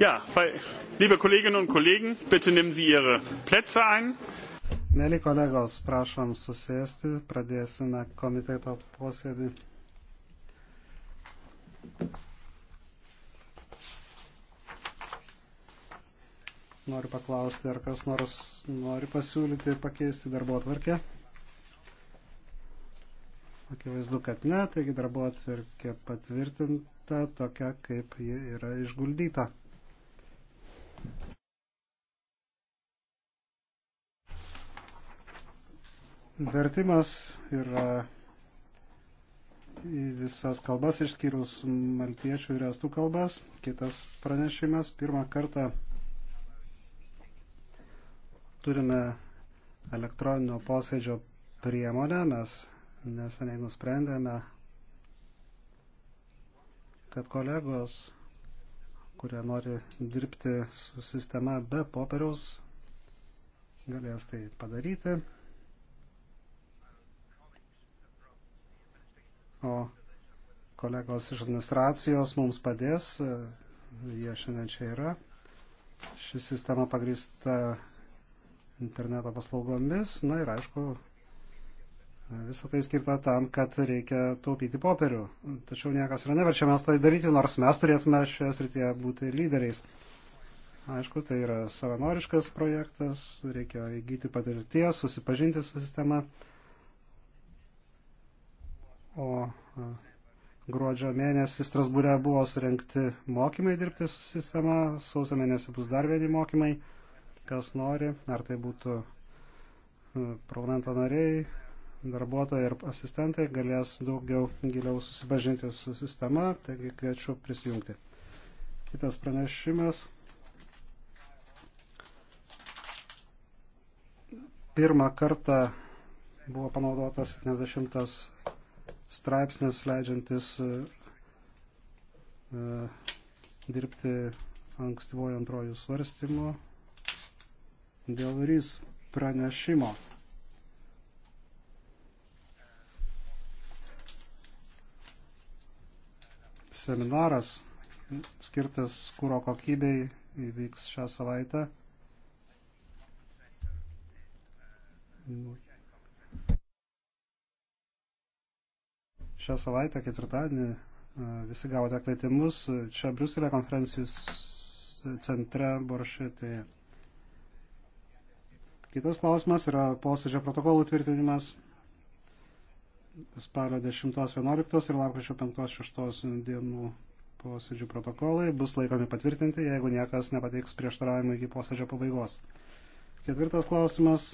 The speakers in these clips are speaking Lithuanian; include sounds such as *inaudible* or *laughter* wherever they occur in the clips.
Ja, weil, liebe Kolleginnen und Kollegen, bitte nehmen Sie Ihre Plätze ein. Mėly kolegos, prašom susėsti, pradėsime komiteto posėdį. Noriu paklausti, ar kas nors nori pasiūlyti pakeisti darbo atvarkę. Akivaizdu, kad ne, taigi darbo atvarkė patvirtinta tokia, kaip ji yra išguldyta. Vertimas yra į visas kalbas išskyrus maltiečių ir estų kalbas. Kitas pranešimas. Pirmą kartą turime elektroninio posėdžio priemonę. Mes neseniai nusprendėme, kad kolegos kurie nori dirbti su sistema be popieriaus, galės tai padaryti. O kolegos iš administracijos mums padės, jie šiandien čia yra. Ši sistema pagrįsta interneto paslaugomis, na ir aišku, Visą tai skirta tam, kad reikia taupyti popierių. Tačiau niekas yra neverčiamas tai daryti, nors mes turėtume šioje srityje būti lyderiais. Aišku, tai yra savanoriškas projektas, reikia įgyti patirties, susipažinti su sistema. O gruodžio mėnesį Strasbūre buvo surinkti mokymai dirbti su sistema, sausio mėnesį bus dar vieni mokymai, kas nori, ar tai būtų parlamento nariai, darbuotojai ir asistentai galės daugiau giliau susipažinti su sistema, taigi kviečiu prisijungti. Kitas pranešimas. Pirmą kartą buvo panaudotas 70 straipsnis leidžiantis e, e, dirbti ankstyvojo antrojų svarstymo dėl RIS pranešimo. seminaras skirtas kūro kokybei įvyks šią savaitę. Šią savaitę, ketvirtadienį, visi gavote kvietimus čia Briuselė konferencijų centre Boršetėje. Kitas klausimas yra posėdžio protokolų tvirtinimas spalio 10-11 ir lapkričio 5-6 dienų posėdžių protokolai bus laikomi patvirtinti, jeigu niekas nepateiks prieštaravimų iki posėdžio pabaigos. Ketvirtas klausimas.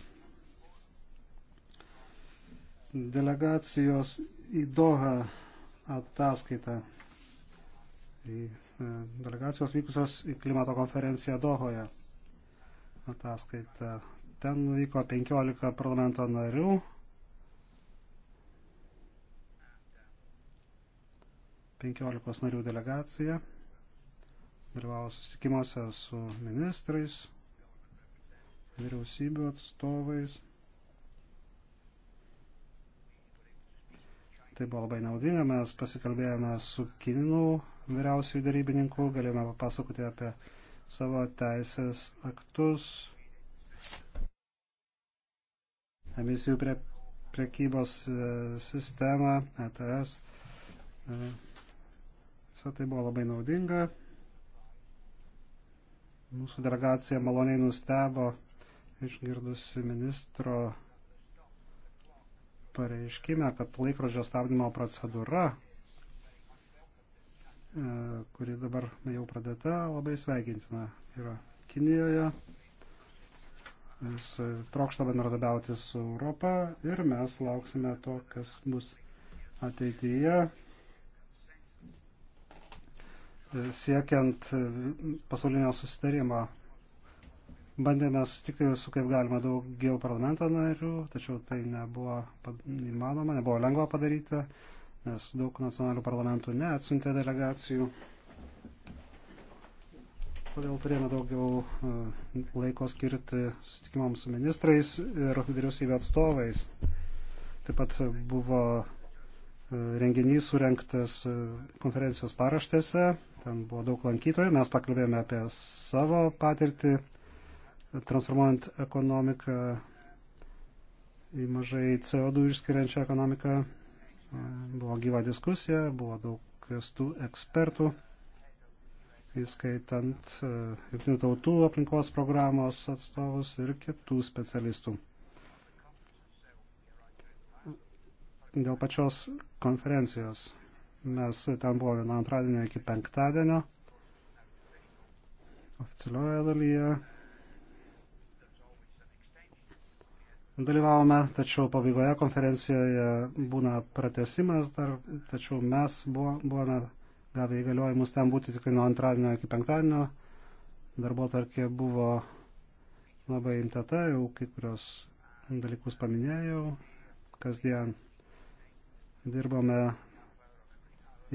Delegacijos į Doha ataskaita. Į e, delegacijos vykusios į klimato konferenciją Dohoje ataskaita. Ten vyko 15 parlamento narių 15 narių delegacija dalyvavo susitikimuose su ministrais, vyriausybių atstovais. Tai buvo labai naudinga, mes pasikalbėjome su kinų vyriausiųjų darybininkų, galėjome papasakoti apie savo teisės aktus, emisijų prie, priekybos e, sistemą, ETS. E, Visą tai buvo labai naudinga. Mūsų delegacija maloniai nustebo išgirdusi ministro pareiškime, kad laikrodžio stabdymo procedūra, e, kuri dabar jau pradėta, labai sveikintina yra Kinijoje. Jis trokšta bendradabiauti su Europą ir mes lauksime to, kas bus ateityje siekiant e, pasaulinio susitarimo. Bandėme susitikti su kaip galima daugiau parlamento narių, tačiau tai nebuvo įmanoma, nebuvo lengva padaryti, nes daug nacionalių parlamentų neatsuntė delegacijų. Todėl turėjome daugiau e, laiko skirti susitikimams su ministrais ir vyriausybė atstovais. Taip pat buvo e, renginys surinktas konferencijos paraštėse ten buvo daug lankytojų, mes pakalbėjome apie savo patirtį, transformuojant ekonomiką į mažai CO2 išskiriančią ekonomiką. Buvo gyva diskusija, buvo daug kvestų ekspertų, įskaitant e, Junktinių tautų aplinkos programos atstovus ir kitų specialistų. Dėl pačios konferencijos Mes ten buvome nuo antradienio iki penktadienio oficialioje dalyje. Dalyvavome, tačiau pabaigoje konferencijoje būna pratesimas dar, tačiau mes buvome gavę įgaliojimus ten būti tik nuo antradienio iki penktadienio. Darbo tarkė buvo labai imtata, jau kai kurios dalykus paminėjau. Kasdien dirbome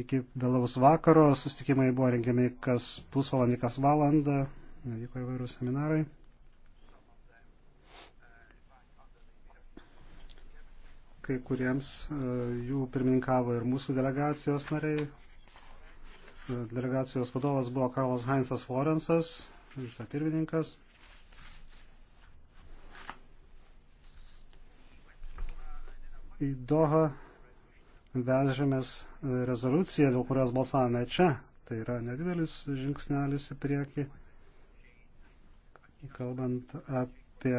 iki vėlaus vakaro. Sustikimai buvo rengiami kas pusvalandį, kas valandą. Vyko įvairūs seminarai. Kai kuriems e, jų pirmininkavo ir mūsų delegacijos nariai. E, delegacijos vadovas buvo Karlas Heinzas Forensas, vicepirmininkas. į Dohą vežėmės rezoliuciją, dėl kurios balsavome čia. Tai yra nedidelis žingsnelis į priekį, kalbant apie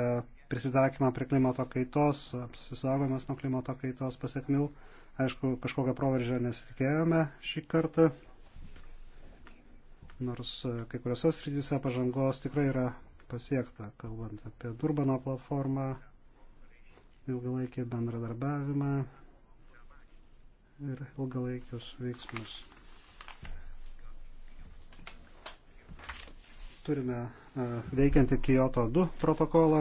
prisitakymą prie klimato kaitos, apsisaugomas nuo klimato kaitos pasiekmių. Aišku, kažkokio proveržio nesitikėjome šį kartą, nors kai kuriuose srityse pažangos tikrai yra pasiekta, kalbant apie Durbano platformą, ilgalaikį bendradarbiavimą, ir ilgalaikius veiksmus. Turime e, veikiantį Kyoto 2 protokolą.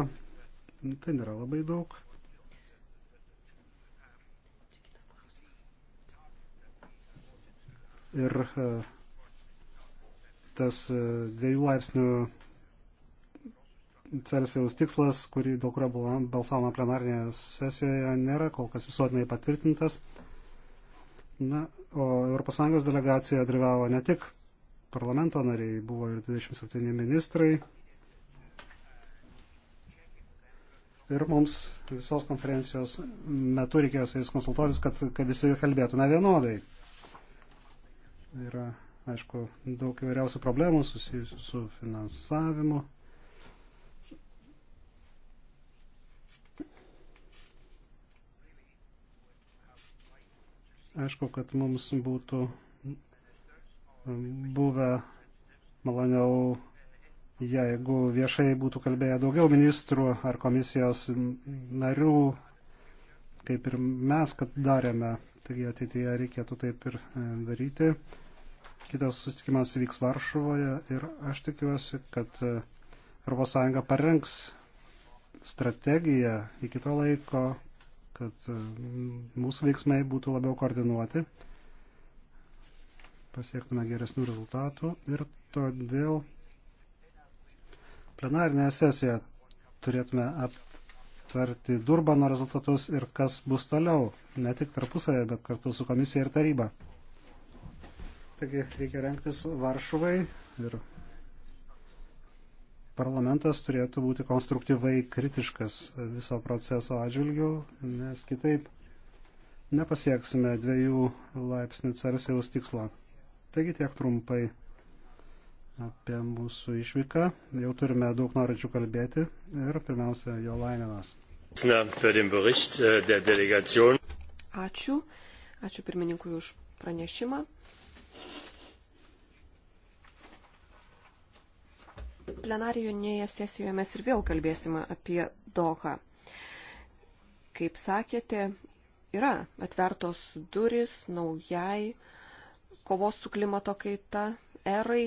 Tai nėra labai daug. Ir e, tas e, dviejų laipsnių Celsijaus tikslas, kurį, dėl kurio balsavome plenarnėje sesijoje, nėra kol kas visuotinai patvirtintas. Na, o ES delegacijoje dalyvavo ne tik parlamento nariai, buvo ir 27 ministrai. Ir mums visos konferencijos metu reikėjo su jais konsultuotis, kad, kad visi kalbėtume vienodai. Yra, aišku, daug įvairiausių problemų susijusių su finansavimu. Aišku, kad mums būtų buvę maloniau, jeigu viešai būtų kalbėję daugiau ministrų ar komisijos narių, kaip ir mes, kad darėme. Taigi ateityje reikėtų taip ir e, daryti. Kitas susitikimas vyks Varšuvoje ir aš tikiuosi, kad ES parengs strategiją iki to laiko, kad e, mūsų veiksmai būtų labiau koordinuoti, pasiektume geresnių rezultatų ir todėl plenarinėje sesijoje turėtume aptarti Durbano rezultatus ir kas bus toliau, ne tik tarpusavėje, bet kartu su komisija ir taryba. Taigi reikia renktis Varšuvai ir parlamentas turėtų būti konstruktyvai kritiškas viso proceso atžvilgių, nes kitaip nepasieksime dviejų laipsnių Celsijaus tikslo. Taigi tiek trumpai apie mūsų išvyką. Jau turime daug norinčių kalbėti ir pirmiausia, jo laiminas. Äh, Ačiū. Ačiū pirmininkui už pranešimą. plenarijoje sesijoje mes ir vėl kalbėsime apie Doha. Kaip sakėte, yra atvertos duris naujai kovos su klimato kaita erai.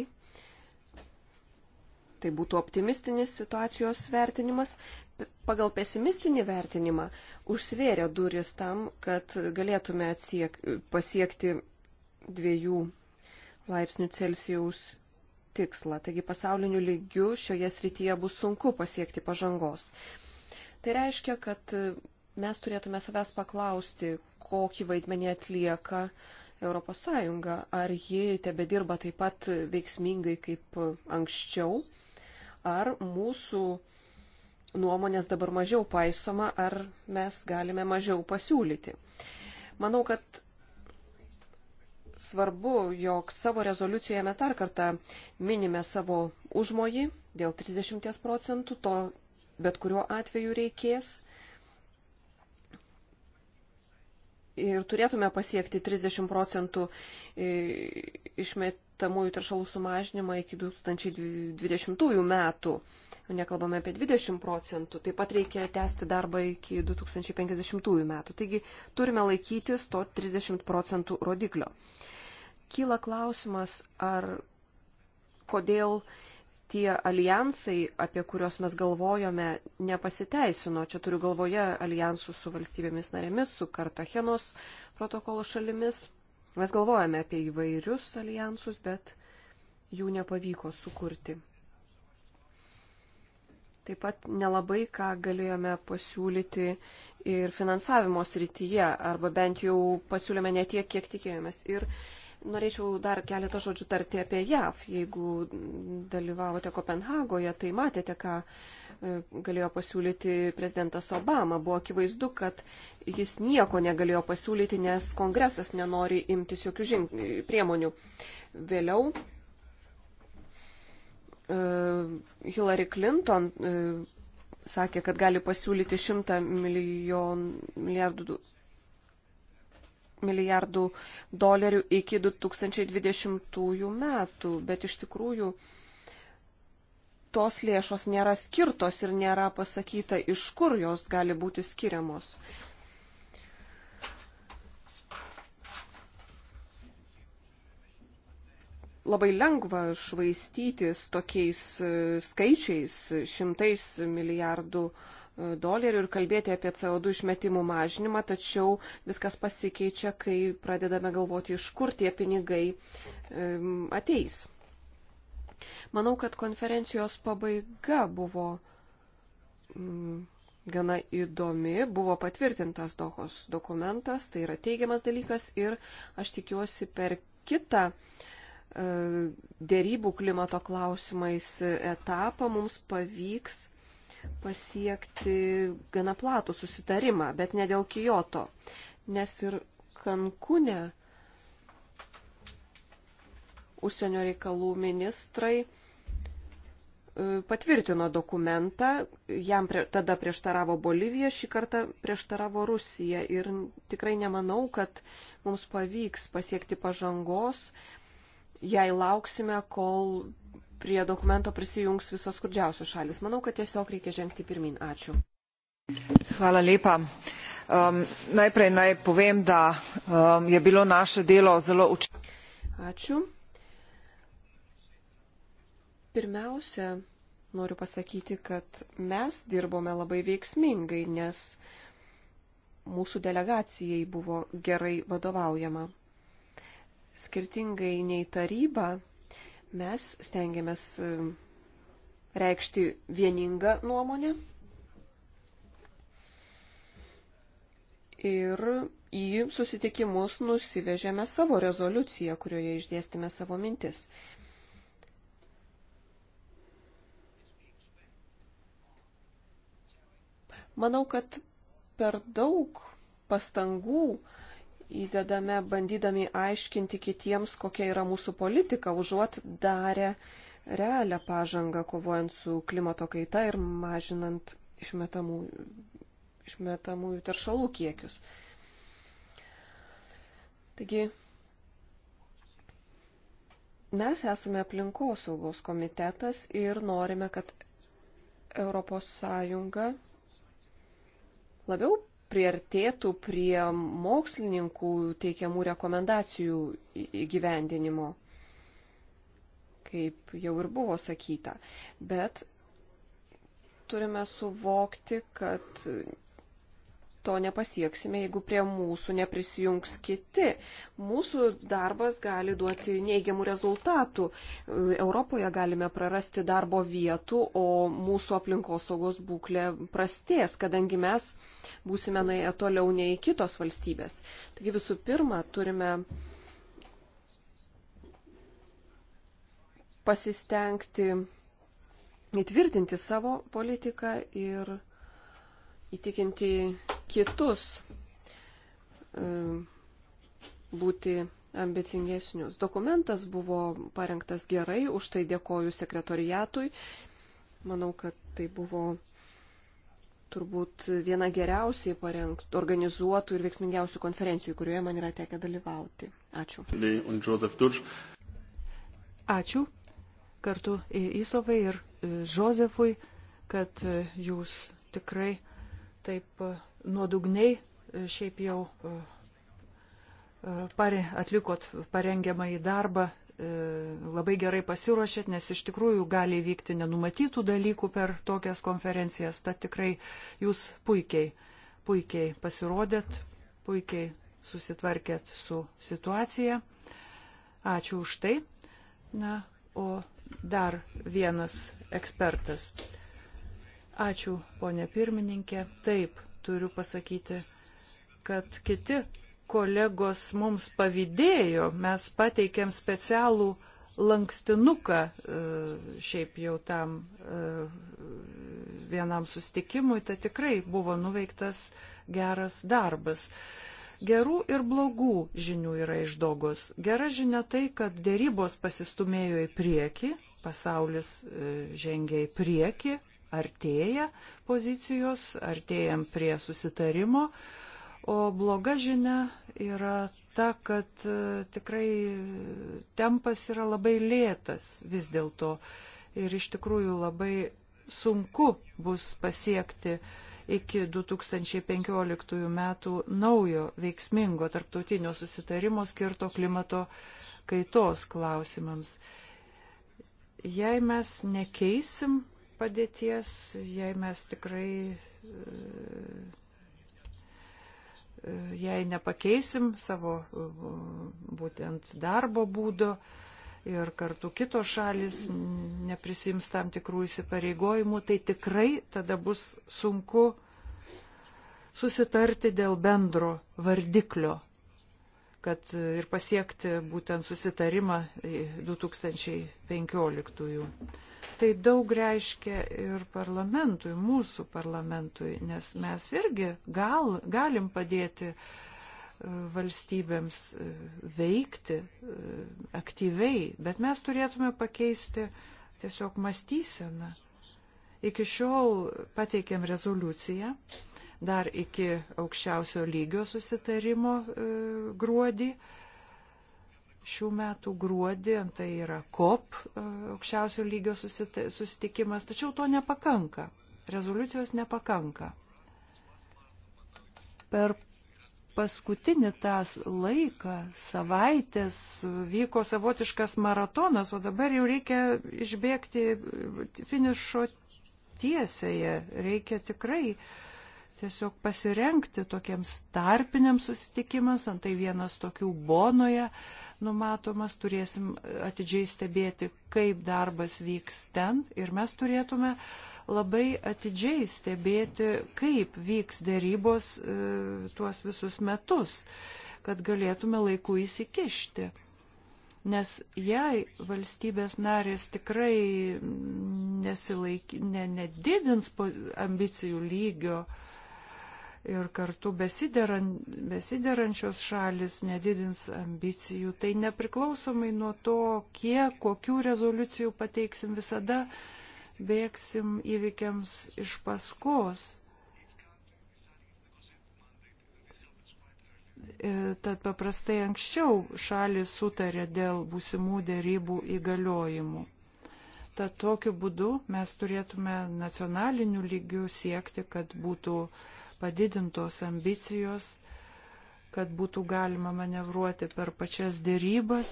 Tai būtų optimistinis situacijos vertinimas. Pagal pesimistinį vertinimą užsvėrė duris tam, kad galėtume atsiek, pasiekti dviejų laipsnių Celsijaus tikslą. Taigi pasauliniu lygiu šioje srityje bus sunku pasiekti pažangos. Tai reiškia, kad mes turėtume savęs paklausti, kokį vaidmenį atlieka ES, ar ji tebe dirba taip pat veiksmingai kaip anksčiau, ar mūsų nuomonės dabar mažiau paisoma, ar mes galime mažiau pasiūlyti. Manau, kad svarbu, jog savo rezoliucijoje mes dar kartą minime savo užmojį dėl 30 procentų, to bet kuriuo atveju reikės. Ir turėtume pasiekti 30 procentų e, išmet, išmetamųjų taršalų sumažinimą iki 2020 metų. Jau nekalbame apie 20 procentų. Taip pat reikia tęsti darbą iki 2050 metų. Taigi turime laikytis to 30 procentų rodiklio. Kyla klausimas, ar kodėl tie alijansai, apie kuriuos mes galvojome, nepasiteisino. Čia turiu galvoje alijansus su valstybėmis narėmis, su Kartachenos protokolo šalimis Mes galvojame apie įvairius alijansus, bet jų nepavyko sukurti. Taip pat nelabai ką galėjome pasiūlyti ir finansavimo srityje, arba bent jau pasiūlėme ne tiek, kiek tikėjomės. Ir norėčiau dar keletą žodžių tarti apie JAV. Jeigu dalyvavote Kopenhagoje, tai matėte, ką E, galėjo pasiūlyti prezidentas Obama. Buvo akivaizdu, kad jis nieko negalėjo pasiūlyti, nes kongresas nenori imtis jokių žing... priemonių. Vėliau e, Hillary Clinton e, sakė, kad gali pasiūlyti 100 milijon, milijardų, milijardų dolerių iki 2020 metų, bet iš tikrųjų uh, tos lėšos nėra skirtos ir nėra pasakyta, iš kur jos gali būti skiriamos. Labai lengva švaistytis tokiais e, skaičiais, šimtais milijardų e, dolerių ir kalbėti apie CO2 išmetimų mažinimą, tačiau viskas pasikeičia, kai pradedame galvoti, iš kur tie pinigai e, ateis. Manau, kad konferencijos pabaiga buvo mm, gana įdomi, buvo patvirtintas Dohos dokumentas, tai yra teigiamas dalykas ir aš tikiuosi per kitą e, dėrybų klimato klausimais etapą mums pavyks pasiekti gana platų susitarimą, bet ne dėl Kijoto, nes ir Kankune užsienio reikalų ministrai e, patvirtino dokumentą, jam prie, tada prieštaravo Bolivija, šį kartą prieštaravo Rusija ir tikrai nemanau, kad mums pavyks pasiekti pažangos, jei lauksime, kol prie dokumento prisijungs visos skurdžiausios šalis. Manau, kad tiesiog reikia žengti pirmin. Ačiū. Hvala lepa. Um, najprej naj povem, da um, je bilo naše delo zelo učinkovito. Ačiū. Pirmiausia, noriu pasakyti, kad mes dirbome labai veiksmingai, nes mūsų delegacijai buvo gerai vadovaujama. Skirtingai nei taryba, mes stengiamės e, reikšti vieningą nuomonę ir į susitikimus nusivežėme savo rezoliuciją, kurioje išdėstėme savo mintis. Manau, kad per daug pastangų įdedame bandydami aiškinti kitiems, kokia yra mūsų politika, užuot darę realią pažangą kovojant su klimato kaita ir mažinant išmetamų, išmetamųjų teršalų kiekius. Taigi, mes esame aplinkosaugos komitetas ir norime, kad ES labiau priartėtų prie mokslininkų teikiamų rekomendacijų įgyvendinimo, kaip jau ir buvo sakyta. Bet turime suvokti, kad to nepasieksime, jeigu prie mūsų neprisijungs kiti. Mūsų darbas gali duoti neigiamų rezultatų. Europoje galime prarasti darbo vietų, o mūsų aplinkosaugos būklė prastės, kadangi mes būsime nuėję toliau nei kitos valstybės. Taigi visų pirma, turime pasistengti įtvirtinti savo politiką ir įtikinti kitus e, būti ambicingesnius. Dokumentas buvo parengtas gerai, už tai dėkoju sekretoriatui. Manau, kad tai buvo turbūt viena geriausiai parengtų, organizuotų ir veiksmingiausių konferencijų, kurioje man yra tekę dalyvauti. Ačiū. Ačiū kartu Įsovai ir Žozefui, e, kad e, jūs tikrai taip e, nuodugniai e, šiaip jau e, pare, atlikot parengiamąjį darbą, labai gerai pasiruošėt, nes iš tikrųjų gali vykti nenumatytų dalykų per tokias konferencijas, tad tikrai jūs puikiai, puikiai pasirodėt, puikiai susitvarkėt su situacija. Ačiū už tai. Na, o dar vienas ekspertas Ačiū, ponė pirmininkė. Taip, turiu pasakyti, kad kiti kolegos mums pavydėjo, mes pateikėm specialų lankstinuką e, šiaip jau tam e, vienam sustikimui, tai tikrai buvo nuveiktas geras darbas. Gerų ir blogų žinių yra iš dogos. Gera žinia tai, kad dėrybos pasistumėjo į priekį, pasaulis e, žengia į priekį, artėja pozicijos, artėjam prie susitarimo, o bloga žinia yra ta, kad e, tikrai tempas yra labai lėtas vis dėlto ir iš tikrųjų labai sunku bus pasiekti iki 2015 metų naujo veiksmingo tarptautinio susitarimo skirto klimato kaitos klausimams. Jei mes nekeisim padėties, jei mes tikrai, e, e, jei nepakeisim savo e, būtent darbo būdo ir kartu kitos šalis neprisims tam tikrų įsipareigojimų, tai tikrai tada bus sunku susitarti dėl bendro vardiklio kad ir pasiekti būtent susitarimą 2015 tai daug reiškia ir parlamentui, mūsų parlamentui, nes mes irgi gal, galim padėti e, valstybėms e, veikti e, aktyviai, bet mes turėtume pakeisti tiesiog mąstyseną. Iki šiol pateikėm rezoliuciją, dar iki aukščiausio lygio susitarimo gruodį šių metų gruodį, tai yra COP e, aukščiausio lygio susitikimas, tačiau to nepakanka, rezoliucijos nepakanka. Per paskutinį tą laiką, savaitės, vyko savotiškas maratonas, o dabar jau reikia išbėgti e, finišo tiesėje, reikia tikrai tiesiog pasirenkti tokiems tarpiniams susitikimams, antai vienas tokių bonoje, uh, numatomas, turėsim atidžiai stebėti, kaip darbas vyks ten ir mes turėtume labai atidžiai stebėti, kaip vyks dėrybos e, tuos visus metus, kad galėtume laiku įsikišti. Nes jei valstybės narės tikrai nesilaiky, ne, nedidins ambicijų lygio, e, ir kartu besideran, besiderančios šalis nedidins ambicijų. Tai nepriklausomai nuo to, kiek, kokių rezoliucijų pateiksim, visada bėgsim įvykiams iš paskos. E, tad paprastai anksčiau šalis sutarė dėl būsimų dėrybų įgaliojimų. Tad tokiu būdu mes turėtume nacionaliniu lygiu siekti, kad būtų uh, padidintos ambicijos, kad būtų galima manevruoti per pačias dėrybas,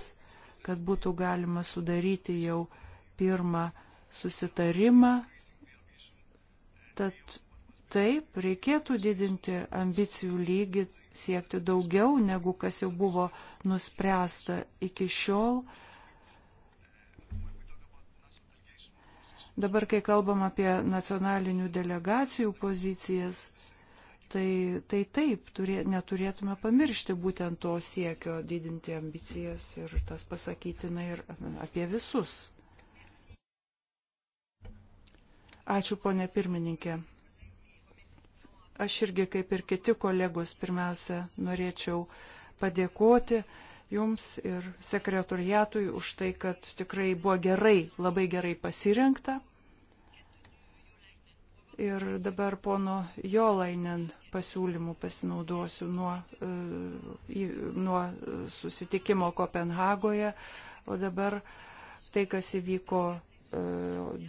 kad būtų galima sudaryti jau pirmą susitarimą. Tad taip, reikėtų didinti ambicijų lygį, siekti daugiau, negu kas jau buvo nuspręsta iki šiol. Dabar, kai kalbam apie nacionalinių delegacijų pozicijas, tai, tai taip, turė, neturėtume pamiršti būtent to siekio didinti ambicijas ir tas pasakytina ir apie visus. Ačiū, ponė pirmininkė. Aš irgi, kaip ir kiti kolegos, pirmiausia, norėčiau padėkoti Jums ir sekretoriatui už tai, kad tikrai buvo gerai, labai gerai pasirinkta Ir dabar pono Jolainen pasiūlymų pasinaudosiu nuo, e, nuo susitikimo Kopenhagoje. O dabar tai, kas įvyko e,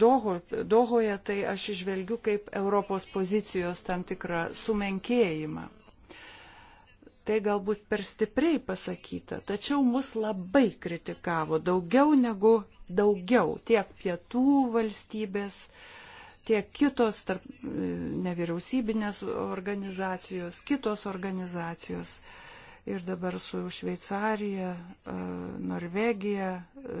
Doho, Dohoje, tai aš išvelgiu kaip Europos pozicijos tam tikrą sumenkėjimą. Tai galbūt per stipriai pasakyta, tačiau mus labai kritikavo daugiau negu daugiau tiek pietų valstybės, uh, tiek kitos tarp, e, nevyriausybinės organizacijos, kitos organizacijos. Ir dabar su Šveicarija, e, Norvegija, e,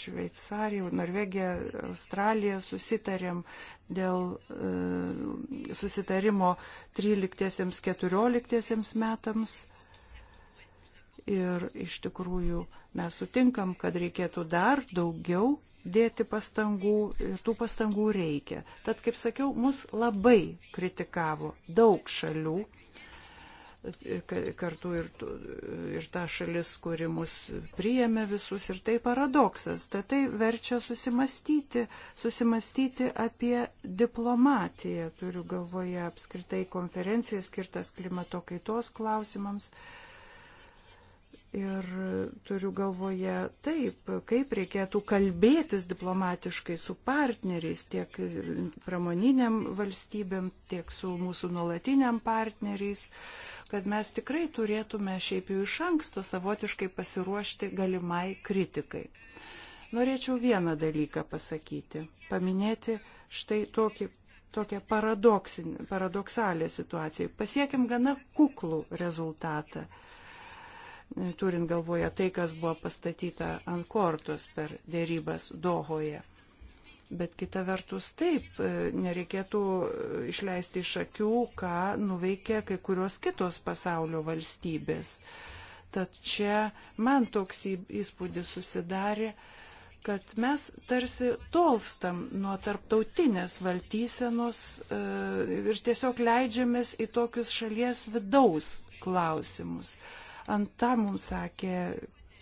Šveicarija, Norvegija, Australija susitarėm dėl susitarimo 13-14 metams. Ir iš tikrųjų mes sutinkam, kad reikėtų dar daugiau dėti pastangų ir tų pastangų reikia. Tad, kaip sakiau, mus labai kritikavo daug šalių, kartu ir, ir ta šalis, kuri mus priėmė visus, ir tai paradoksas. Tad tai verčia susimastyti, susimastyti apie diplomatiją, turiu galvoje apskritai konferenciją skirtas klimato kaitos klausimams. Uh, Ir turiu galvoje taip, kaip reikėtų kalbėtis diplomatiškai su partneriais, tiek pramoniniam valstybėm, tiek su mūsų nuolatiniam partneriais, kad mes tikrai turėtume šiaip jau iš anksto savotiškai pasiruošti galimai kritikai. Norėčiau vieną dalyką pasakyti, paminėti štai tokį tokią paradoksinę, paradoksalią situaciją. Pasiekim gana kuklų rezultatą turint galvoje tai, kas buvo pastatyta ant kortos per dėrybas Dohoje. Bet kita vertus taip, e, nereikėtų išleisti iš akių, ką nuveikė kai kurios kitos pasaulio valstybės. Tad čia man toks įspūdis susidarė, kad mes tarsi tolstam nuo tarptautinės valdysenos e, ir tiesiog leidžiamės į tokius šalies vidaus klausimus. Anta mums sakė,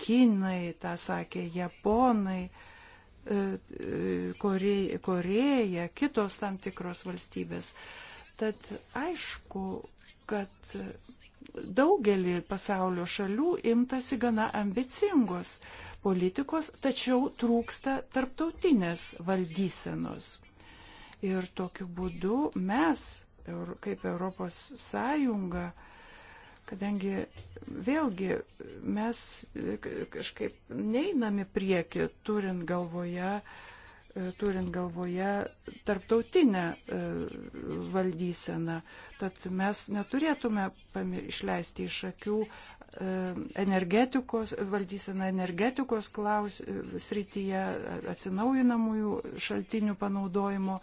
kinai, tą sakė japonai, e, e, Koreja, Koreja, kitos tam tikros valstybės. Tad aišku, kad daugelį pasaulio šalių imtasi gana ambicingos politikos, tačiau trūksta tarptautinės valdysenos. Ir tokiu būdu mes, kaip Europos Sąjunga, kadangi vėlgi mes kažkaip neinami prieki, turint galvoje, turint galvoje tarptautinę e, valdyseną. Tad mes neturėtume išleisti iš akių e, energetikos, valdysena energetikos klaus, srityje, atsinaujinamųjų šaltinių panaudojimo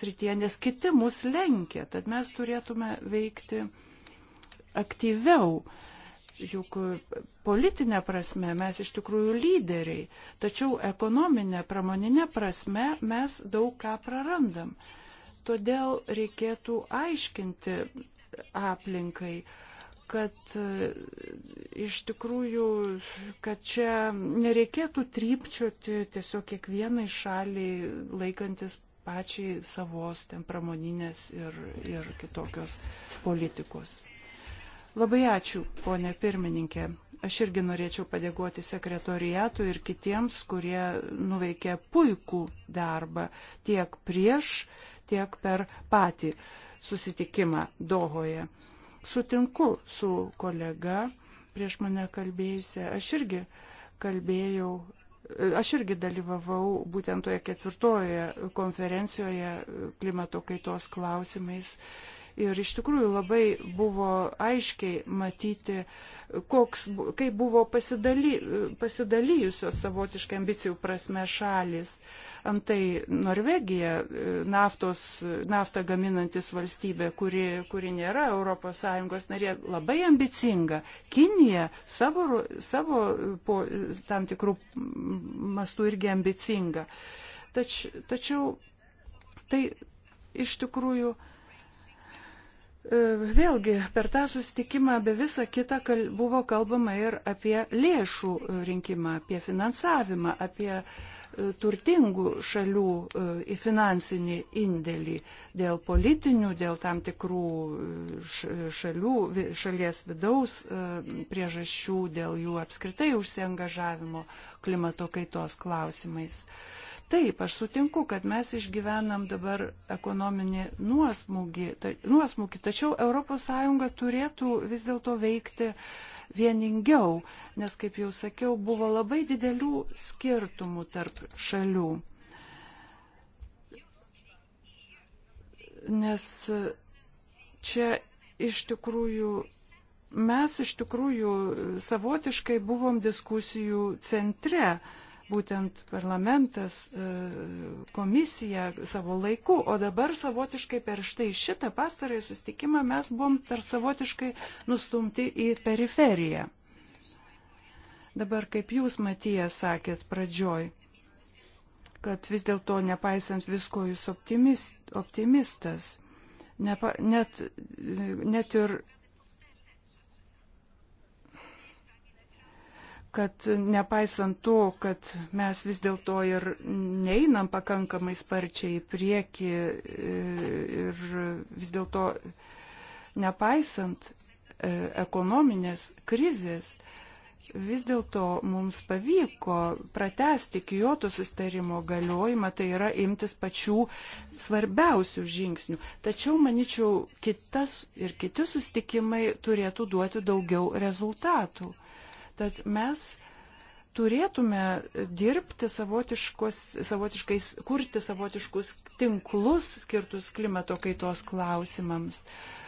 srityje, nes kiti mus lenkia, tad mes turėtume veikti uh, aktyviau. Juk politinė prasme mes iš tikrųjų lyderiai, tačiau ekonominė, pramoninė prasme mes daug ką prarandam. Todėl reikėtų aiškinti aplinkai, kad e, iš tikrųjų, kad čia nereikėtų trypčioti tiesiog kiekvienai šaliai laikantis pačiai savos ten pramoninės ir, ir kitokios politikos. Labai ačiū, ponė pirmininkė. Aš irgi norėčiau padėkoti sekretoriatui ir kitiems, kurie nuveikė puikų darbą tiek prieš, tiek per patį susitikimą Dohoje. Sutinku su kolega prieš mane kalbėjusią. Aš irgi kalbėjau aš irgi dalyvavau būtent toje ketvirtojoje konferencijoje klimato kaitos klausimais Ir iš tikrųjų labai buvo aiškiai matyti, koks, kaip buvo pasidaly, pasidalyjusios savotiškai ambicijų prasme šalis. Antai Norvegija, naftos, naftą gaminantis valstybė, kuri, kuri nėra ES narė, labai ambicinga. Kinija savo, savo po, tam tikrų mastų irgi ambicinga. Tač, tačiau tai iš tikrųjų E, vėlgi, per tą susitikimą be visą kitą kal buvo kalbama ir apie lėšų rinkimą, apie finansavimą, apie e, turtingų šalių e, į finansinį indėlį dėl politinių, dėl tam tikrų šalių, šalies vidaus priežasčių, dėl jų apskritai užsiengažavimo klimato kaitos klausimais. Uh, Taip, aš sutinku, kad mes išgyvenam dabar ekonominį nuosmūgį, ta, nuosmūgį tačiau ES turėtų vis dėlto veikti vieningiau, nes, kaip jau sakiau, buvo labai didelių skirtumų tarp šalių. Nes čia iš tikrųjų mes iš tikrųjų savotiškai buvom diskusijų centre būtent parlamentas, e, komisija savo laiku, o dabar savotiškai per štai šitą pastarąjį sustikimą mes buvom tar savotiškai nustumti į periferiją. Dabar, kaip jūs, Matija, sakėt pradžioj, kad vis dėlto, nepaisant visko, jūs optimist, optimistas, nepa, net, net ir kad nepaisant to, kad mes vis dėlto ir neinam pakankamai sparčiai į priekį e, ir vis dėlto nepaisant e, ekonominės krizės, vis dėlto mums pavyko pratesti Kyoto sustarimo galiojimą, tai yra imtis pačių svarbiausių žingsnių. Tačiau, manyčiau, kitas ir kiti sustikimai turėtų duoti daugiau rezultatų. Tad mes turėtume dirbti savotiškais, kurti savotiškus tinklus skirtus klimato kaitos klausimams. Uh,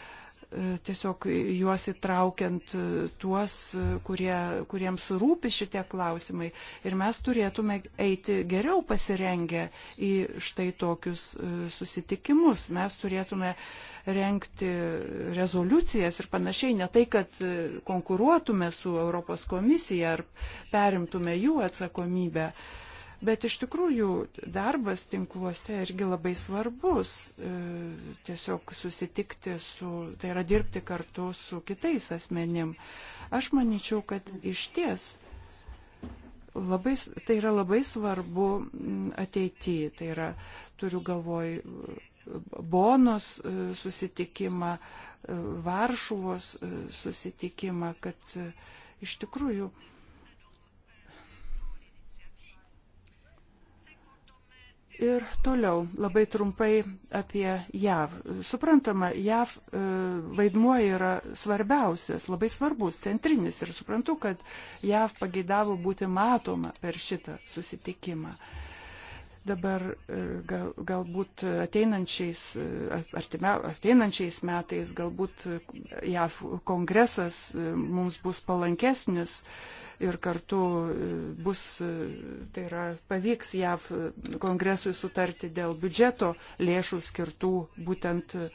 E, tiesiog juos įtraukiant e, tuos, e, kurie, kuriems rūpi šitie klausimai. Ir mes turėtume eiti geriau pasirengę į štai tokius susitikimus. Mes turėtume renkti rezoliucijas ir panašiai, ne tai, kad konkuruotume su Europos komisija ar perimtume jų atsakomybę. Uh, Bet iš tikrųjų darbas tinkluose irgi labai svarbus. E, tiesiog susitikti su, tai yra dirbti kartu su kitais asmenim. Aš manyčiau, kad iš ties labai, tai yra labai svarbu ateityje. Tai yra, turiu galvoj, Bonos e, susitikimą, e, Varšuvos susitikimą, kad iš tikrųjų Ir toliau labai trumpai apie JAV. Suprantama, JAV e, vaidmuo yra svarbiausias, labai svarbus, centrinis ir suprantu, kad JAV pageidavo būti matoma per šitą susitikimą. Dabar e, gal, galbūt ateinančiais, e, artimia, ateinančiais metais galbūt JAV kongresas mums bus palankesnis. Uh, ir kartu e, bus, e, tai yra, pavyks JAV kongresui sutarti dėl biudžeto lėšų skirtų būtent e,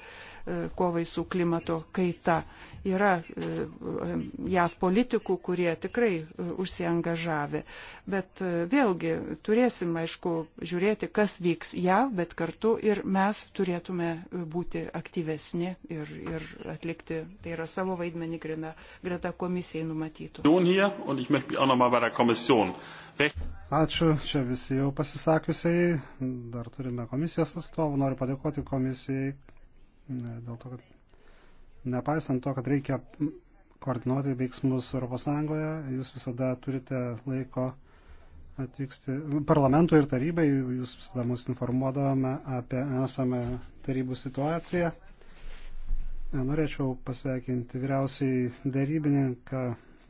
kovai su klimato kaita. Yra e, JAV politikų, kurie tikrai e, užsiengažavė. Bet e, vėlgi turėsim, aišku, žiūrėti, kas vyks JAV, bet kartu ir mes turėtume būti aktyvesni ir, ir atlikti, tai yra savo vaidmenį grina, greta komisijai numatytų. Ačiū, čia visi jau pasisakiusiai, dar turime komisijos atstovų, noriu padėkoti komisijai dėl to, kad nepaisant to, kad reikia koordinuoti veiksmus ES, jūs visada turite laiko atvykti parlamentui ir tarybai, jūs visada mus informuodavome apie esamą tarybų situaciją. Norėčiau pasveikinti vyriausiai darybininką,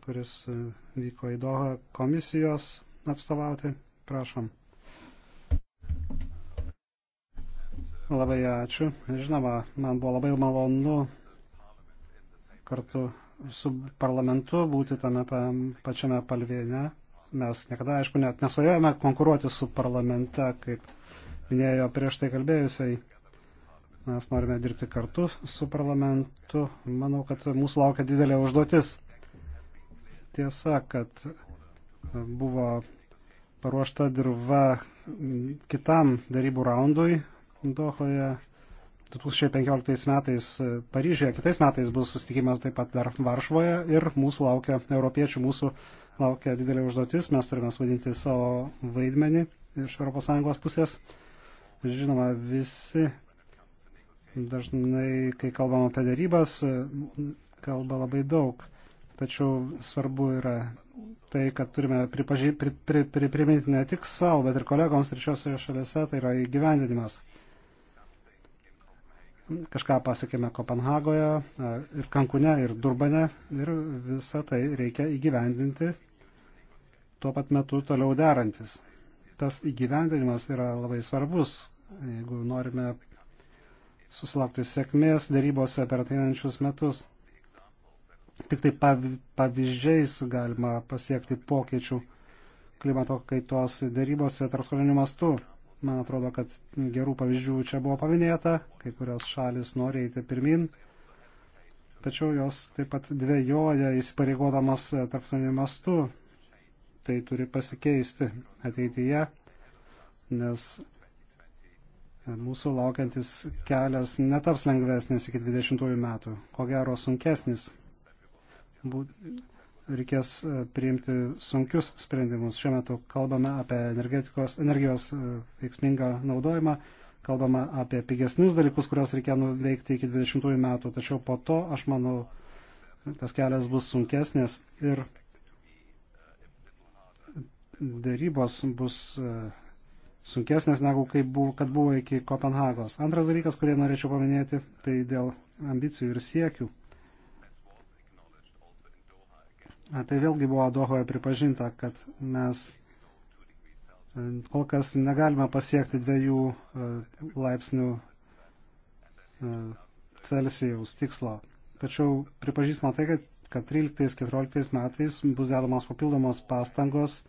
kuris vyko į Doha komisijos atstovauti. Prašom. Labai ačiū. Žinoma, man buvo labai malonu kartu su parlamentu būti tame pačiame palvėne. Mes niekada, aišku, net nesvajojame konkuruoti su parlamente, kaip minėjo prieš tai kalbėjusiai. Mes norime dirbti kartu su parlamentu. Manau, kad mūsų laukia didelė užduotis. Tiesa, kad buvo paruošta dirba kitam darybų raundui Dohoje 2015 metais e, Paryžiuje, kitais metais bus susitikimas taip pat dar Varšvoje ir mūsų laukia, europiečių mūsų laukia didelė užduotis, mes turime suvadinti savo vaidmenį iš ES pusės. Žinoma, visi dažnai, kai kalbam apie darybas, e, kalba labai daug. Tačiau svarbu yra tai, kad turime pripaži, pri, pri, pri, priminti ne tik savo, bet ir kolegoms trečiosios šalise, tai yra įgyvendinimas kažką pasiekėme Kopenhagoje e, ir Kankune ir Durbane ir visą tai reikia įgyvendinti tuo pat metu toliau derantis. Tas įgyvendinimas yra labai svarbus, jeigu norime susilaukti sėkmės darybose per ateinančius metus. Tik tai pavyzdžiais galima pasiekti pokyčių klimato kaitos darybose tarptautiniu mastu. Man atrodo, kad gerų pavyzdžių čia buvo paminėta, kai kurios šalis nori eiti pirmin, tačiau jos taip pat dvėjoja įsipareigodamas tarptautiniu mastu. Tai turi pasikeisti ateityje, nes mūsų laukiantis kelias netaps lengvesnis iki 20 metų, ko gero sunkesnis. Būt, reikės e, priimti sunkius sprendimus. Šiuo metu kalbame apie energijos e, veiksmingą naudojimą, kalbame apie pigesnius dalykus, kuriuos reikia nuveikti iki 20 metų, tačiau po to, aš manau, tas kelias bus sunkesnis ir dėrybos bus e, sunkesnės negu kaip buvo, kad buvo iki Kopenhagos. Antras dalykas, kurį norėčiau paminėti, tai dėl ambicijų ir siekių. Tai vėlgi buvo Dohoje pripažinta, kad mes e, kol kas negalime pasiekti dviejų e, laipsnių e, Celsijaus tikslo. Tačiau pripažįstama tai, kad, kad 13-14 metais bus dedamos papildomos pastangos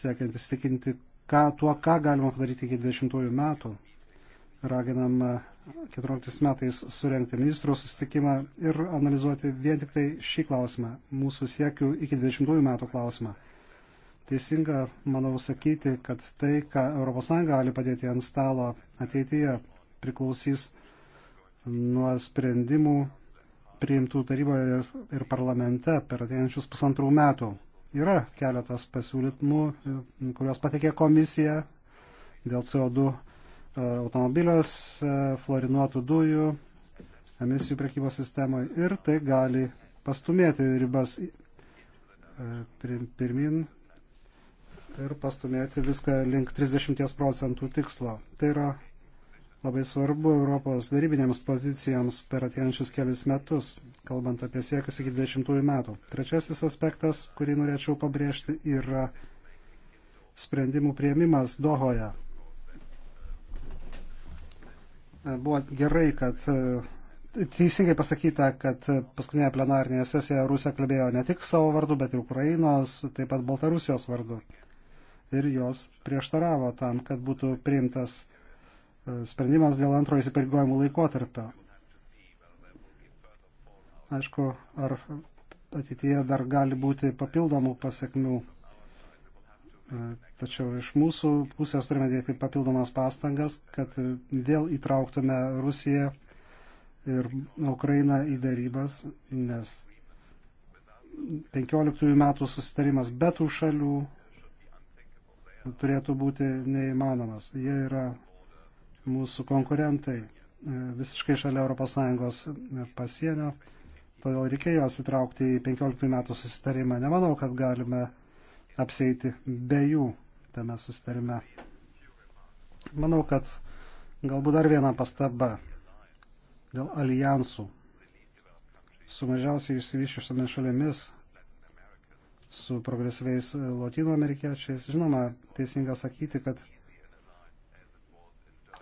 siekiant įstikinti ką, tuo, ką galima padaryti iki 20 metų. Raginam 2014 metais surenkti ministrų susitikimą ir analizuoti vien tik tai šį klausimą, mūsų siekių iki 20 metų klausimą. Teisinga, manau, sakyti, kad tai, ką ES gali padėti ant stalo ateityje, priklausys nuo sprendimų priimtų taryboje ir, ir parlamente per ateinančius pusantrų metų. Yra keletas pasiūlymų, kuriuos patikė komisija dėl CO2 E, automobilios, e, florinuotų dujų, emisijų prekybos sistemoje ir tai gali pastumėti ribas e, pirmin ir pastumėti viską link 30 procentų tikslo. Tai yra labai svarbu Europos darybinėms pozicijoms per atėjančius kelius metus, kalbant apie siekius iki 20 metų. Trečiasis aspektas, kurį norėčiau pabrėžti, yra sprendimų prieimimas Dohoje Buvo gerai, kad e, teisingai pasakyta, kad paskutinėje plenarinėje sesijoje Rusija kalbėjo ne tik savo vardu, bet ir Ukrainos, taip pat Baltarusijos vardu. Ir jos prieštaravo tam, kad būtų priimtas e, sprendimas dėl antrojo įsipareigojimų laikotarpio. Aišku, ar ateityje dar gali būti papildomų pasiekmių Tačiau iš mūsų pusės turime dėti papildomas pastangas, kad vėl įtrauktume Rusiją ir Ukrainą į darybas, nes 15 metų susitarimas be tų šalių turėtų būti neįmanomas. Jie yra mūsų konkurentai e, visiškai šalia ES pasienio, todėl reikėjo juos įtraukti į 15 metų susitarimą. Nemanau, kad galime apseiti be jų tame sustarime. Manau, kad galbūt dar viena pastaba dėl alijansų su mažiausiai išsivyščiusiomis šalimis, su progresyviais latino amerikiečiais. Žinoma, teisinga sakyti, kad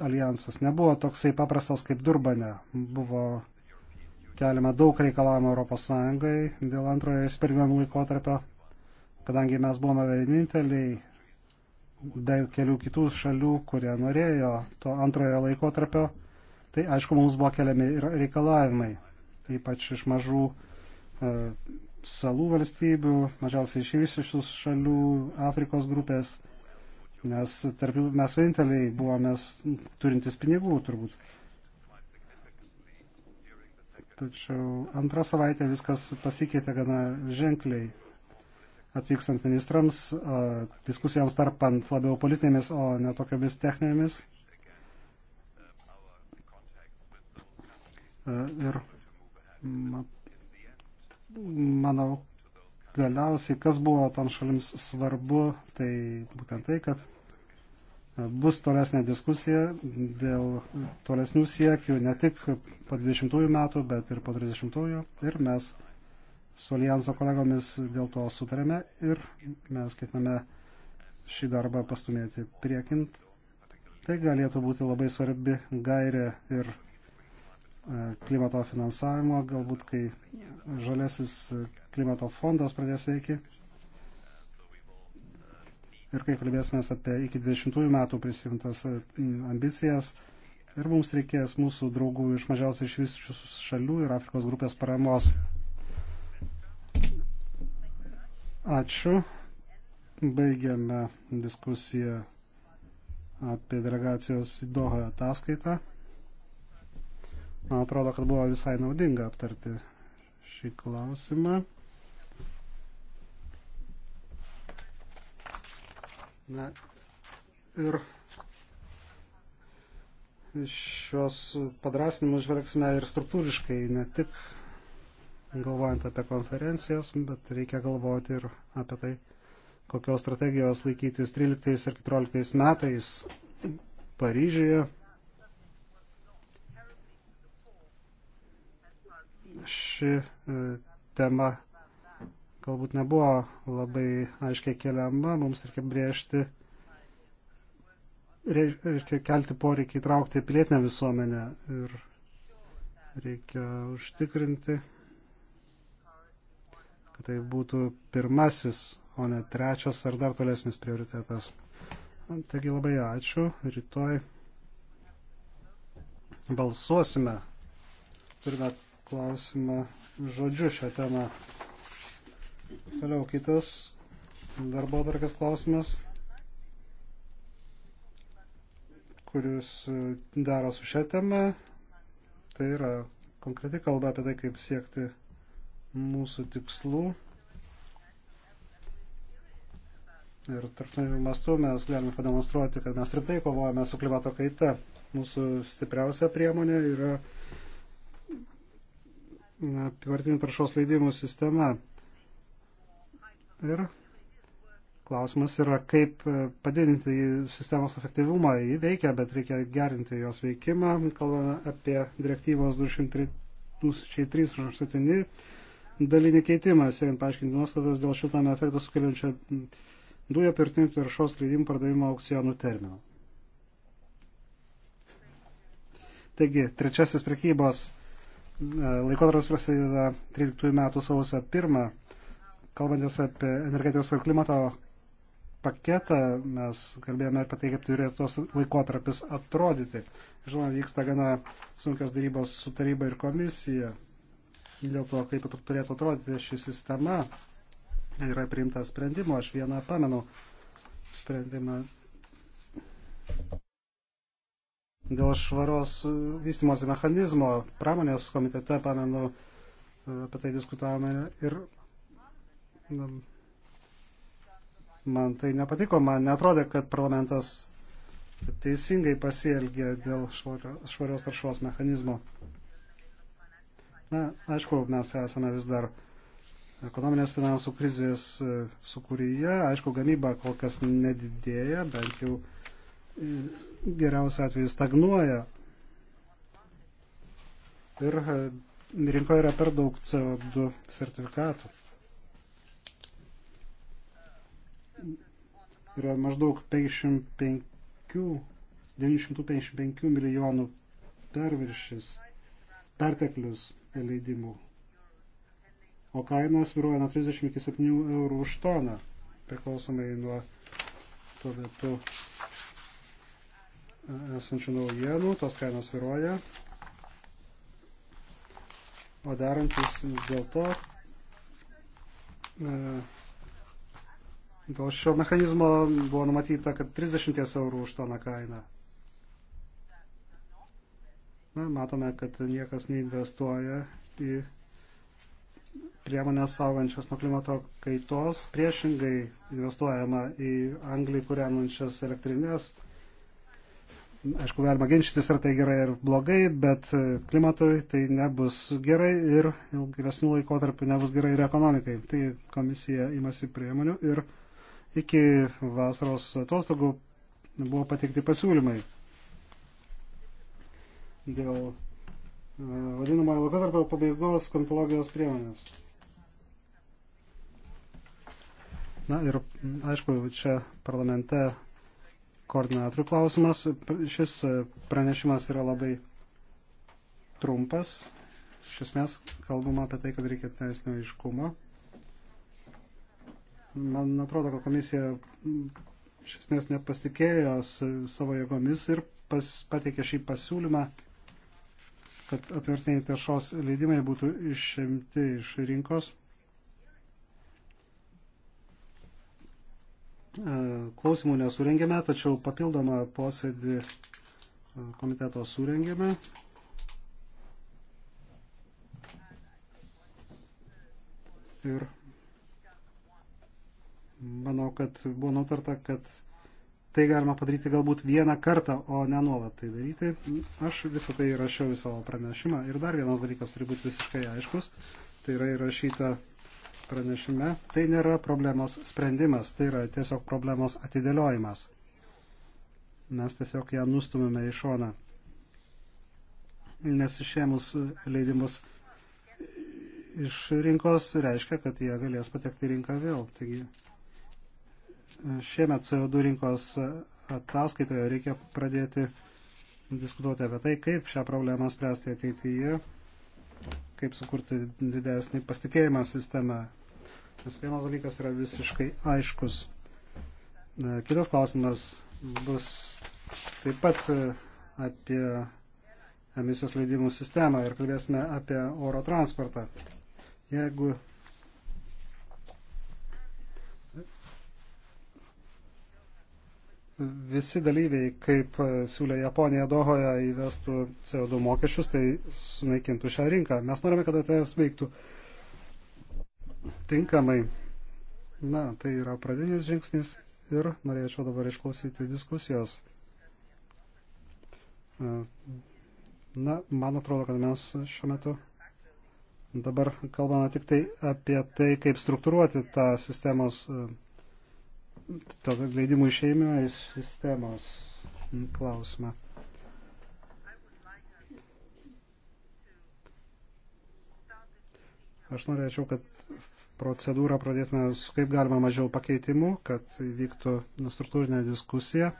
alijansas nebuvo toksai paprastas kaip Durbane. Buvo keliama daug reikalavimų ES dėl antrojo įsipirgimų laikotarpio kadangi mes buvome vieninteliai be kelių kitų šalių, kurie norėjo to antrojo laiko tarpio, tai aišku, mums buvo keliami ir reikalavimai, ypač iš mažų e, salų valstybių, mažiausiai išvysiusius šalių, Afrikos grupės, nes tarp jų mes vieninteliai buvome turintis pinigų turbūt. Tačiau antrą savaitę viskas pasikeitė gana ženkliai atvykstant ministrams, diskusijoms tarpant labiau politinėmis, o ne tokiamis techninėmis. Ir manau, galiausiai, kas buvo toms šalims svarbu, tai būtent tai, kad bus tolesnė diskusija dėl tolesnių siekių ne tik po 20 metų, bet ir po 30 ir mes su Alijanso kolegomis dėl to sutarėme ir mes ketiname šį darbą pastumėti priekint. Tai galėtų būti labai svarbi gairė ir e, klimato finansavimo, galbūt kai žalesis e, klimato fondas pradės veikti. Ir kai kalbėsime apie iki 20 metų prisimtas e, ambicijas, ir mums reikės mūsų draugų iš mažiausiai išvystyčių šalių ir Afrikos grupės paramos. Ačiū. Baigiame diskusiją apie delegacijos į Dohą ataskaitą. Man atrodo, kad buvo visai naudinga aptarti šį klausimą. Na ir šios padrasinimus žvelgsime ir struktūriškai, ne tik galvojant apie konferencijas, bet reikia galvoti ir apie tai, kokios strategijos laikytis 13 ir 14 metais Paryžiuje. Ši e, tema galbūt nebuvo labai aiškiai keliama, mums reikia brėžti, reikia kelti poreikį įtraukti pilietinę visuomenę ir reikia užtikrinti kad tai būtų pirmasis, o ne trečias ar dar tolesnis prioritetas. Taigi labai ačiū. Rytoj balsuosime. Turime klausimą žodžiu šią temą. Toliau kitas darbo tarkas klausimas, kuris daro su šią temą. Tai yra konkreti kalba apie tai, kaip siekti mūsų tikslų. Ir tarptautiniu mastu mes galime pademonstruoti, kad mes rimtai kovojame su klimato kaita. Mūsų stipriausia priemonė yra apivartinių taršos leidimų sistema. Ir klausimas yra, kaip padidinti sistemos efektyvumą. Ji veikia, bet reikia gerinti jos veikimą. Kalbame apie direktyvos 203, 203 7 dalinį keitimą, siekiant paaiškinti nuostatas dėl šiltame efektą sukeliančio dujų pirtinių taršos leidimų pardavimo aukcionų terminų. Taigi, trečiasis prekybos e, laikotarpis prasideda 13 metų sausio 1. Kalbantis apie energetikos ir klimato paketą, mes kalbėjome apie tai, kaip turėtų tos laikotarpis atrodyti. Žinoma, vyksta gana sunkios darybos su taryba ir komisija dėl to, kaip turėtų atrodyti ši sistema, yra priimtas sprendimo. Aš vieną pamenu sprendimą dėl švaros vystimosi mechanizmo. Pramonės komitete, pamenu, apie tai diskutavome ir man tai nepatiko. Man netrodė, kad parlamentas teisingai pasielgė dėl švarios taršos mechanizmo. Na, aišku, mes esame vis dar ekonominės finansų krizės e, sukūryje. Aišku, gamyba kol kas nedidėja, bent jau e, geriausia atveju stagnuoja. Ir e, rinkoje yra per daug CO2 sertifikatų. Yra maždaug 55, 955 milijonų perviršis perteklius leidimų. O kainas vyruoja nuo 30 iki 7 eurų už toną, priklausomai nuo tuo metu e, esančių naujienų, tos kainos vyruoja. O darantis dėl to, e, dėl šio mechanizmo buvo numatyta, kad 30 eurų už toną kaina. Na, matome, kad niekas neinvestuoja į priemonės saugančias nuo klimato kaitos, priešingai investuojama į anglį kūrenančias elektrinės. Aišku, galima ginčytis, ar tai gerai ar blogai, bet klimatui tai nebus gerai ir ilgesnių laikotarpių nebus gerai ir ekonomikai. Tai komisija imasi priemonių ir iki vasaros atostogų buvo pateikti pasiūlymai dėl e, vadinamojo laikotarpio pabaigos komitologijos priemonės. Na ir aišku, čia parlamente koordinatorių klausimas. Šis pranešimas yra labai trumpas. Iš esmės kalbama apie tai, kad reikia teisinio iškumo. Man atrodo, kad komisija iš esmės nepasitikėjo savo jėgomis ir pas, pateikė šį pasiūlymą kad apvertiniai taršos leidimai būtų išimti iš rinkos. E, klausimų nesurengėme, tačiau papildomą posėdį e, komiteto surengėme. Ir manau, kad buvo nutarta, kad tai galima padaryti galbūt vieną kartą, o ne nuolat tai daryti. Aš visą tai įrašiau į savo pranešimą. Ir dar vienas dalykas turi būti visiškai aiškus. Tai yra įrašyta pranešime. Tai nėra problemos sprendimas, tai yra tiesiog problemos atidėliojimas. Mes tiesiog ją nustumėme į šoną. Nes išėmus leidimus iš rinkos reiškia, kad jie galės patekti į rinką vėl. Taigi šiemet CO2 rinkos ataskaitoje reikia pradėti diskutuoti apie tai, kaip šią problemą spręsti ateityje, kaip sukurti didesnį pasitikėjimą sistemą. Nes vienas dalykas yra visiškai aiškus. E, kitas klausimas bus taip pat e, apie emisijos leidimų sistemą ir kalbėsime apie oro transportą. Jeigu visi dalyviai, kaip siūlė Japonija Dohoje, įvestų CO2 mokesčius, tai sunaikintų šią rinką. Mes norime, kad ATS veiktų tinkamai. Na, tai yra pradinis žingsnis ir norėčiau dabar išklausyti diskusijos. Na, man atrodo, kad mes šiuo metu dabar kalbame tik tai apie tai, kaip struktūruoti tą sistemos tokio leidimų išeimimo iš sistemos klausimą. Aš norėčiau, kad procedūrą pradėtume su kaip galima mažiau pakeitimų, kad vyktų struktūrinė diskusija.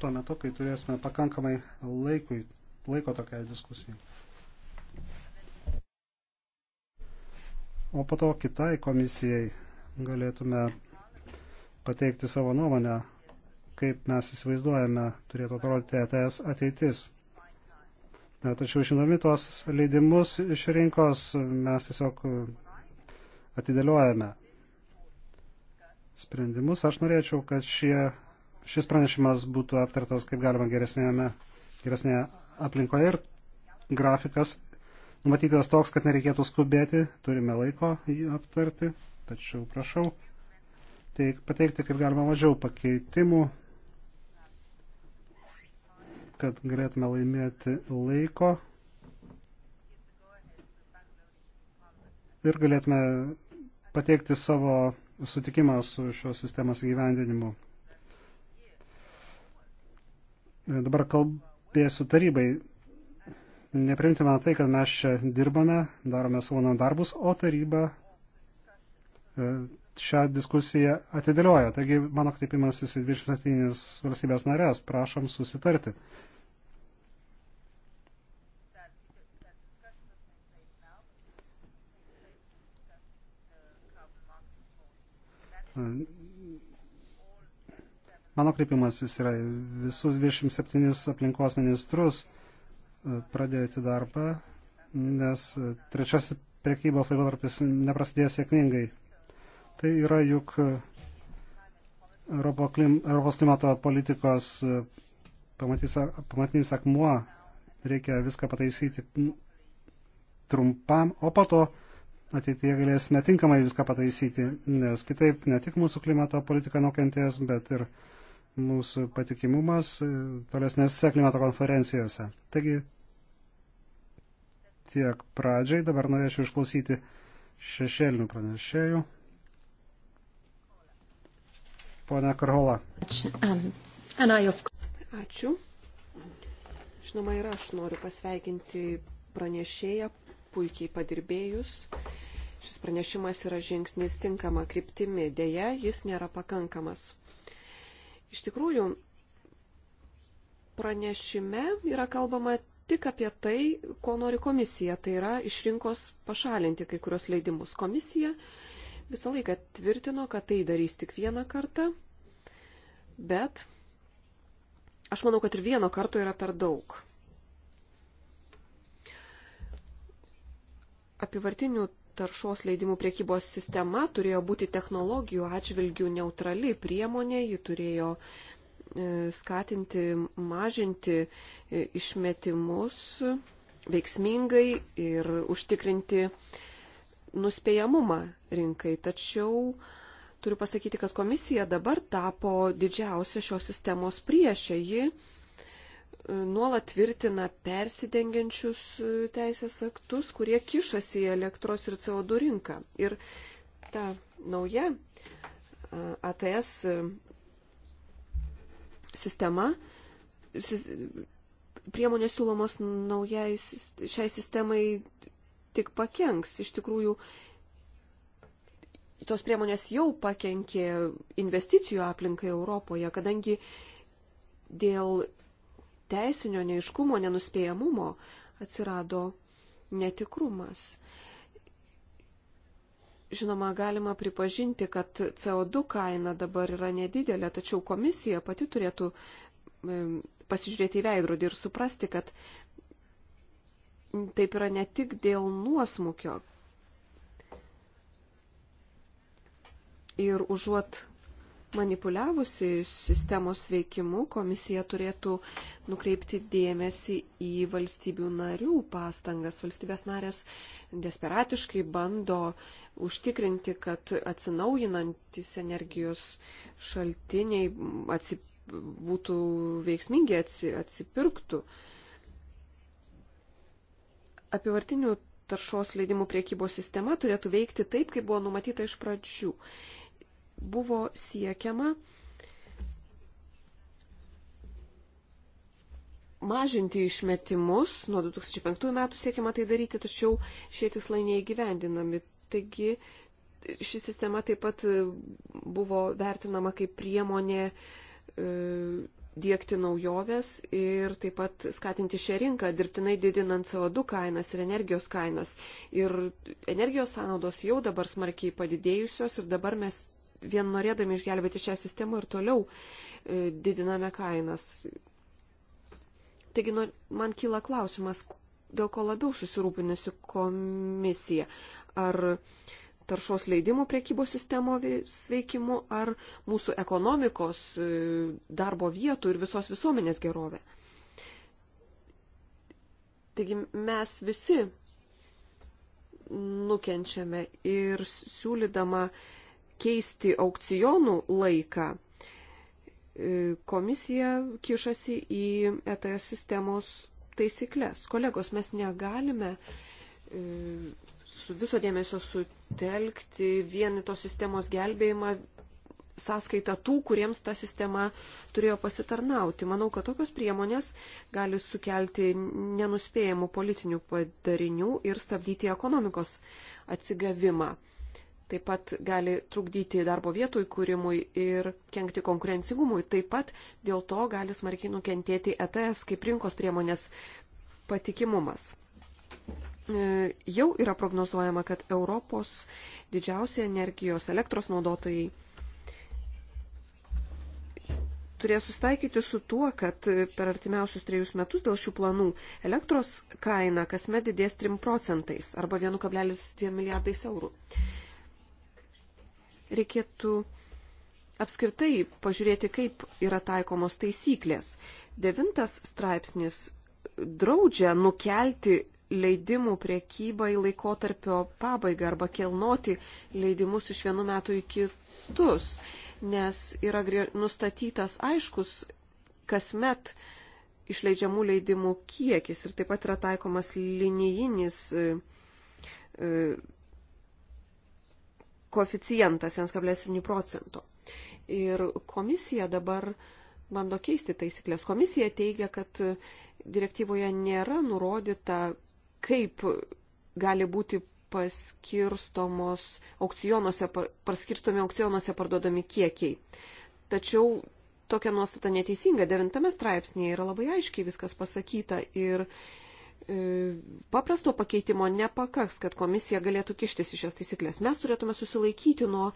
Tuo metu, kai turėsime pakankamai laikui, laiko tokiai diskusijai. O po to kitai komisijai galėtume pateikti savo nuomonę, kaip mes įsivaizduojame turėtų atrodyti ETS ateitis. Tačiau žinomi tuos leidimus iš rinkos mes tiesiog atidėliojame sprendimus. Aš norėčiau, kad šie, šis pranešimas būtų aptartas kaip galima geresnėje, geresnėje aplinkoje ir grafikas numatytas toks, kad nereikėtų skubėti, turime laiko jį aptarti tačiau prašau teik, pateikti kaip galima mažiau pakeitimų, kad galėtume laimėti laiko ir galėtume pateikti savo sutikimą su šios sistemos įgyvendinimu. Dabar kalbėsiu tarybai. Neprimti man tai, kad mes čia dirbame, darome savo darbus, o taryba E, šią diskusiją atidėlioja. Taigi mano kreipimas į 27 valstybės narės, prašom susitarti. E, mano kreipimasis yra visus 27 aplinkos ministrus e, pradėti darbą, nes trečiasis prekybos laikotarpis neprasidės sėkmingai. Tai yra juk e, Europos klimato politikos e, pamatinis akmuo, reikia viską pataisyti trumpam, o po to ateityje galėsime tinkamai viską pataisyti, nes kitaip ne tik mūsų klimato politika nukentės, bet ir mūsų patikimumas e, tolesnėse klimato konferencijose. Taigi tiek pradžiai, dabar norėčiau išklausyti šešėlinių pranešėjų. Pone Karhola. Ačiū. Žinoma, ir aš noriu pasveikinti pranešėją, puikiai padirbėjus. Šis pranešimas yra žingsnis tinkama kryptimi, dėja jis nėra pakankamas. Iš tikrųjų, pranešime yra kalbama tik apie tai, ko nori komisija, tai yra iš rinkos pašalinti kai kurios leidimus. Komisija uh, visą laiką tvirtino, kad tai darys tik vieną kartą, bet aš manau, kad ir vieno karto yra per daug. Apivartinių taršos leidimų priekybos sistema turėjo būti technologijų atžvilgių neutrali priemonė, ji turėjo e, skatinti, mažinti e, išmetimus veiksmingai ir užtikrinti uh, nuspėjamumą rinkai. Tačiau turiu pasakyti, kad komisija dabar tapo didžiausia šios sistemos priešė. Ji e, nuolat tvirtina persidengiančius e, teisės aktus, kurie kišasi į elektros ir CO2 rinką. Ir ta nauja e, ATS sistema, priemonės siūlomos naujai šiai sistemai tik pakenks. Iš tikrųjų, tos priemonės jau pakenkė investicijų aplinkai Europoje, kadangi dėl teisinio neiškumo, nenuspėjamumo atsirado netikrumas. Žinoma, galima pripažinti, kad CO2 kaina dabar yra nedidelė, tačiau komisija pati turėtų pasižiūrėti į veidrodį ir suprasti, kad taip yra ne tik dėl nuosmukio. Ir užuot manipuliavusi sistemos veikimu, komisija turėtų nukreipti dėmesį į valstybių narių pastangas. Valstybės narės desperatiškai bando užtikrinti, kad atsinaujinantis energijos šaltiniai atsip, būtų veiksmingi, atsipirktų. Uh, apivartinių taršos leidimų priekybos sistema turėtų veikti taip, kaip buvo numatyta iš pradžių. Buvo siekiama mažinti išmetimus, nuo 2005 metų siekiama tai daryti, tačiau šie tikslai neįgyvendinami. Taigi ši sistema taip pat buvo vertinama kaip priemonė e, dėkti naujoves ir taip pat skatinti šią rinką, dirbtinai didinant CO2 kainas ir energijos kainas. Ir energijos sąnaudos jau dabar smarkiai padidėjusios ir dabar mes vien norėdami išgelbėti šią sistemą ir toliau e, didiname kainas. Taigi man kyla klausimas, dėl ko labiau susirūpinasi komisija. Ar uh, taršos leidimų priekybos sistemomis veikimu ar mūsų ekonomikos, e, darbo vietų ir visos visuomenės gerovė. Taigi mes visi nukenčiame ir siūlydama keisti aukcionų laiką, e, komisija kišasi į ETS sistemos taisyklės. Kolegos, mes negalime e, su viso dėmesio sutelkti vien į tos sistemos gelbėjimą sąskaita tų, kuriems ta sistema turėjo pasitarnauti. Manau, kad tokios priemonės gali sukelti nenuspėjamų politinių padarinių ir stabdyti ekonomikos atsigavimą. Taip pat gali trukdyti darbo vietų įkūrimui ir kenkti konkurencingumui. Taip pat dėl to gali smarkiai nukentėti ETS kaip rinkos priemonės patikimumas. E, jau yra prognozuojama, kad Europos didžiausi energijos elektros naudotojai turės susitaikyti su tuo, kad per artimiausius trejus metus dėl šių planų elektros kaina kasmet didės 3 procentais arba 1,2 milijardais eurų. Reikėtų apskritai pažiūrėti, kaip yra taikomos taisyklės. Devintas straipsnis draudžia nukelti leidimų priekybai laikotarpio pabaigą arba kelnoti leidimus iš vienų metų į kitus, nes yra nustatytas aiškus kasmet išleidžiamų leidimų kiekis ir taip pat yra taikomas linijinis e, e, koeficientas 1,7 procento. Ir komisija dabar bando keisti taisyklės. Komisija teigia, kad direktyvoje nėra nurodyta, kaip gali būti paskirstomos aukcionuose, paskirstomi aukcionuose parduodami kiekiai. Tačiau tokia nuostata neteisinga. Devintame straipsnėje yra labai aiškiai viskas pasakyta ir e, paprasto pakeitimo nepakaks, kad komisija galėtų kištis į šias taisyklės. Mes turėtume susilaikyti nuo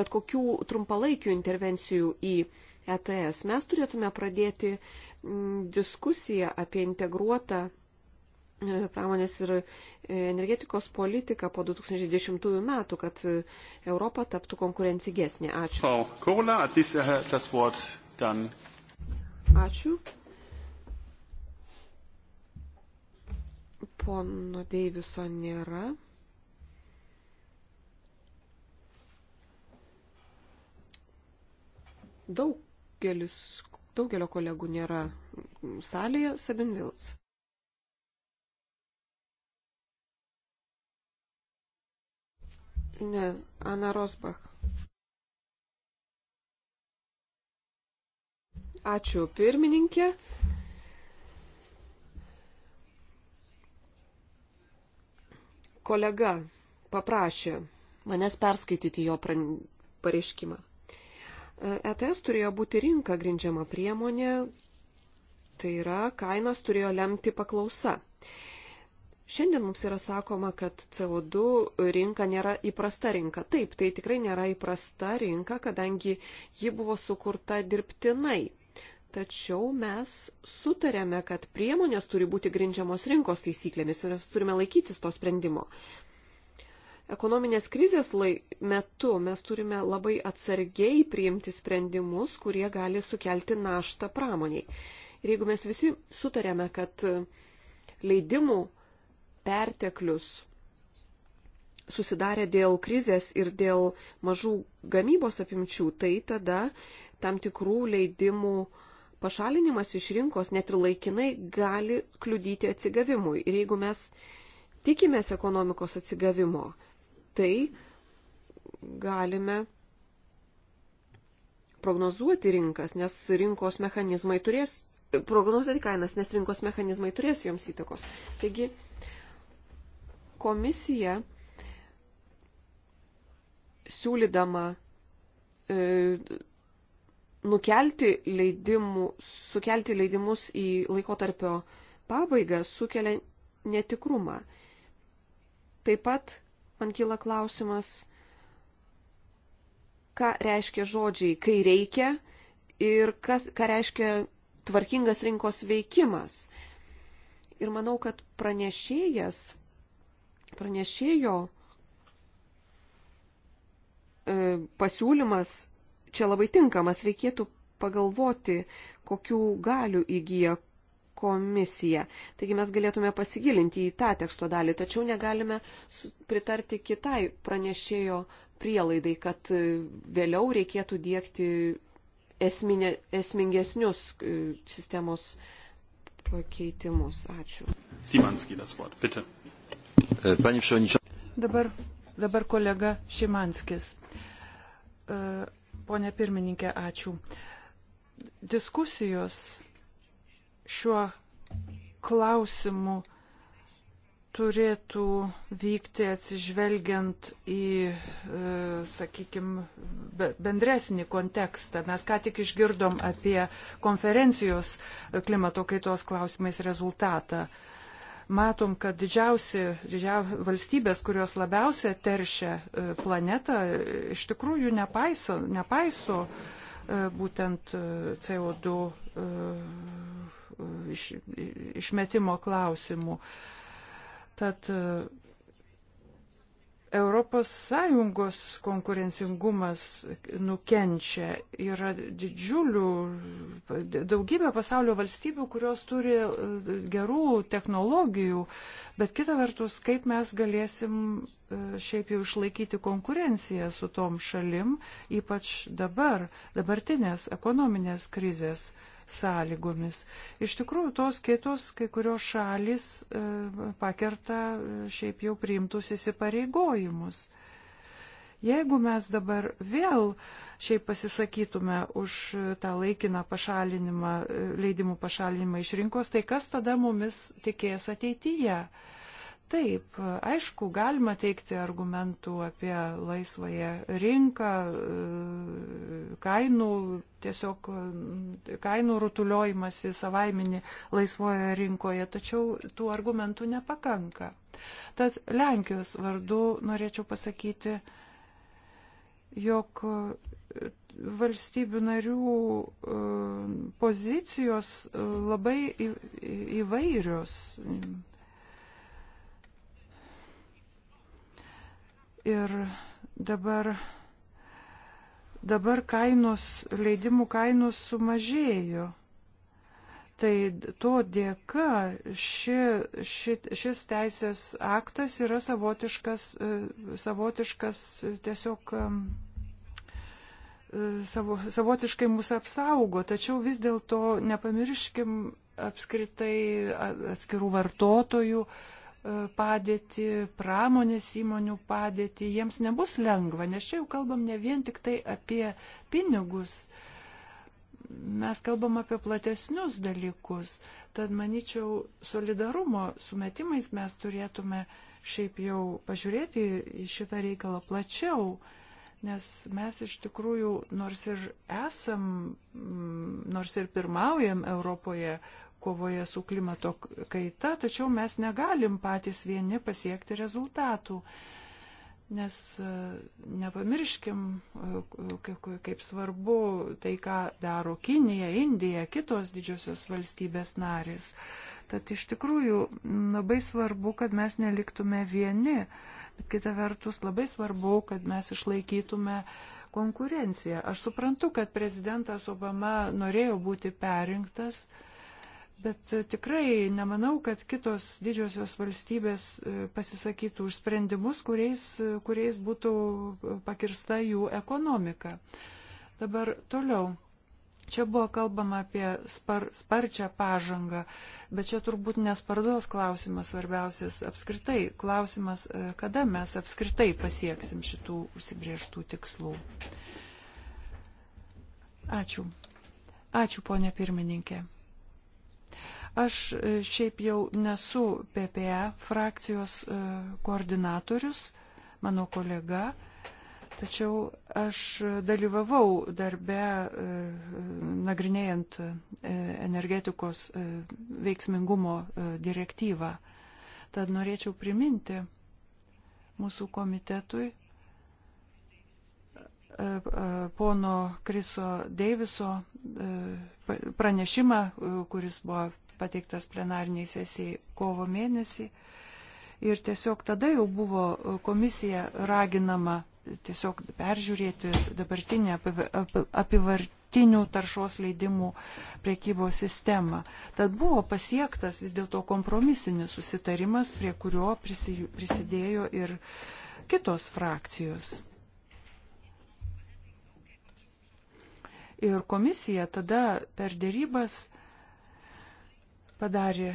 bet kokių trumpalaikių intervencijų į ETS. Mes turėtume pradėti diskusiją apie integruotą E, pramonės ir e, energetikos politiką po 2010 metų, kad Europa taptų konkurencingesnė. Ačiū. Ačiū. Pono Deiviso nėra. Daugelis, daugelio kolegų nėra salėje, Sabin Vilts. Ne, Ana Rosbach. Ačiū pirmininkė. Kolega paprašė manęs perskaityti jo pareiškimą. ETS turėjo būti rinka grindžiama priemonė, tai yra kainas turėjo lemti paklausa. Šiandien mums yra sakoma, kad CO2 rinka nėra įprasta rinka. Taip, tai tikrai nėra įprasta rinka, kadangi ji buvo sukurta dirbtinai. Tačiau mes sutarėme, kad priemonės turi būti grindžiamos rinkos taisyklėmis ir mes turime laikytis to sprendimo. Ekonominės krizės metu mes turime labai atsargiai priimti sprendimus, kurie gali sukelti naštą pramoniai. Ir jeigu mes visi sutarėme, kad leidimų perteklius susidarė dėl krizės ir dėl mažų gamybos apimčių, tai tada tam tikrų leidimų pašalinimas iš rinkos net ir laikinai gali kliudyti atsigavimui. Ir jeigu mes tikimės ekonomikos atsigavimo, tai galime prognozuoti rinkas, nes rinkos mechanizmai turės prognozuoti kainas, nes rinkos mechanizmai turės joms įtakos. Taigi Komisija siūlydama e, nukelti leidimų, sukelti leidimus į laikotarpio pabaigą sukelia netikrumą. Taip pat man kyla klausimas, ką reiškia žodžiai, kai reikia ir kas, ką reiškia tvarkingas rinkos veikimas. Ir manau, kad pranešėjas Pranešėjo e, pasiūlymas čia labai tinkamas, reikėtų pagalvoti, kokių galių įgyja komisija. Taigi mes galėtume pasigilinti į tą teksto dalį, tačiau negalime pritarti kitai pranešėjo prielaidai, kad e, vėliau reikėtų dėkti esminė, esmingesnius e, sistemos pakeitimus. Ačiū. Simanski, das Wort, bitte. Panie Przewodniczący. Dabar, dabar kolega Šimanskis. E, pone pirmininkė, ačiū. Diskusijos šiuo klausimu turėtų vykti atsižvelgiant į, e, sakykime, bendresnį kontekstą. Mes ką tik išgirdom apie konferencijos klimato kaitos klausimais rezultatą matom, kad didžiausi didžiau, valstybės, kurios labiausia teršia e, planetą, iš tikrųjų nepaiso, nepaiso e, būtent e, CO2 iš, išmetimo klausimų. Tad ES konkurencingumas nukenčia. Yra didžiulių, daugybė pasaulio valstybių, kurios turi e, gerų technologijų, bet kita vertus, kaip mes galėsim e, šiaip jau išlaikyti konkurenciją su tom šalim, ypač dabar, dabartinės ekonominės krizės sąlygomis. Iš tikrųjų, tos kitos kai kurios šalis e, pakerta e, šiaip jau priimtus įsipareigojimus. Jeigu mes dabar vėl šiaip pasisakytume už e, tą laikiną pašalinimą, leidimų pašalinimą iš rinkos, tai kas tada mumis tikės ateityje? Taip, aišku, galima teikti argumentų apie laisvąją rinką, e, kainų, tiesiog e, kainų rutuliojimasi savaiminį laisvoje rinkoje, tačiau tų argumentų nepakanka. Tad Lenkijos vardu norėčiau pasakyti, jog e, valstybių narių pozicijos labai įvairios Ir dabar, dabar kainos, leidimų kainos sumažėjo. Tai to dėka ši, ši, šis teisės aktas yra savotiškas, e, savotiškas e, tiesiog e, savo, savotiškai mus apsaugo, tačiau vis dėlto nepamirškim apskritai atskirų vartotojų, uh, E, padėtį, pramonės įmonių padėtį, jiems nebus lengva, nes čia jau kalbam ne vien tik tai apie pinigus, mes kalbam apie platesnius dalykus. Tad manyčiau, solidarumo sumetimais mes turėtume šiaip jau pažiūrėti į šitą reikalą plačiau, nes mes iš tikrųjų nors ir esam, nors ir pirmaujam Europoje kovoje su klimato kaita, tačiau mes negalim patys vieni pasiekti rezultatų. Nes e, nepamirškim, e, kaip svarbu tai, ką daro Kinija, Indija, kitos didžiosios valstybės narės. Tad iš tikrųjų labai svarbu, kad mes neliktume vieni, bet kita vertus labai svarbu, kad mes išlaikytume konkurenciją. Aš suprantu, kad prezidentas Obama norėjo būti perinktas, Bet e, tikrai nemanau, kad kitos didžiosios valstybės e, pasisakytų už sprendimus, kuriais, e, kuriais būtų pakirsta jų ekonomika. Dabar toliau. Čia buvo kalbama apie spar, sparčią pažangą, bet čia turbūt nespardos klausimas svarbiausias apskritai. Klausimas, kada mes apskritai pasieksim šitų užsibrieštų tikslų. Ačiū. Ačiū, ponė pirmininkė. Aš e, šiaip jau nesu PPE frakcijos e, koordinatorius, mano kolega, tačiau aš dalyvavau darbe e, nagrinėjant energetikos veiksmingumo direktyvą. Tad norėčiau priminti mūsų komitetui pono Kriso Deiviso pranešimą, kuris buvo pateiktas plenariniai sesijai kovo mėnesį. Ir tiesiog tada jau buvo e, komisija raginama tiesiog peržiūrėti dabartinę apivartinių taršos leidimų priekybos sistemą. Tad buvo pasiektas vis dėlto kompromisinis susitarimas, prie kurio prisidėjo ir kitos frakcijos. Ir komisija tada per dėrybas padarė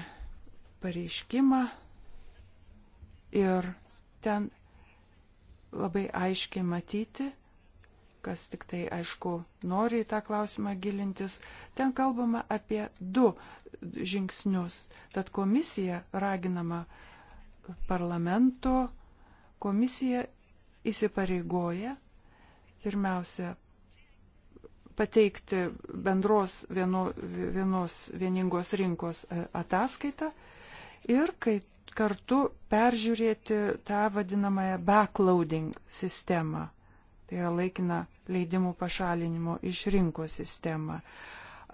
pareiškimą ir ten labai aiškiai matyti, kas tik tai, aišku, nori į tą klausimą gilintis, ten kalbama apie du žingsnius. Tad komisija raginama parlamento, komisija įsipareigoja pirmiausia pateikti bendros vieno, vienos vieningos rinkos e, ataskaitą ir kai kartu peržiūrėti tą vadinamąją backloading sistemą, tai yra laikina leidimų pašalinimo iš rinkos sistema.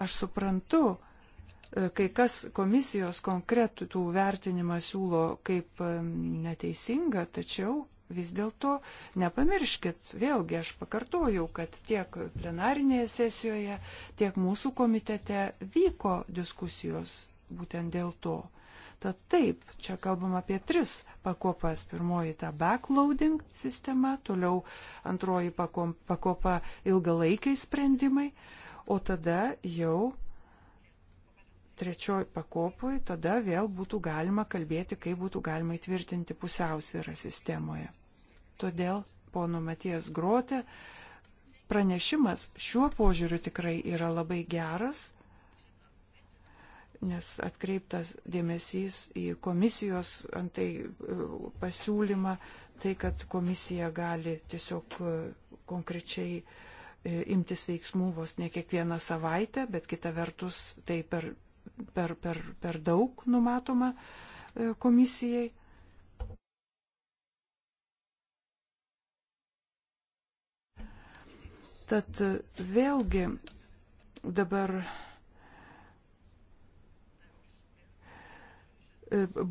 Aš suprantu, e, kai kas komisijos konkretų vertinimą siūlo kaip e, neteisinga, tačiau vis dėlto nepamirškit, vėlgi aš pakartojau, kad tiek plenarinėje sesijoje, tiek mūsų komitete vyko diskusijos būtent dėl to. Tad taip, čia kalbam apie tris pakopas. Pirmoji ta backloading sistema, toliau antroji pakopa ilgalaikiai sprendimai, o tada jau trečioj pakopui, tada vėl būtų galima kalbėti, kaip būtų galima įtvirtinti pusiausvyrą sistemoje. Todėl pono Matijas Grote pranešimas šiuo požiūriu tikrai yra labai geras, nes atkreiptas dėmesys į komisijos antai pasiūlymą, tai kad komisija gali tiesiog konkrečiai e, imtis veiksmų vos ne kiekvieną savaitę, bet kita vertus tai per, per, per, per daug numatoma e, komisijai. Tad e, vėlgi dabar e,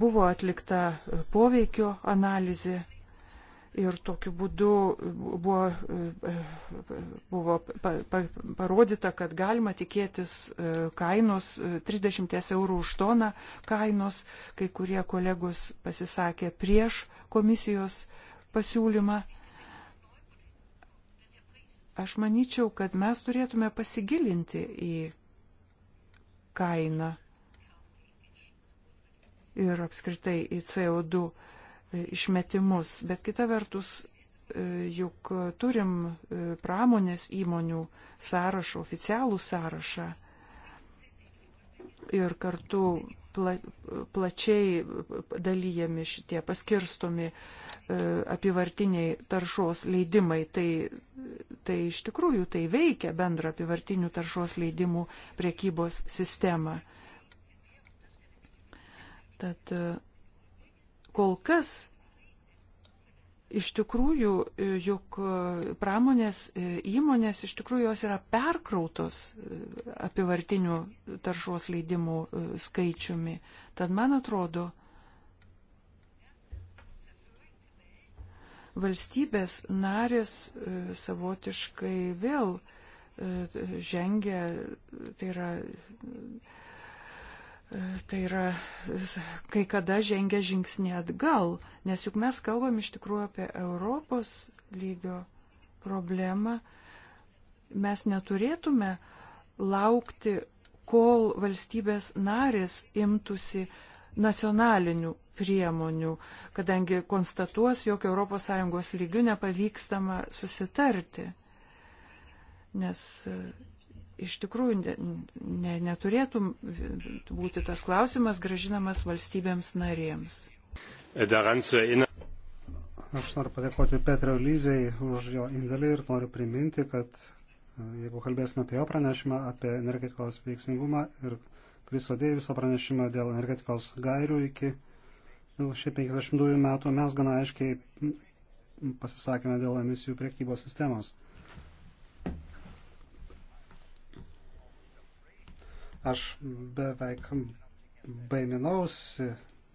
buvo atlikta e, poveikio analizė ir tokiu būdu buvo, buvo pa, pa, parodyta, kad galima tikėtis kainos 30 eurų už toną kainos, kai kurie kolegos pasisakė prieš komisijos pasiūlymą. Aš manyčiau, kad mes turėtume pasigilinti į kainą ir apskritai į CO2 e, išmetimus. Bet kita vertus, e, juk turim e, pramonės įmonių sąrašą, oficialų sąrašą ir kartu pla, plačiai dalyjami šitie paskirstomi e, apivartiniai taršos leidimai, tai, tai iš tikrųjų tai veikia bendrą apivartinių taršos leidimų priekybos sistemą. Tad e, kol kas iš tikrųjų, e, juk e, pramonės e, įmonės, iš tikrųjų, jos yra perkrautos apivartinių taršos leidimų skaičiumi. Tad man atrodo, valstybės narės savotiškai vėl žengia, tai yra Tai yra, kai kada žengia žingsnį atgal, nes juk mes kalbam iš tikrųjų apie Europos lygio problemą. Mes neturėtume laukti, kol valstybės narės imtųsi nacionalinių priemonių, kadangi konstatuos, jog ES lygių nepavykstama susitarti. Nes iš tikrųjų ne, ne, neturėtų būti tas klausimas gražinamas valstybėms narėms. Aš noriu padėkoti Petrio Lyzei už jo indėlį ir noriu priminti, kad e, jeigu kalbėsime apie jo pranešimą, apie energetikos veiksmingumą ir Kriso Deiviso pranešimą dėl energetikos gairių iki šiaip 52 metų, mes gana aiškiai pasisakėme dėl emisijų priekybos sistemos. Aš beveik baiminausi,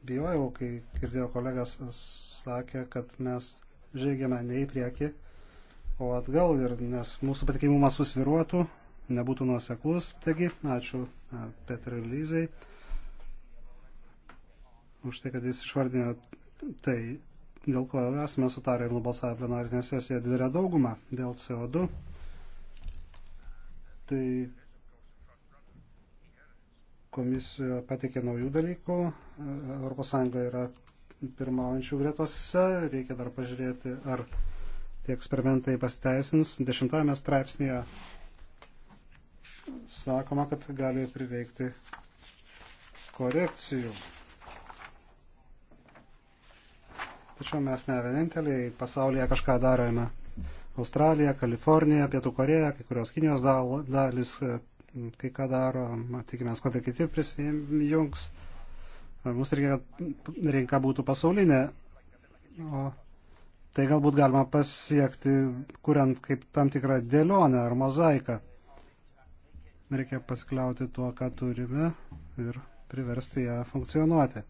bijojau, kai girdėjau kolegas sakė, kad mes žaigiame ne į priekį, o atgal ir nes mūsų patikimumas susviruotų, nebūtų nuoseklus. Taigi, ačiū Petrai Lyzai už tai, kad jis išvardino tai, dėl ko esame sutarę ir nubalsavę plenarinė sesija didelę daugumą dėl CO2. Tai komisija patikė naujų dalykų. ES yra pirmaujančių gretose. Reikia dar pažiūrėti, ar tie eksperimentai pasteisins. Dešimtame straipsnėje sakoma, kad gali prireikti korekcijų. Tačiau mes ne vieninteliai pasaulyje kažką darome. Australija, Kalifornija, Pietų Koreja, kai kurios Kinijos dalis kai ką daro, tikimės, kad ir kiti prisijungs. Mums reikia, kad rinka būtų pasaulinė, o tai galbūt galima pasiekti, kuriant kaip tam tikrą dėlionę ar mozaiką. Reikia paskliauti tuo, ką turime ir priversti ją funkcionuoti.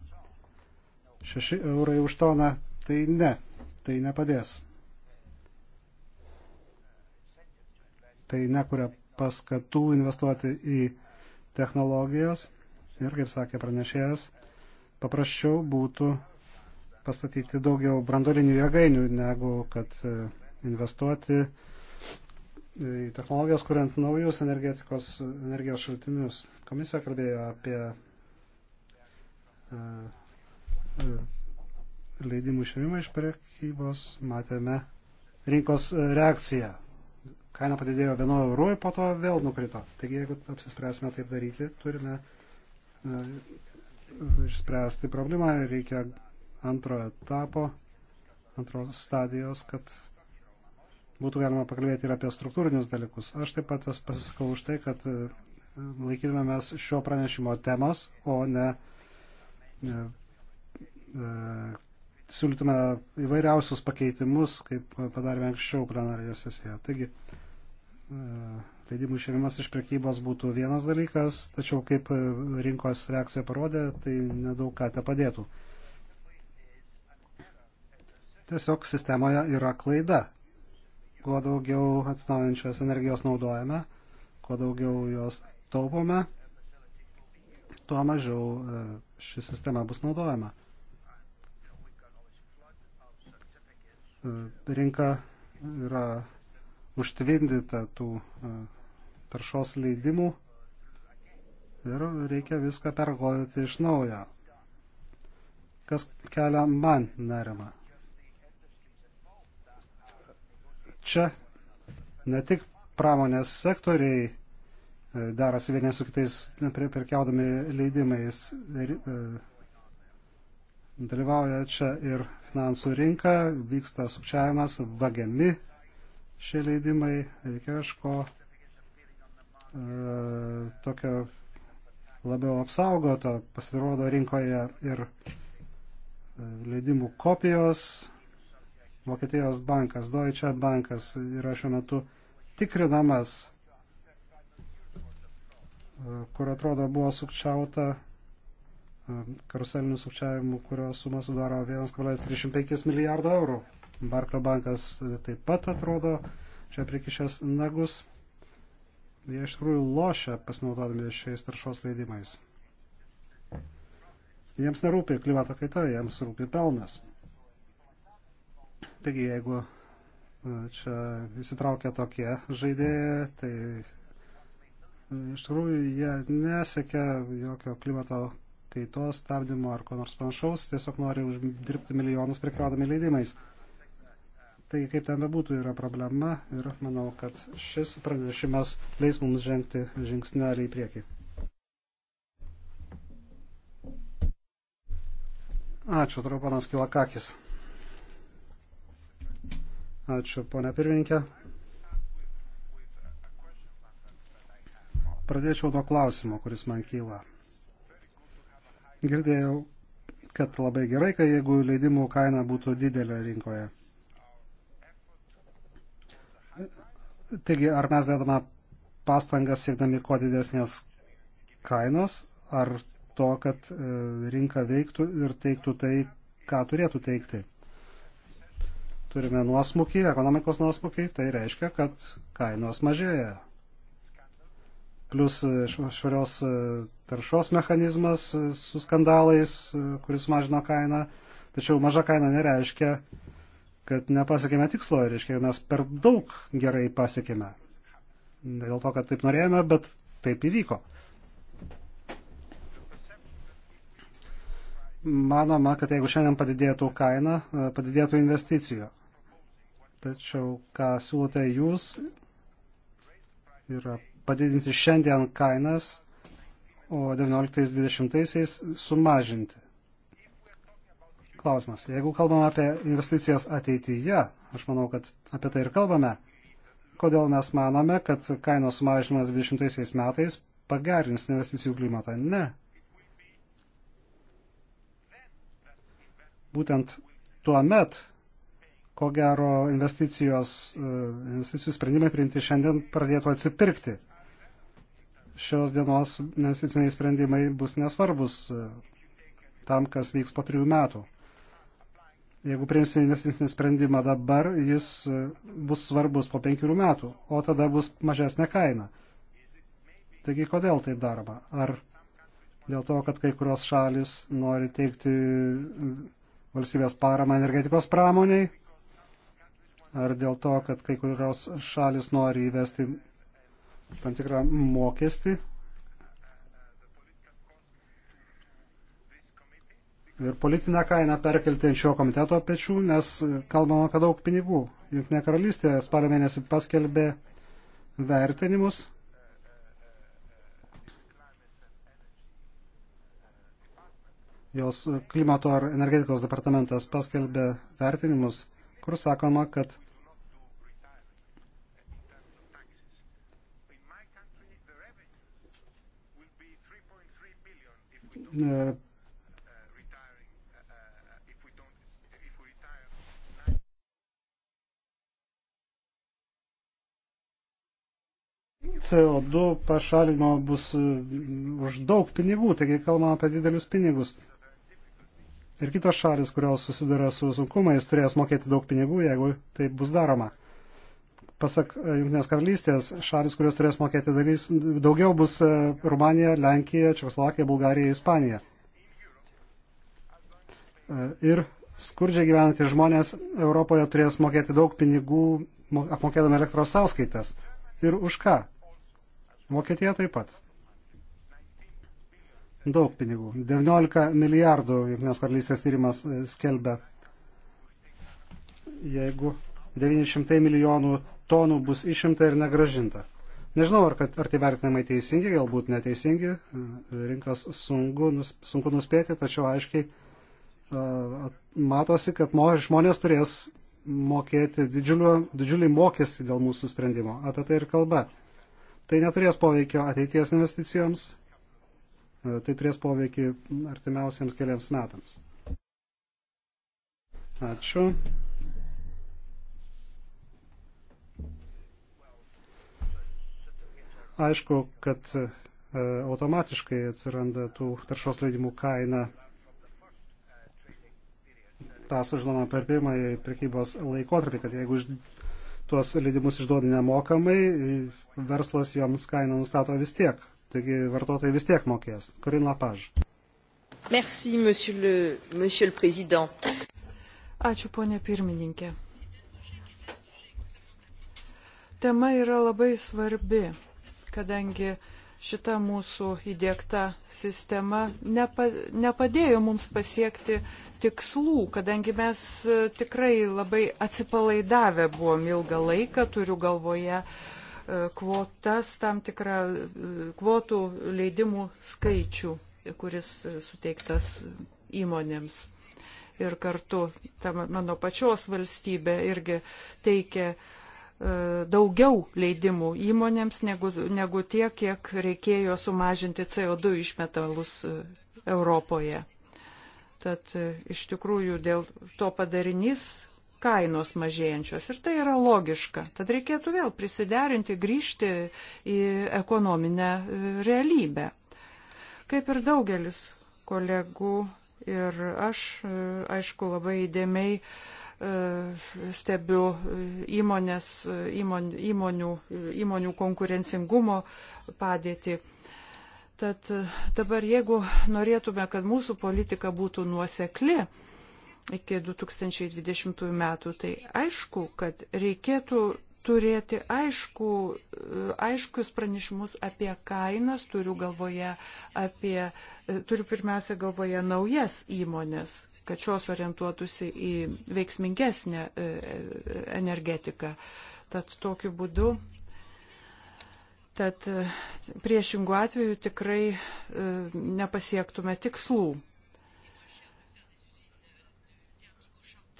6 eurai už toną, tai ne, tai nepadės. Tai nekuria paskatų investuoti į technologijas ir, kaip sakė pranešėjas, paprasčiau būtų pastatyti daugiau brandolinių jėgainių, negu kad e, investuoti e, į technologijas, kuriant naujus energetikos energijos šaltinius. Komisija kalbėjo apie e, leidimų išėmimą iš prekybos, matėme rinkos reakciją kaina padidėjo 1 eurų ir po to vėl nukrito. Taigi, jeigu apsispręsime taip daryti, turime e, išspręsti problemą, reikia antro etapo, antros stadijos, kad būtų galima pakalbėti ir apie struktūrinius dalykus. Aš taip pat pasisakau už tai, kad e, laikytumėmės šio pranešimo temos, o ne e, e, siūlytume įvairiausius pakeitimus, kaip padarėme anksčiau plenarėje sesijoje. Taigi, E, leidimų išėmimas iš prekybos būtų vienas dalykas, tačiau kaip e, rinkos reakcija parodė, tai nedaug ką te padėtų. Tiesiog sistemoje yra klaida. Kuo daugiau atsinaujančios energijos naudojame, kuo daugiau jos taupome, tuo mažiau e, ši sistema bus naudojama. Rinka yra užtvindyta tų e, taršos leidimų ir reikia viską pergalvoti iš naujo. Kas kelia man nerimą? Čia ne tik pramonės sektoriai e, darasi vieni su kitais prekiaudami leidimais, e, dalyvauja čia ir finansų rinka, vyksta sukčiavimas, vagiami šie leidimai, reikia kažko e, tokio labiau apsaugoto, pasirodo rinkoje ir e, leidimų kopijos. Vokietijos bankas, Deutsche bankas yra šiuo metu tikrinamas, e, kur atrodo buvo sukčiauta e, karuselinių sukčiavimų, kurios suma sudaro 1,35 milijardo eurų. Barklo bankas taip pat atrodo čia prikišęs nagus. Jie iš tikrųjų lošia pasinaudodami šiais taršos leidimais. Jiems nerūpi klimato kaita, jiems rūpi pelnas. Taigi, jeigu e, čia įsitraukia tokie žaidėjai, tai e, iš tikrųjų jie nesiekia jokio klimato kaitos, stabdymo ar ko nors panašaus, tiesiog nori uždirbti milijonus prekiaudami leidimais. Tai kaip ten bebūtų yra problema ir manau, kad šis pranešimas leis mums žengti žingsnelį į priekį. Ačiū, turiu panas Kilakakis. Ačiū, ponia pirmininkė. Pradėčiau nuo klausimo, kuris man kyla. Girdėjau, kad labai gerai, kai jeigu leidimų kaina būtų didelė rinkoje. Taigi, ar mes dedame pastangas siekdami kuo didesnės kainos, ar to, kad e, rinka veiktų ir teiktų tai, ką turėtų teikti. Turime nuosmukį, ekonomikos nuosmukį, tai reiškia, kad kainos mažėja. Plus e, švarios e, taršos mechanizmas su skandalais, kuris mažino kainą. Tačiau maža kaina nereiškia, kad nepasiekėme tikslo, reiškia, mes per daug gerai pasiekėme. Ne dėl to, kad taip norėjome, bet taip įvyko. Manoma, kad jeigu šiandien padidėtų kaina, e, padidėtų investicijų. Tačiau, ką siūlote jūs, yra padidinti šiandien kainas, o 19-20 sumažinti klausimas. Jeigu kalbame apie investicijas ateityje, aš manau, kad apie tai ir kalbame, kodėl mes manome, kad kainos sumažinimas 20 metais pagerins investicijų klimatą. Ne. Būtent tuo met, ko gero, investicijos, e, investicijų sprendimai priimti šiandien pradėtų atsipirkti. Šios dienos investiciniai sprendimai bus nesvarbus e, tam, kas vyks po trijų metų. Jeigu priimsime investicinį sprendimą dabar, jis e, bus svarbus po penkerių metų, o tada bus mažesnė kaina. Taigi, kodėl taip daroma? Ar dėl to, kad kai kurios šalis nori teikti e, valstybės paramą energetikos pramoniai, ar dėl to, kad kai kurios šalis nori įvesti tam tikrą mokestį, ir politinę kainą perkelti ant šio komiteto pečių, nes kalbam apie daug pinigų. Junktinė karalystė spalio mėnesį paskelbė vertinimus. Jos klimato ar energetikos departamentas paskelbė vertinimus, kur sakoma, kad e, CO2 pašalinimo bus mm, už daug pinigų, taigi kalbam apie didelius pinigus. Ir kitos šalis, kurios susiduria su sunkumais, turės mokėti daug pinigų, jeigu tai bus daroma. Pasak e, Junktinės karalystės, šalis, kurios turės mokėti dalys, daugiau bus e, Rumanija, Lenkija, Čekoslovakija, Bulgarija, Ispanija. E, ir skurdžiai gyvenantys žmonės Europoje turės mokėti daug pinigų apmokėdami elektros sąskaitas. Ir už ką? Vokietija taip pat. Daug pinigų. 19 milijardų Junktinės karalystės tyrimas e, skelbia. Jeigu 900 milijonų tonų bus išimta ir negražinta. Nežinau, ar, kad, ar tai vertinimai teisingi, galbūt neteisingi, e, rinkas sunku, nus, sunku nuspėti, tačiau aiškiai uh, matosi, kad mo, žmonės turės mokėti didžiulį, didžiulį mokestį dėl mūsų sprendimo. Apie tai ir kalba. Uh, Tai neturės poveikio ateities investicijoms, e, tai turės poveikį artimiausiams keliams metams. Ačiū. Aišku, kad e, automatiškai atsiranda tų taršos leidimų kaina. Ta sužinoma per pirmąjį prekybos laikotarpį, kad jeigu tuos leidimus išduoda nemokamai, verslas joms kainą nustato vis tiek. Taigi vartotojai vis tiek mokės. Karin Lapaž. Merci, monsieur le, monsieur le président. Ačiū, ponė pirmininkė. Tema yra labai svarbi, kadangi šita mūsų įdėkta sistema nepa, nepadėjo mums pasiekti tikslų, kadangi mes e, tikrai labai atsipalaidavę buvom ilgą laiką, turiu galvoje e, kvotas, tam tikrą e, kvotų leidimų skaičių, kuris suteiktas įmonėms. Ir kartu ta mano pačios valstybė irgi teikia uh, E, daugiau leidimų įmonėms negu, negu tiek, kiek reikėjo sumažinti CO2 išmetalus e, Europoje. Tad e, iš tikrųjų dėl to padarinys kainos mažėjančios ir tai yra logiška. Tad reikėtų vėl prisiderinti, grįžti į ekonominę realybę. Kaip ir daugelis kolegų ir aš, aišku, labai įdėmiai uh, E, stebiu e, įmonės, e, įmon, įmonių, įmonių konkurencingumo padėtį. Tad dabar jeigu norėtume, kad mūsų politika būtų nuosekli iki 2020 metų, tai aišku, kad reikėtų turėti aišku, aiškius pranešimus apie kainas, turiu galvoje apie, turiu pirmiausia galvoje naujas įmonės, kad šios orientuotųsi į veiksmingesnę e, e, energetiką. Tad tokiu būdu Tad e, priešingų atveju tikrai nepasiektume tikslų.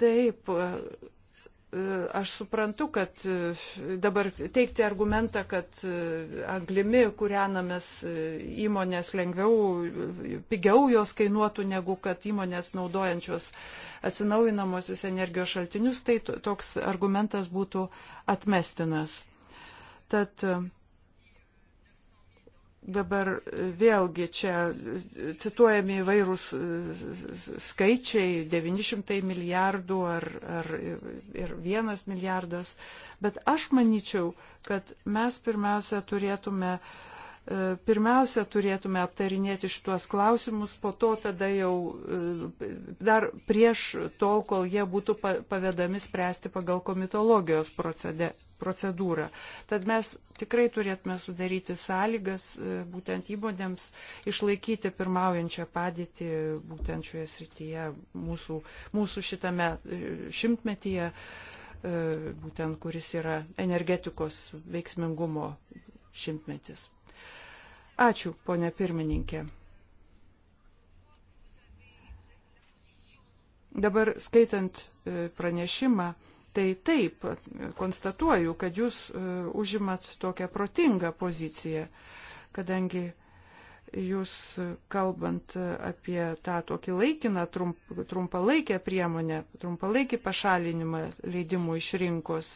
Taip, E, aš suprantu, kad e, dabar teikti argumentą, kad e, anglimi kūrenamis įmonės lengviau, pigiau jos kainuotų negu kad įmonės naudojančios atsinaujinamosius energijos šaltinius, tai toks argumentas būtų atmestinas. Tad Dabar e, vėlgi čia e, cituojami įvairūs e, skaičiai - 900 milijardų ar, ar ir vienas milijardas, bet aš manyčiau, kad mes pirmiausia turėtume uh, pirmiausia turėtume aptarinėti šitos klausimus, po to tada jau dar prieš tol, kol jie būtų pavedami spręsti pagal komitologijos procede, procedūrą. Tad mes tikrai turėtume sudaryti sąlygas e, būtent įmonėms išlaikyti pirmaujančią padėtį būtent šioje srityje mūsų, mūsų šitame e, šimtmetyje, e, būtent kuris yra energetikos veiksmingumo šimtmetis. Ačiū, ponė pirmininkė. Dabar skaitant pranešimą, tai taip, konstatuoju, kad jūs e, užimat tokią protingą poziciją, kadangi jūs e, kalbant e, apie tą tokį laikiną, trump, trumpalaikę priemonę, trumpalaikį pašalinimą leidimų iš rinkos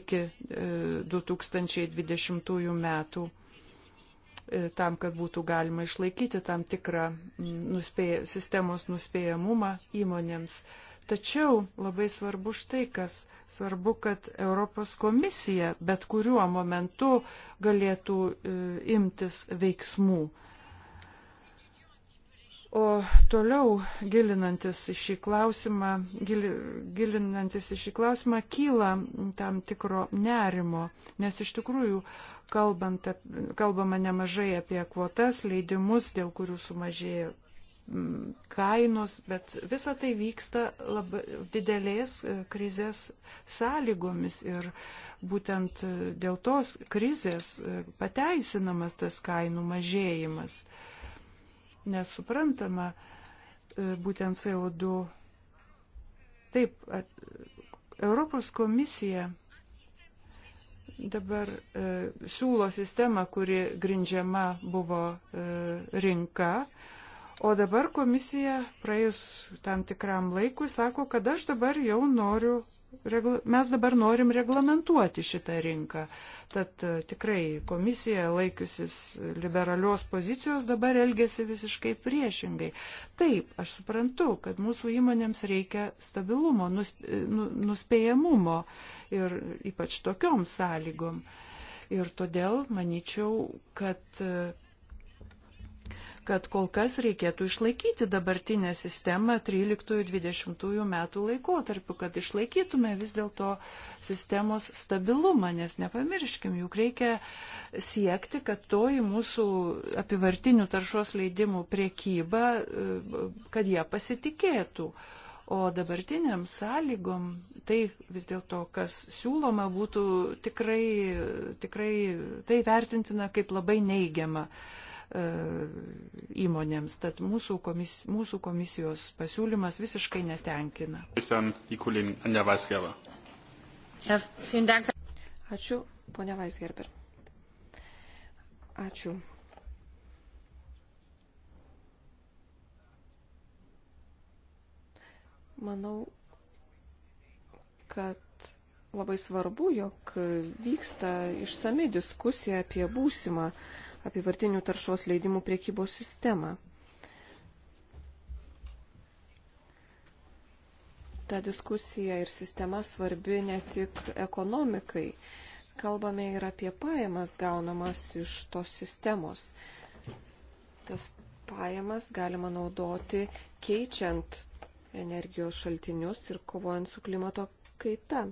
iki 2020 metų tam, kad būtų galima išlaikyti tam tikrą nuspėj, sistemos nuspėjamumą įmonėms. Uh, Tačiau labai svarbu štai kas. Svarbu, kad Europos komisija bet kuriuo momentu galėtų e, imtis veiksmų. O toliau gilinantis į šį klausimą, gil, gilinantis į šį klausimą kyla tam tikro nerimo, nes iš tikrųjų kalbant, kalbama nemažai apie kvotas, leidimus, dėl kurių sumažėjo Mm, kainos, bet visa tai vyksta labai didelės e, krizės sąlygomis ir būtent e, dėl tos krizės e, pateisinamas tas kainų mažėjimas. Nesuprantama, būtent CO2. Taip, at, Europos komisija dabar e, siūlo sistemą, kuri grindžiama buvo e, rinka, e, O dabar komisija praėjus tam tikram laikui sako, kad aš dabar jau noriu, mes dabar norim reglamentuoti šitą rinką. Tad e, tikrai komisija laikiusis liberalios pozicijos dabar elgesi visiškai priešingai. Taip, aš suprantu, kad mūsų įmonėms reikia stabilumo, e, nu, nuspėjamumo ir ypač tokiom sąlygom. Ir todėl manyčiau, kad e, kad kol kas reikėtų išlaikyti dabartinę sistemą 13-20 metų laikotarpiu, kad išlaikytume vis dėlto sistemos stabilumą, nes nepamirškim, juk reikia siekti, kad toji mūsų apivartinių taršos leidimų priekyba, e, kad jie pasitikėtų. O dabartiniam sąlygom tai vis dėlto, kas siūloma, būtų tikrai, tikrai tai vertintina kaip labai neigiama. Uh, E, įmonėms. Tad mūsų, komis, mūsų komisijos pasiūlymas visiškai netenkina. Ačiū, ponia Vaisgerber. Ačiū. Manau, kad labai svarbu, jog vyksta išsami diskusija apie būsimą uh, apivartinių taršos leidimų priekybos sistemą. Ta diskusija ir sistema svarbi ne tik ekonomikai. Kalbame ir apie pajamas gaunamas iš tos sistemos. Tas pajamas galima naudoti keičiant energijos šaltinius ir kovojant su klimato kaita.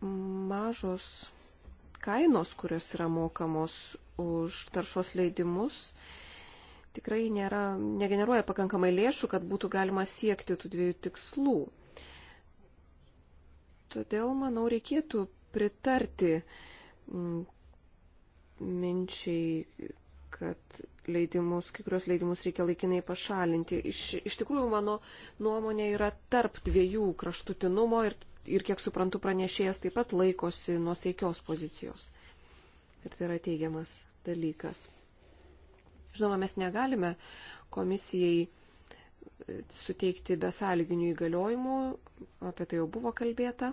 mažos kainos, kurios yra mokamos už taršos leidimus, tikrai nėra, negeneruoja pakankamai lėšų, kad būtų galima siekti tų dviejų tikslų. Todėl, manau, reikėtų pritarti mm, minčiai, kad leidimus, kai kurios leidimus reikia laikinai pašalinti. Iš, iš tikrųjų, mano nuomonė yra tarp dviejų kraštutinumo ir ir kiek suprantu, pranešėjas taip pat laikosi nuosaikios pozicijos. Ir tai yra teigiamas dalykas. Žinoma, mes negalime komisijai e, suteikti besąlyginių įgaliojimų, apie tai jau buvo kalbėta.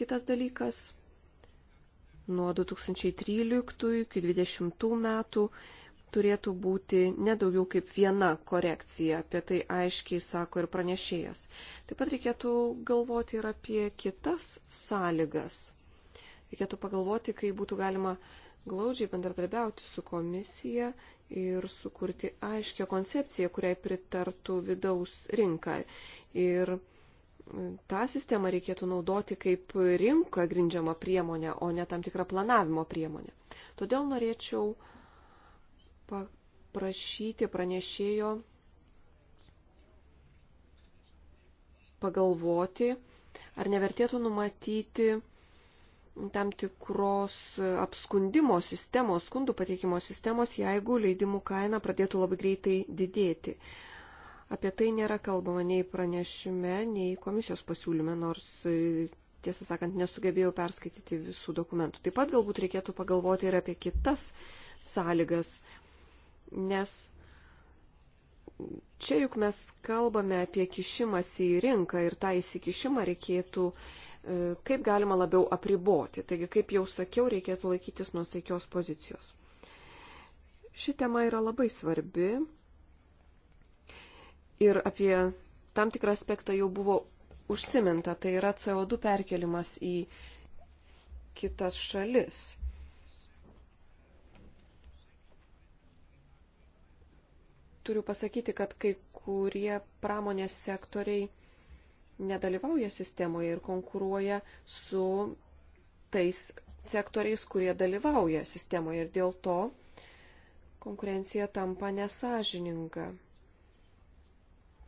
Kitas dalykas, nuo 2013 iki 2020 metų turėtų būti nedaugiau kaip viena korekcija, apie tai aiškiai sako ir pranešėjas. Taip pat reikėtų galvoti ir apie kitas sąlygas. Reikėtų pagalvoti, kaip būtų galima glaudžiai bendradarbiauti su komisija ir sukurti aiškę koncepciją, kuriai pritartų vidaus rinka. Ir e, tą sistemą reikėtų naudoti kaip rinką grindžiamą priemonę, o ne tam tikrą planavimo priemonę. Todėl norėčiau uh, paprašyti pranešėjo pagalvoti, ar nevertėtų numatyti tam tikros apskundimo sistemos, skundų pateikimo sistemos, jeigu leidimų kaina pradėtų labai greitai didėti. Apie tai nėra kalbama nei pranešime, nei komisijos pasiūlyme, nors, e, tiesą sakant, nesugebėjau perskaityti visų dokumentų. Taip pat galbūt reikėtų pagalvoti ir apie kitas sąlygas, nes čia juk mes kalbame apie kišimąsi į rinką ir tą įsikišimą reikėtų e, kaip galima labiau apriboti. Taigi, kaip jau sakiau, reikėtų laikytis nusaikios pozicijos. Ši tema yra labai svarbi ir apie tam tikrą aspektą jau buvo užsiminta, tai yra CO2 perkelimas į kitas šalis. turiu pasakyti, kad kai kurie pramonės sektoriai nedalyvauja sistemoje ir konkuruoja su tais sektoriais, kurie dalyvauja sistemoje ir dėl to konkurencija tampa nesažininga.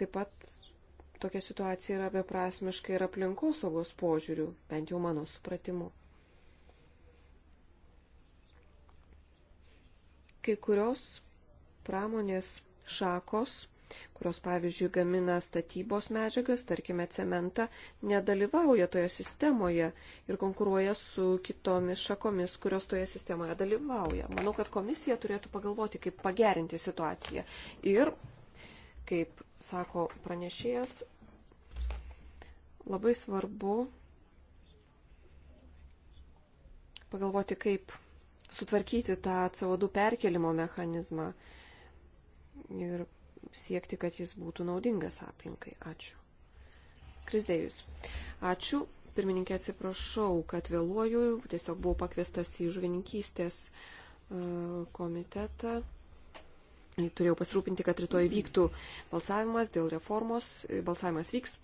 Taip pat tokia situacija yra beprasmiška ir aplinkosaugos požiūrių, bent jau mano supratimu. Kai kurios pramonės šakos, kurios, pavyzdžiui, gamina statybos medžiagas, tarkime, cementą, nedalyvauja toje sistemoje ir konkuruoja su kitomis šakomis, kurios toje sistemoje dalyvauja. Manau, kad komisija turėtų pagalvoti, kaip pagerinti situaciją. Ir, kaip sako pranešėjas, labai svarbu pagalvoti, kaip sutvarkyti tą CO2 perkelimo mechanizmą ir siekti, kad jis būtų naudingas aplinkai. Ačiū. Krizdėjus. Ačiū. Pirmininkė atsiprašau, kad vėluoju. Tiesiog buvau pakviestas į žuvininkystės e, komitetą. Turėjau pasirūpinti, kad rytoj vyktų balsavimas dėl reformos. E, balsavimas vyks.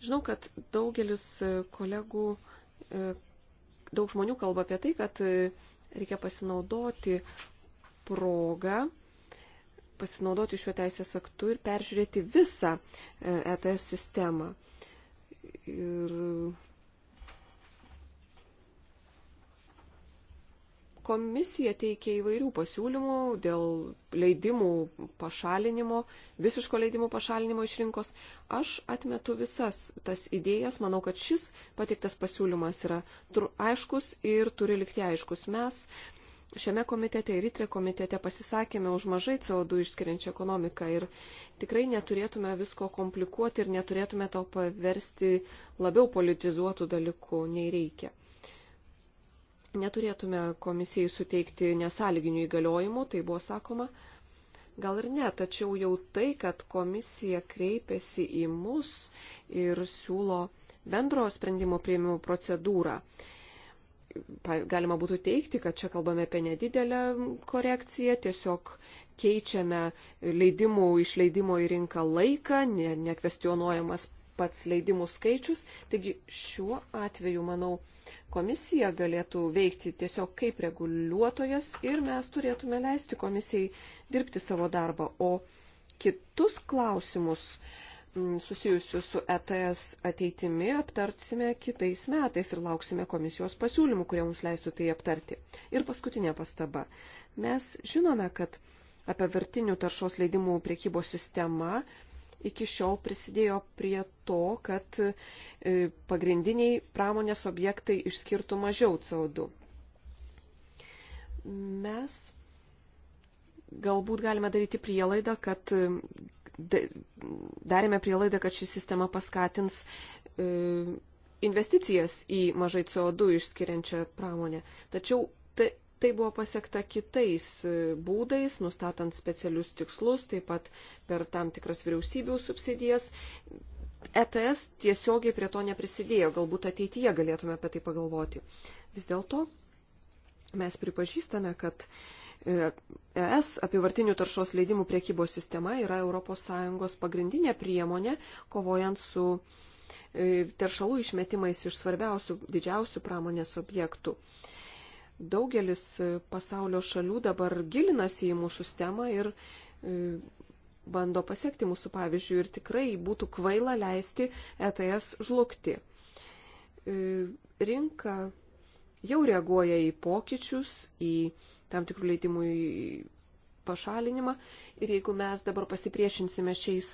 Žinau, kad daugelis e, kolegų, daug žmonių kalba apie tai, kad reikia pasinaudoti progą pasinaudoti šiuo teisės aktu ir peržiūrėti visą ETS e sistemą. Ir komisija teikia įvairių pasiūlymų dėl leidimų pašalinimo, visiško leidimų pašalinimo iš rinkos. Aš atmetu visas tas idėjas, manau, kad šis pateiktas pasiūlymas yra aiškus ir turi likti aiškus. Mes šiame komitete ir įtre komitete pasisakėme už mažai CO2 išskiriančią ekonomiką ir tikrai neturėtume visko komplikuoti ir neturėtume to paversti labiau politizuotų dalykų nei reikia. Neturėtume komisijai suteikti nesalginių įgaliojimų, tai buvo sakoma. Gal ir ne, tačiau jau tai, kad komisija kreipiasi į mus ir siūlo bendro sprendimo prieimimo procedūrą, galima būtų teikti, kad čia kalbame apie nedidelę korekciją, tiesiog keičiame leidimų išleidimo į rinką laiką, ne, nekvestionuojamas pats leidimų skaičius. Taigi šiuo atveju, manau, komisija galėtų veikti tiesiog kaip reguliuotojas ir mes turėtume leisti komisijai dirbti savo darbą. O kitus klausimus, uh, Mm, susijusių su ETS ateitimi aptartsime kitais metais ir lauksime komisijos pasiūlymų, kurie mums leistų tai aptarti. Ir paskutinė pastaba. Mes žinome, kad apie vertinių taršos leidimų priekybos sistema iki šiol prisidėjo prie to, kad e, pagrindiniai pramonės objektai išskirtų mažiau CO2. Mes galbūt galime daryti prielaidą, kad darėme prielaidą, kad ši sistema paskatins e, investicijas į mažai CO2 išskiriančią pramonę. Tačiau tai buvo pasiekta kitais e, būdais, nustatant specialius tikslus, taip pat per tam tikras vyriausybių subsidijas. ETS tiesiogiai prie to neprisidėjo, galbūt ateityje galėtume apie tai pagalvoti. Vis dėlto mes pripažįstame, kad uh, ES e apivartinių taršos leidimų priekybos sistema yra ES pagrindinė priemonė kovojant su e, teršalų išmetimais iš svarbiausių, didžiausių pramonės objektų. Daugelis pasaulio šalių dabar gilinasi į mūsų sistemą ir e, bando pasiekti mūsų pavyzdžių ir tikrai būtų kvaila leisti ETS žlugti. Rinka jau reaguoja į pokyčius, į tam tikrų leidimų pašalinimą. Ir jeigu mes dabar pasipriešinsime šiais,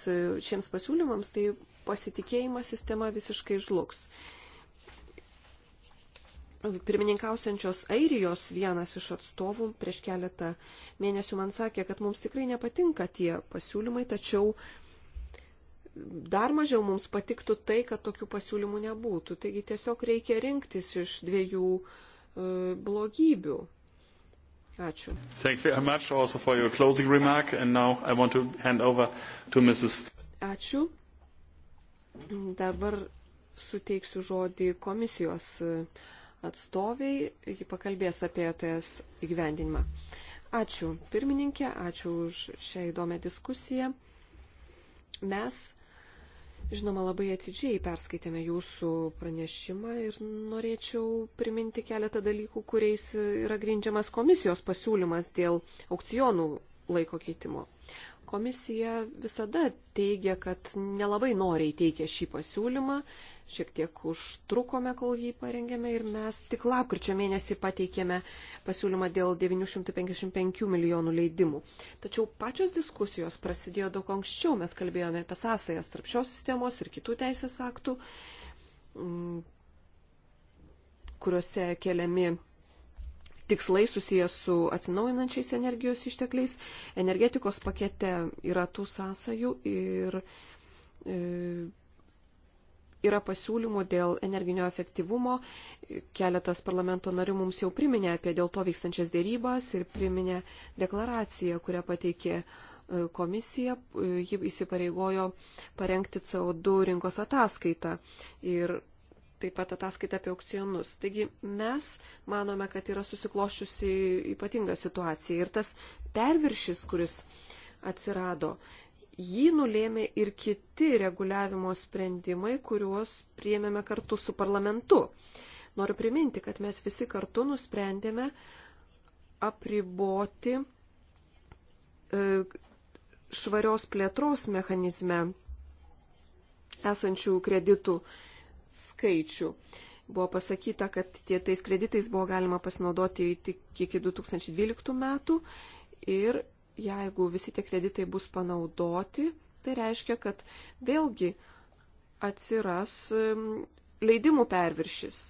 šiems pasiūlymams, tai pasitikėjimas sistema visiškai žlugs. Pirmininkausiančios Airijos vienas iš atstovų prieš keletą mėnesių man sakė, kad mums tikrai nepatinka tie pasiūlymai, tačiau dar mažiau mums patiktų tai, kad tokių pasiūlymų nebūtų. Taigi tiesiog reikia rinktis iš dviejų e, blogybių. Ačiū. Thank you very much also for your closing remark and now I want to hand over to Mrs. Ačiū. Dabar suteiksiu žodį komisijos e, atstoviai, ji pakalbės apie ETS įgyvendinimą. Ačiū pirmininkė, ačiū už šią įdomią diskusiją. Mes Žinoma, labai atidžiai perskaitėme jūsų pranešimą ir norėčiau priminti keletą dalykų, kuriais yra grindžiamas komisijos pasiūlymas dėl aukcionų laiko keitimo. Komisija visada teigia, kad nelabai noriai teikia šį pasiūlymą, šiek tiek užtrukome, kol jį parengėme ir mes tik lapkričio mėnesį pateikėme pasiūlymą dėl 955 milijonų leidimų. Tačiau pačios diskusijos prasidėjo daug anksčiau, mes kalbėjome apie sąsajas tarp šios sistemos ir kitų teisės aktų, kuriuose keliami tikslai susijęs su atsinaujinančiais energijos ištekliais. Energetikos pakete yra tų sąsajų ir e, yra pasiūlymų dėl energinio efektyvumo. Keletas parlamento narių mums jau priminė apie dėl to vykstančias dėrybas ir priminė deklaraciją, kurią pateikė e, komisija. E, ji įsipareigojo parengti CO2 rinkos ataskaitą. Ir taip pat ataskaita apie aukcionus. Taigi mes manome, kad yra susikloščiusi ypatinga situacija ir tas perviršis, kuris atsirado, jį nulėmė ir kiti reguliavimo sprendimai, kuriuos priėmėme kartu su parlamentu. Noriu priminti, kad mes visi kartu nusprendėme apriboti e, švarios plėtros mechanizme esančių kreditų skaičių. Buvo pasakyta, kad tie tais kreditais buvo galima pasinaudoti tik iki 2012 metų ir jeigu visi tie kreditai bus panaudoti, tai reiškia, kad vėlgi atsiras leidimų perviršis.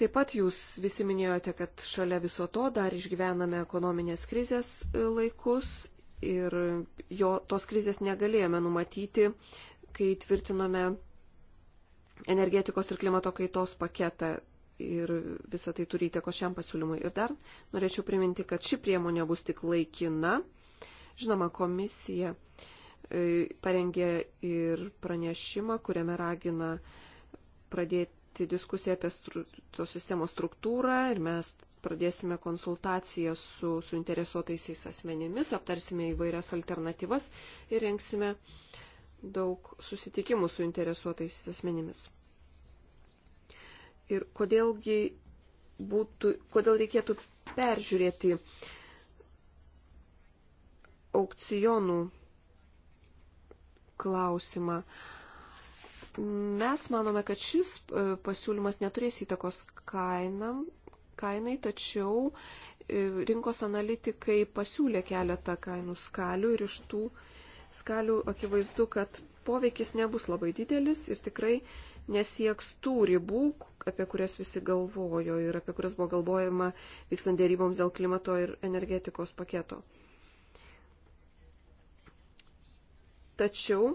Taip pat jūs visi minėjote, kad šalia viso to dar išgyvename ekonominės krizės e, laikus ir jo, tos krizės negalėjome numatyti, kai tvirtinome energetikos ir klimato kaitos paketą ir visą tai turi įtekos šiam pasiūlymui. Ir dar norėčiau priminti, kad ši priemonė bus tik laikina. Žinoma, komisija e, parengė ir pranešimą, kuriame ragina pradėti diskusiją apie stru, tos sistemos struktūrą ir mes pradėsime konsultaciją su suinteresuotaisiais asmenimis, aptarsime įvairias alternatyvas ir rengsime uh, daug susitikimų su interesuotais asmenimis. Ir kodėlgi būtų, kodėl reikėtų peržiūrėti aukcionų klausimą. Mes manome, kad šis e, pasiūlymas neturės įtakos kainam, kainai, tačiau e, rinkos analitikai pasiūlė keletą kainų skalių ir iš tų uh, skalių akivaizdu, kad poveikis nebus labai didelis ir tikrai nesieks tų ribų, apie kurias visi galvojo ir apie kurias buvo galvojama vykstant dėryboms dėl klimato ir energetikos paketo. Tačiau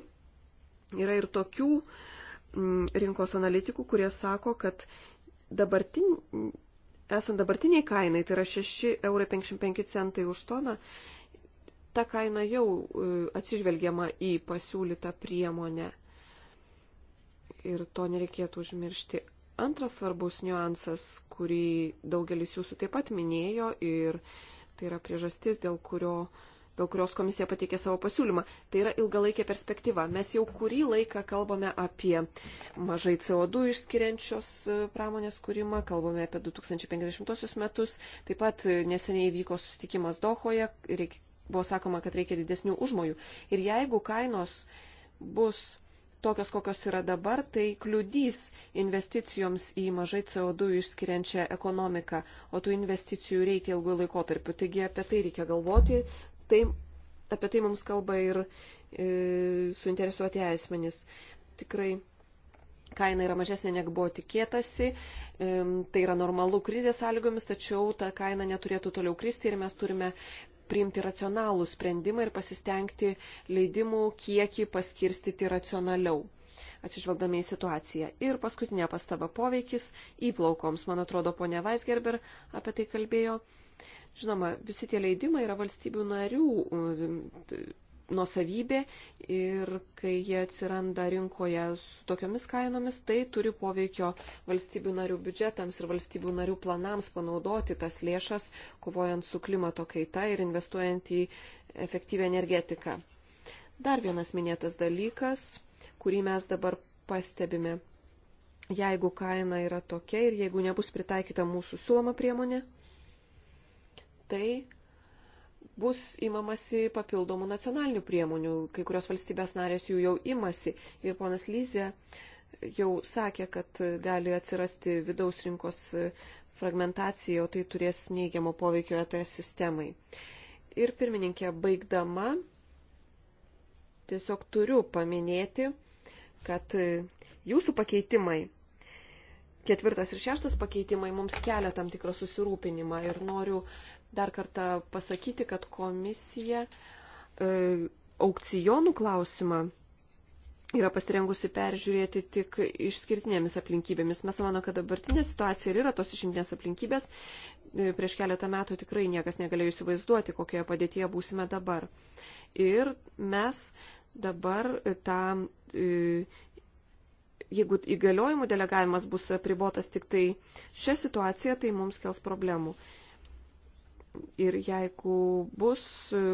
yra ir tokių mm, rinkos analitikų, kurie sako, kad dabartin, esant dabartiniai kainai, tai yra 6,55 eurai už toną, ta kaina jau e, atsižvelgiama į pasiūlytą priemonę. Ir to nereikėtų užmiršti. Antras svarbus niuansas, kurį daugelis jūsų taip pat minėjo ir tai yra priežastis, dėl, kurio, dėl kurios komisija pateikė savo pasiūlymą, tai yra ilgalaikė perspektyva. Mes jau kurį laiką kalbame apie mažai CO2 išskiriančios e, pramonės kūrimą, kalbame apie 2050 metus, taip pat e, neseniai vyko susitikimas Dohoje, reikia buvo sakoma, kad reikia didesnių užmojų. Ir jeigu kainos bus tokios, kokios yra dabar, tai kliudys investicijoms į mažai CO2 išskiriančią ekonomiką, o tų investicijų reikia ilgų laikotarpių. Taigi apie tai reikia galvoti, tai, apie tai mums kalba ir e, suinteresuoti asmenys. Tikrai kaina yra mažesnė negu buvo tikėtasi, e, tai yra normalu krizės sąlygomis, tačiau ta kaina neturėtų toliau kristi ir mes turime priimti racionalų sprendimą ir pasistengti leidimų kiekį paskirstyti racionaliau, atsižvelgdami į situaciją. Ir paskutinė pastaba poveikis įplaukoms, man atrodo, ponia Weisgerber apie tai kalbėjo. Žinoma, visi tie leidimai yra valstybių narių nuosavybė ir kai jie atsiranda rinkoje su tokiomis kainomis, tai turi poveikio valstybių narių biudžetams ir valstybių narių planams panaudoti tas lėšas, kovojant su klimato kaita ir investuojant į efektyvę energetiką. Dar vienas minėtas dalykas, kurį mes dabar pastebime. Jeigu kaina yra tokia ir jeigu nebus pritaikyta mūsų siūloma priemonė, tai bus imamasi papildomų nacionalinių priemonių, kai kurios valstybės narės jų jau imasi. Ir ponas Lyzė jau sakė, kad gali atsirasti vidaus rinkos fragmentacija, o tai turės neigiamo poveikio ETS sistemai. Ir pirmininkė, baigdama, tiesiog turiu paminėti, kad jūsų pakeitimai ketvirtas ir šeštas pakeitimai mums kelia tam tikrą susirūpinimą ir noriu dar kartą pasakyti, kad komisija e, aukcijonų klausimą yra pasirengusi peržiūrėti tik išskirtinėmis aplinkybėmis. Mes manome, kad dabartinė situacija ir yra tos išimtinės aplinkybės. E, prieš keletą metų tikrai niekas negalėjo įsivaizduoti, kokioje padėtyje būsime dabar. Ir mes dabar tą, e, jeigu įgaliojimų delegavimas bus apribotas tik tai šią situaciją, tai mums kels problemų. Ir jeigu bus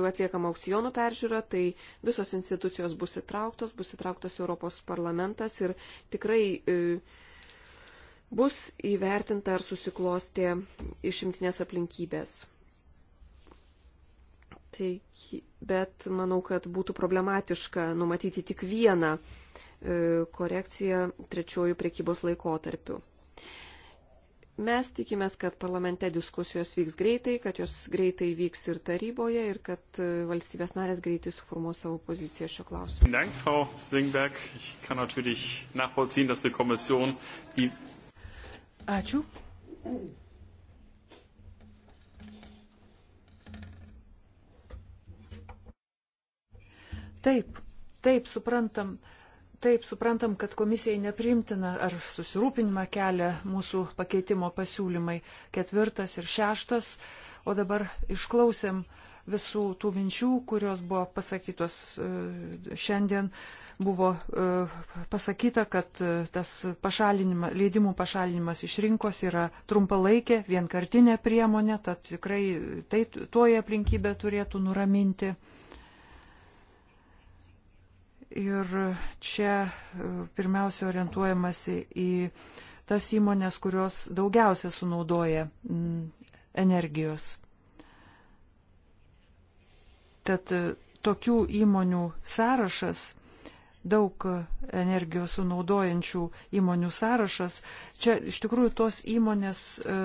atliekama aukcionų peržiūra, tai visos institucijos bus įtrauktos, bus įtrauktas Europos parlamentas ir tikrai e, bus įvertinta ar susiklostė išimtinės aplinkybės. Tai, bet manau, kad būtų problematiška numatyti tik vieną e, korekciją trečiojų priekybos laikotarpiu. Mes tikimės, kad parlamente diskusijos vyks greitai, kad jos greitai vyks ir taryboje ir kad e, valstybės narės greitai suformuos savo poziciją šio klausimu. Ačiū. Taip, taip, suprantam, taip suprantam, kad komisijai neprimtina ar susirūpinimą kelia mūsų pakeitimo pasiūlymai ketvirtas ir šeštas, o dabar išklausėm visų tų minčių, kurios buvo pasakytos e, šiandien, buvo e, pasakyta, kad e, tas pašalinima, leidimų pašalinimas iš rinkos yra trumpalaikė, vienkartinė priemonė, tad tikrai tai, toje aplinkybė turėtų nuraminti. Ir čia e, pirmiausia orientuojamasi į tas įmonės, kurios daugiausia sunaudoja mm, energijos. Tad e, tokių įmonių sąrašas, daug energijos sunaudojančių įmonių sąrašas, čia iš tikrųjų tos įmonės e,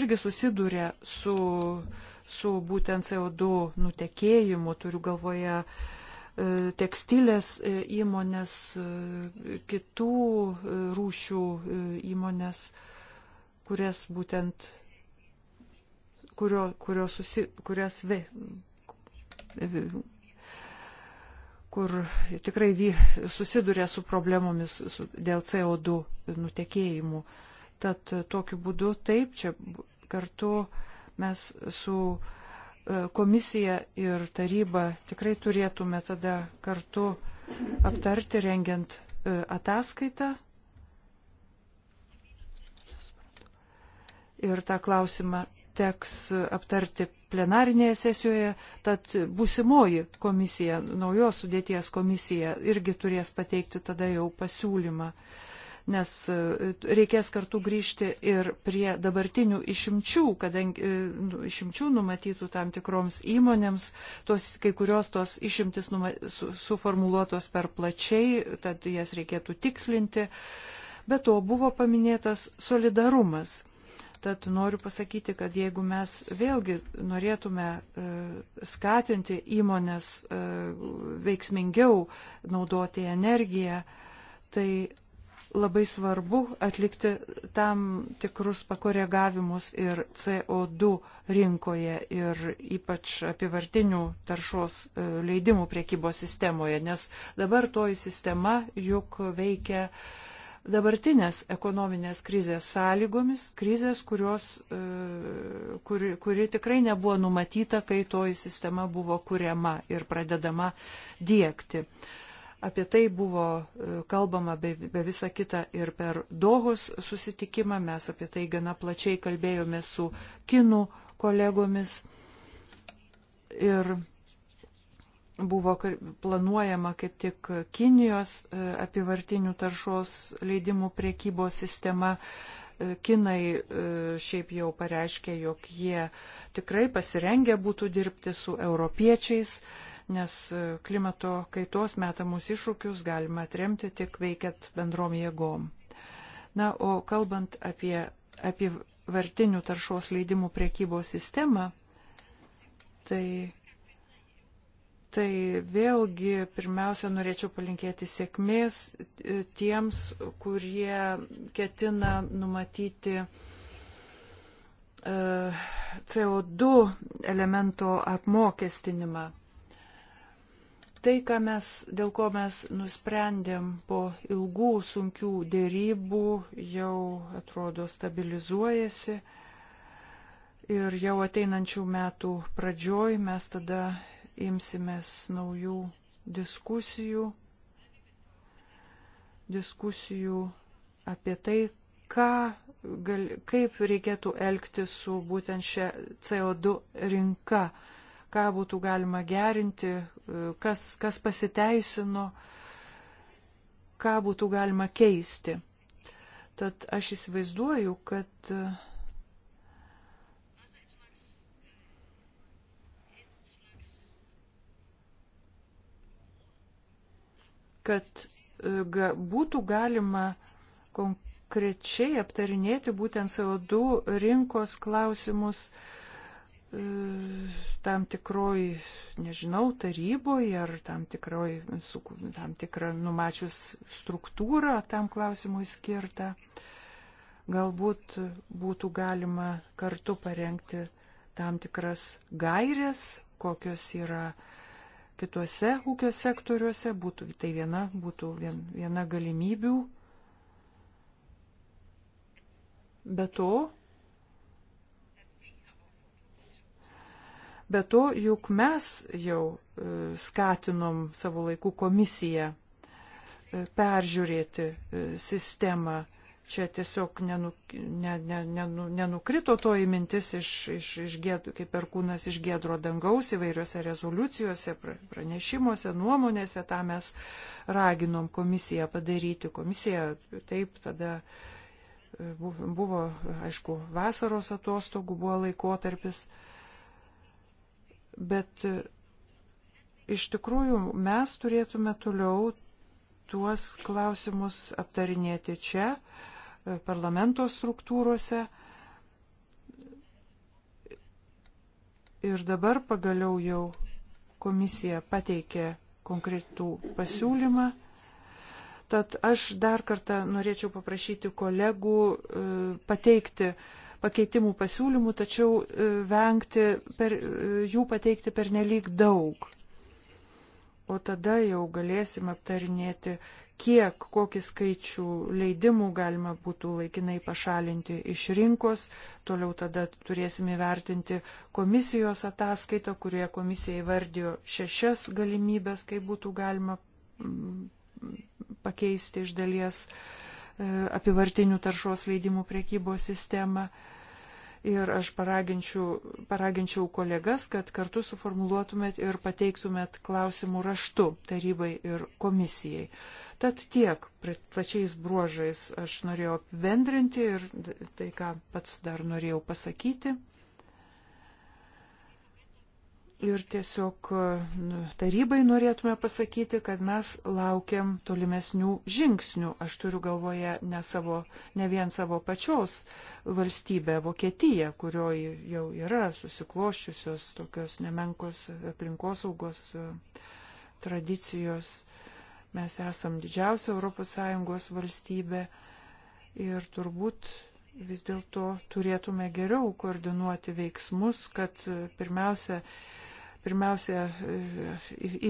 irgi susiduria su, su būtent CO2 nutekėjimu, turiu galvoje uh, E, tekstilės e, įmonės, e, kitų rūšių įmonės, kurias būtent, kurio, kurio susi, kurias ve, kur tikrai vy, susiduria su problemomis su, dėl CO2 nutekėjimų. Tad tokiu būdu taip, čia kartu mes su uh, E, komisija ir taryba tikrai turėtume tada kartu aptarti rengiant e, ataskaitą. Ir tą klausimą teks aptarti plenarinėje sesijoje, tad būsimoji komisija, naujos sudėties komisija irgi turės pateikti tada jau pasiūlymą. Uh, nes e, reikės kartu grįžti ir prie dabartinių išimčių, kadangi e, nu, išimčių numatytų tam tikroms įmonėms, tos, kai kurios tos išimtis numa, su, suformuluotos per plačiai, tad jas reikėtų tikslinti. Be to buvo paminėtas solidarumas. Tad noriu pasakyti, kad jeigu mes vėlgi norėtume e, skatinti įmonės veiksmingiau naudoti energiją, tai labai svarbu atlikti tam tikrus pakoregavimus ir CO2 rinkoje ir ypač apivartinių taršos e, leidimų priekybos sistemoje, nes dabar toji sistema juk veikia dabartinės ekonominės krizės sąlygomis, krizės, kurios, e, kuri, kuri tikrai nebuvo numatyta, kai toji sistema buvo kuriama ir pradedama dėkti. Uh, Apie tai buvo e, kalbama be, be visa kita ir per Dohos susitikimą. Mes apie tai gana plačiai kalbėjome su kinų kolegomis. Ir buvo planuojama kaip tik Kinijos e, apivartinių taršos leidimų priekybos sistema Kinai e, šiaip jau pareiškė, jog jie tikrai pasirengę būtų dirbti su europiečiais, nes e, klimato kaitos metamus iššūkius galima atremti tik veikiant bendrom jėgom. Na, o kalbant apie, apie vartinių taršos leidimų priekybos sistemą, tai Tai vėlgi pirmiausia norėčiau palinkėti sėkmės e, tiems, kurie ketina numatyti e, CO2 elemento apmokestinimą. Tai, mes, dėl ko mes nusprendėm po ilgų sunkių dėrybų, jau atrodo stabilizuojasi ir jau ateinančių metų pradžioj mes tada imsimės naujų diskusijų, diskusijų apie tai, ką, gal, kaip reikėtų elgti su būtent šia CO2 rinka, ką būtų galima gerinti, kas, kas pasiteisino, ką būtų galima keisti. Tad aš įsivaizduoju, kad uh, kad e, būtų galima konkrečiai aptarinėti būtent CO2 rinkos klausimus e, tam tikroj, nežinau, taryboj ar tam, tikroj, tam tikrą numačius struktūrą tam klausimui skirtą. Galbūt būtų galima kartu parengti tam tikras gairias, kokios yra uh, kituose ūkio sektoriuose, būtų tai viena, būtų vien, viena galimybių. Be to, be to, juk mes jau e, skatinom savo laikų komisiją e, peržiūrėti e, sistemą čia tiesiog nenu, ne, ne, nenu, nenukrito toji mintis iš, iš, iš gėdų, kaip per kūnas iš gėdro dangaus įvairiose rezoliucijose, pranešimuose, nuomonėse, tą mes raginom komisiją padaryti. Komisija taip tada e, buvo, aišku, vasaros atostogų buvo laikotarpis, bet e, iš tikrųjų mes turėtume toliau tuos klausimus aptarinėti čia parlamento struktūrose. Ir dabar pagaliau jau komisija pateikė konkretų pasiūlymą. Tad aš dar kartą norėčiau paprašyti kolegų e, pateikti pakeitimų pasiūlymų, tačiau e, vengti per, e, jų pateikti per nelik daug. O tada jau galėsim aptarinėti kiek, kokį skaičių leidimų galima būtų laikinai pašalinti iš rinkos. Toliau tada turėsime įvertinti komisijos ataskaitą, kurioje komisija įvardijo šešias galimybės, kaip būtų galima mm, pakeisti iš dalies e, apivartinių taršos leidimų priekybos sistemą ir aš paraginčiau, paraginčiau kolegas, kad kartu suformuluotumėt ir pateiktumėt klausimų raštu tarybai ir komisijai. Tad tiek plačiais bruožais aš norėjau apibendrinti ir tai, ką pats dar norėjau pasakyti. Ir tiesiog nu, tarybai norėtume pasakyti, kad mes laukiam tolimesnių žingsnių. Aš turiu galvoje ne, savo, ne vien savo pačios valstybę, Vokietiją, kurioje jau yra susikloščiusios tokios nemenkos aplinkosaugos e, tradicijos. Mes esam didžiausia ES valstybė ir turbūt vis dėlto turėtume geriau koordinuoti veiksmus, kad e, pirmiausia, pirmiausia e,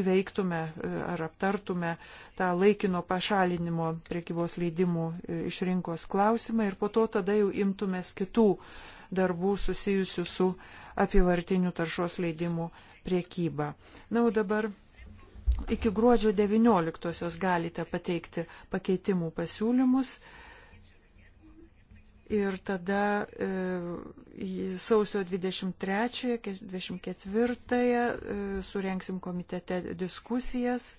įveiktume e, ar aptartume tą laikino pašalinimo priekybos leidimų e, iš rinkos klausimą ir po to tada jau imtumės kitų darbų susijusių su apivartinių taršos leidimų priekyba. Na, o dabar iki gruodžio 19 galite pateikti pakeitimų pasiūlymus ir tada e, sausio 23-24 e, surenksim komitete diskusijas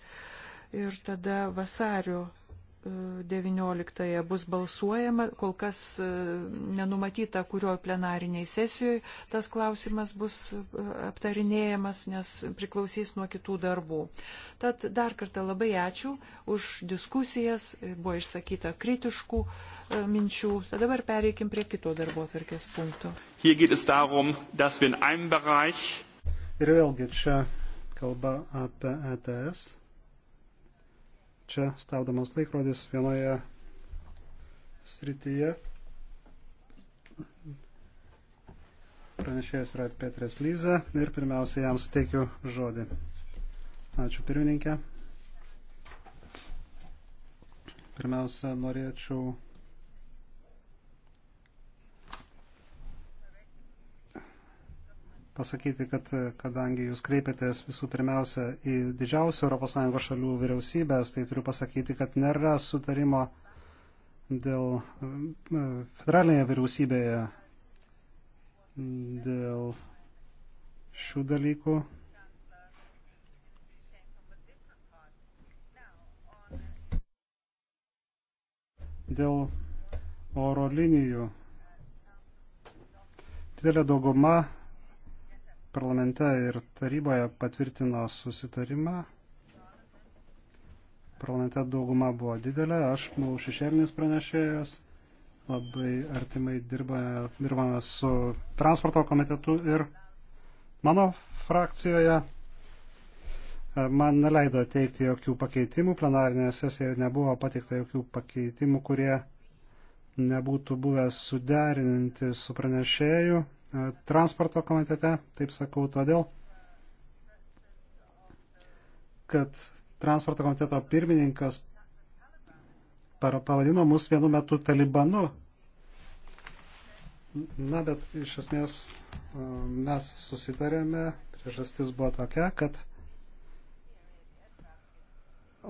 ir tada vasario 19 bus balsuojama, kol kas e, nenumatyta, kurio plenariniai sesijoje tas klausimas bus e, aptarinėjamas, nes priklausys nuo kitų darbų. Tad dar kartą labai ačiū už diskusijas, buvo išsakyta kritiškų e, minčių. Tad dabar pereikim prie kito darbo atvarkės punkto. Darum, Bereich... Ir vėlgi čia kalba apie ETS Čia staudamas laikrodis vienoje srityje. Pranešėjas yra Petras Lyza ir pirmiausia jam suteikiu žodį. Ačiū pirmininkė. Pirmiausia, norėčiau pasakyti, kad e, kadangi jūs kreipiatės visų pirmiausia į didžiausių ES šalių vyriausybės, tai turiu pasakyti, kad nėra sutarimo dėl e, federalinėje vyriausybėje dėl šių dalykų. Dėl oro linijų. Didelė dauguma parlamente ir taryboje patvirtino susitarimą. Parlamente dauguma buvo didelė, aš buvau šešėlinis pranešėjas, labai artimai dirbame, dirbame su transporto komitetu ir mano frakcijoje man neleido teikti jokių pakeitimų, plenarinėje sesijoje nebuvo pateikta jokių pakeitimų, kurie nebūtų buvę suderinti su pranešėju E, transporto komitete, taip sakau todėl, kad transporto komiteto pirmininkas pavadino mus vienu metu talibanu. Na, bet iš esmės e, mes susitarėme, priežastis buvo tokia, kad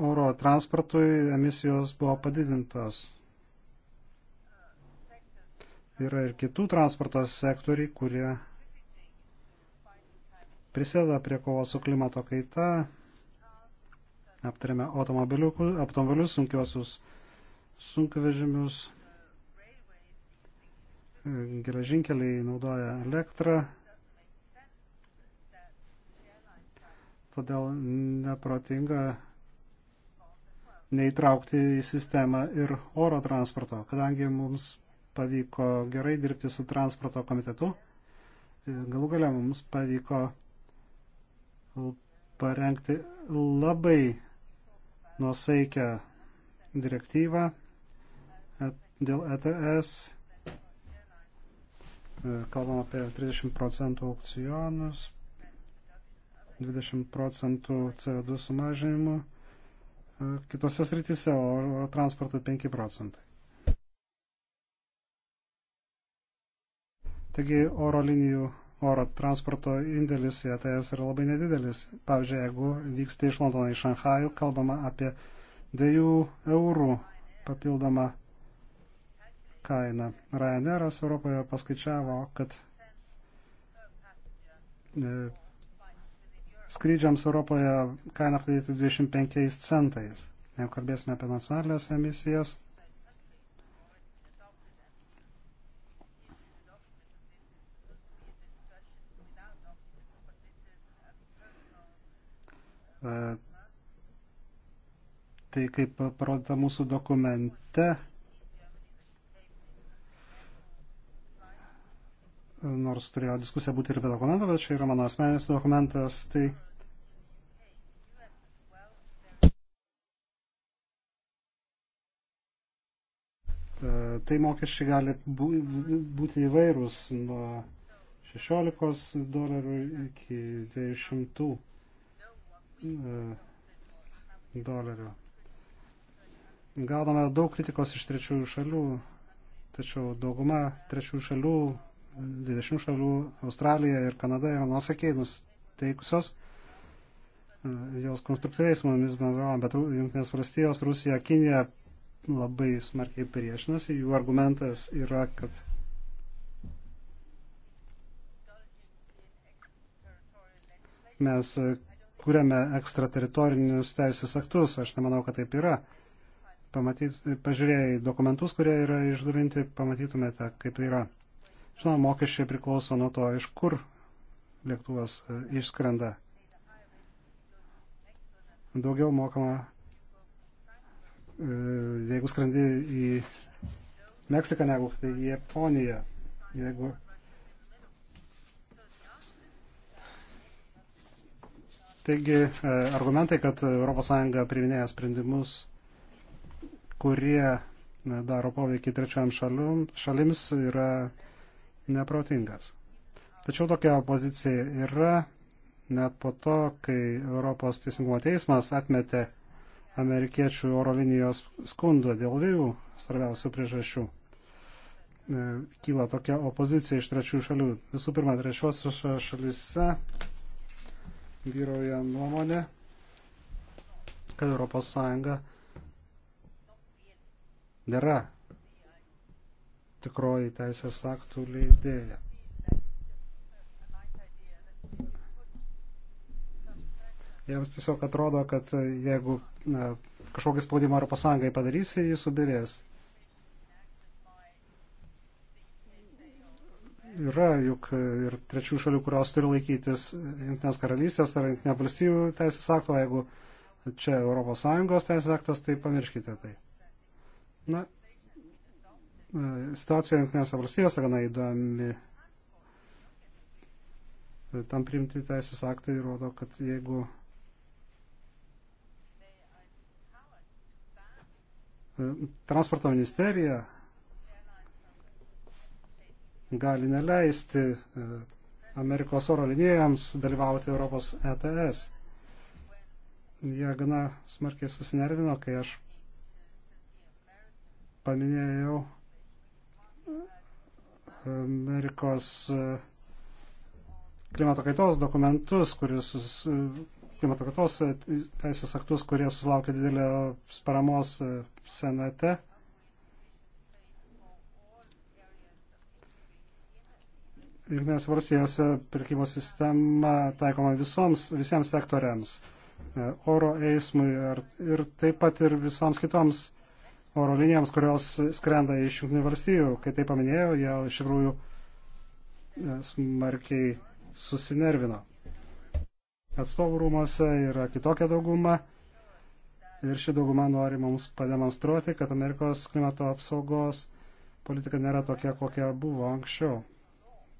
oro transportui emisijos buvo padidintos Tai yra ir kitų transporto sektoriai, kurie prisėda prie kovos su klimato kaita. Aptarėme automobilius, sunkiuosius sunkvežimius. Geležinkeliai naudoja elektrą. Todėl neprotinga neįtraukti į sistemą ir oro transporto, kadangi mums pavyko gerai dirbti su transporto komitetu. E, Galų galia mums pavyko parengti labai nuosaikę direktyvą e, dėl ETS. E, kalbam apie 30 procentų aukcionus, 20 procentų CO2 sumažinimu kitose srityse, o transportui 5 procentai. Taigi oro linijų, oro transporto indėlis į ETS yra labai nedidelis. Pavyzdžiui, jeigu vyksti iš Londono į Šanhajų, kalbama apie 2 eurų papildomą kainą. Ryanairas Europoje paskaičiavo, kad e, skrydžiams Europoje kaina padėtų 25 centais. Jeigu kalbėsime apie nacionalinės emisijas, E, tai kaip parodyta mūsų dokumente, nors turėjo diskusija būti ir be dokumento, bet čia yra mano asmeninis dokumentas, tai e, tai mokesčiai gali būti įvairūs nuo 16 dolerių iki 200. E, dolerių. Gauname daug kritikos iš trečiųjų šalių, tačiau dauguma trečiųjų šalių, 20 šalių, Australija ir Kanada yra nuosakiai nusteikusios e, jos konstruktyviai su mumis bendravo, bet Junktinės valstijos, Rusija, Kinija labai smarkiai priešinasi. Jų argumentas yra, kad mes kūrėme ekstrateritorinius teisės aktus. Aš nemanau, kad taip yra. Pamatyt, pažiūrėjai dokumentus, kurie yra išdalinti, pamatytumėte, kaip tai yra. Žinoma, mokesčiai priklauso nuo to, iš kur lėktuvas e, išskrenda. Daugiau mokama, e, jeigu skrendi į Meksiką negu tai į Japoniją. Jeigu Taigi e, argumentai, kad ES priminėja sprendimus, kurie e, daro poveikį trečiam šalim, šalims, yra neprotingas. Tačiau tokia opozicija yra net po to, kai Europos teisingumo teismas atmetė amerikiečių oro linijos skundą dėl dviejų svarbiausių priežasčių. E, kyla tokia opozicija iš trečių šalių. Visų pirma, trečiosios šalise vyroja nuomonė, kad ES nėra tikroji teisės aktų leidėja. Jiems tiesiog atrodo, kad jeigu na, kažkokį spaudimą Europos Sąjungai padarysi, jis subirės. yra juk ir trečių šalių, kurios turi laikytis Junktinės karalystės ar Junktinė valstybių teisės akto, jeigu čia ES teisės aktas, tai pamirškite tai. Na, e, situacija Junktinėse valstybėse gana įdomi. E, tam priimti teisės aktai rodo, kad jeigu e, transporto ministerija gali neleisti e, Amerikos oro linijams dalyvauti Europos ETS. Jie gana smarkiai susinervino, kai aš paminėjau e, Amerikos e, klimato kaitos dokumentus, kuris klimato kaitos teisės aktus, kurie susilaukė didelio paramos senate. Junktinės valstijose pirkimo sistema taikoma visoms, visiems sektoriams e, - oro eismui ir, ir taip pat ir visoms kitoms oro linijoms, kurios skrenda iš Junktinių valstijų. Kai tai paminėjau, jie iš tikrųjų e, smarkiai susinervino. Atstovų rūmose yra kitokia dauguma ir ši dauguma nori mums pademonstruoti, kad Amerikos klimato apsaugos politika nėra tokia, kokia buvo anksčiau.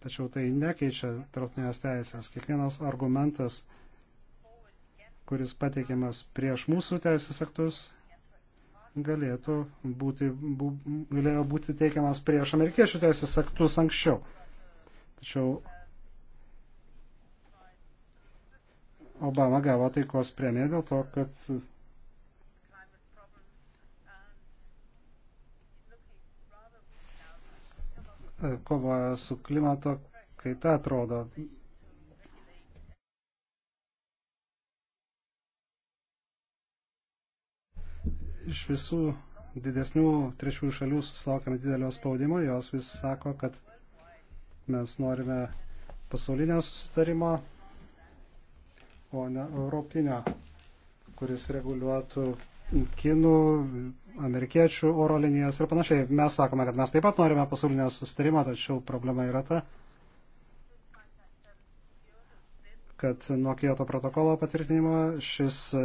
Tačiau tai nekeičia tarptautinės teisės. Kiekvienas argumentas, kuris pateikiamas prieš mūsų teisės aktus, galėtų būti, bu, galėjo būti teikiamas prieš amerikiečių teisės aktus anksčiau. Tačiau Obama gavo taikos premiją dėl to, kad kovoja su klimato kaita atrodo. Iš visų didesnių trečių šalių susilaukėme didelio spaudimo, jos vis sako, kad mes norime pasaulinio susitarimo, o ne europinio, kuris reguliuotų kinų, amerikiečių oro linijas ir panašiai. Mes sakome, kad mes taip pat norime pasaulinio sustarimo, tačiau problema yra ta, kad nuo Kyoto protokolo patvirtinimo šis e,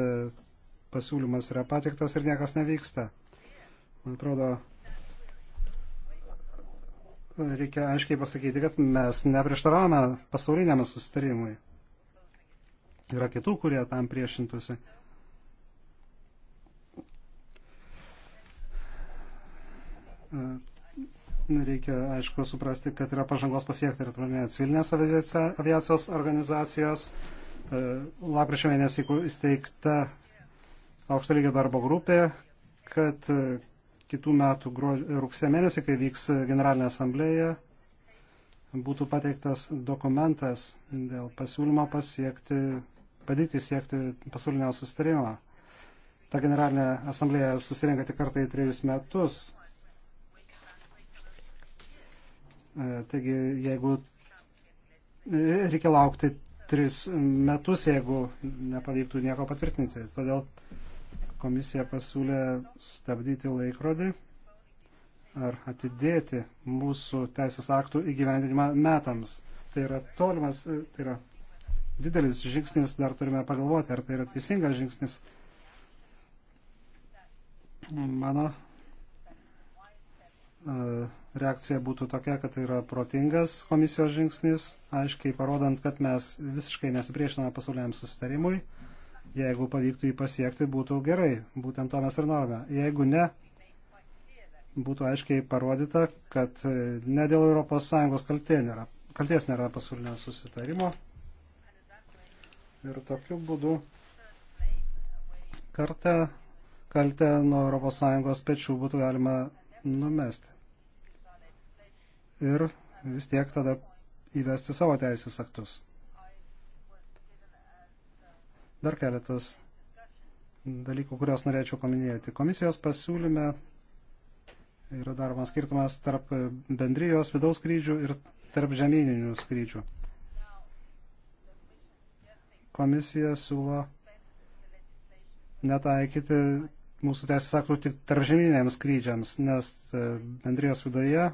pasiūlymas yra patiktas ir niekas nevyksta. Man atrodo, reikia aiškiai pasakyti, kad mes neprieštaravome pasauliniam sustarimui. Yra kitų, kurie tam priešintųsi. reikia, aišku, suprasti, kad yra pažangos pasiekti ir pramonė civilinės aviacijos organizacijos. Lapkričio mėnesį įsteigta aukšto lygio darbo grupė, kad kitų metų rugsėjo mėnesį, kai vyks generalinė asamblėja, būtų pateiktas dokumentas dėl pasiūlymo pasiekti, padėti siekti pasaulinio sustarimo. Ta generalinė asamblėja susirenka tik kartą į trejus metus E, taigi, jeigu e, reikia laukti tris metus, jeigu nepavyktų nieko patvirtinti. Todėl komisija pasiūlė stabdyti laikrodį ar atidėti mūsų teisės aktų įgyvendinimą metams. Tai yra tolimas, e, tai yra didelis žingsnis, dar turime pagalvoti, ar tai yra teisingas žingsnis. Mano uh, reakcija būtų tokia, kad tai yra protingas komisijos žingsnis, aiškiai parodant, kad mes visiškai nesipriešiname pasauliam susitarimui. Jeigu pavyktų jį pasiekti, būtų gerai. Būtent to mes ir norime. Jeigu ne, būtų aiškiai parodyta, kad e, ne dėl ES kaltė nėra, kalties nėra pasaulinio susitarimo. Ir tokiu būdu kartą kaltę nuo ES pečių būtų galima numesti ir vis tiek tada įvesti savo teisės aktus. Dar keletas dalykų, kuriuos norėčiau paminėti. Komisijos pasiūlyme yra daromas skirtumas tarp bendrijos vidaus skrydžių ir tarp žemyninių skrydžių. Komisija siūlo netaikyti mūsų teisės aktų tik tarp žemyniniams skrydžiams, nes bendrijos viduje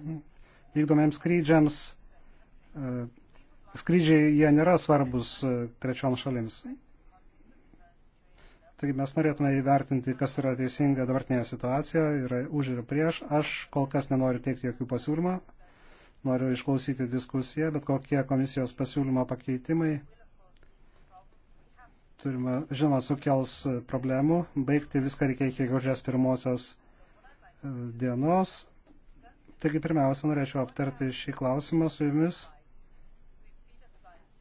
vykdomiems skrydžiams, e, skrydžiai jie nėra svarbus e, trečioms šalims. Taigi mes norėtume įvertinti, kas yra teisinga dabartinėje situacijoje, yra už ir prieš. Aš kol kas nenoriu teikti jokių pasiūlymą, noriu išklausyti diskusiją, bet kokie komisijos pasiūlymo pakeitimai turime, žinoma, sukels problemų. Baigti viską reikia iki gegužės pirmosios e, dienos. Taigi pirmiausia, norėčiau aptarti šį klausimą su jumis,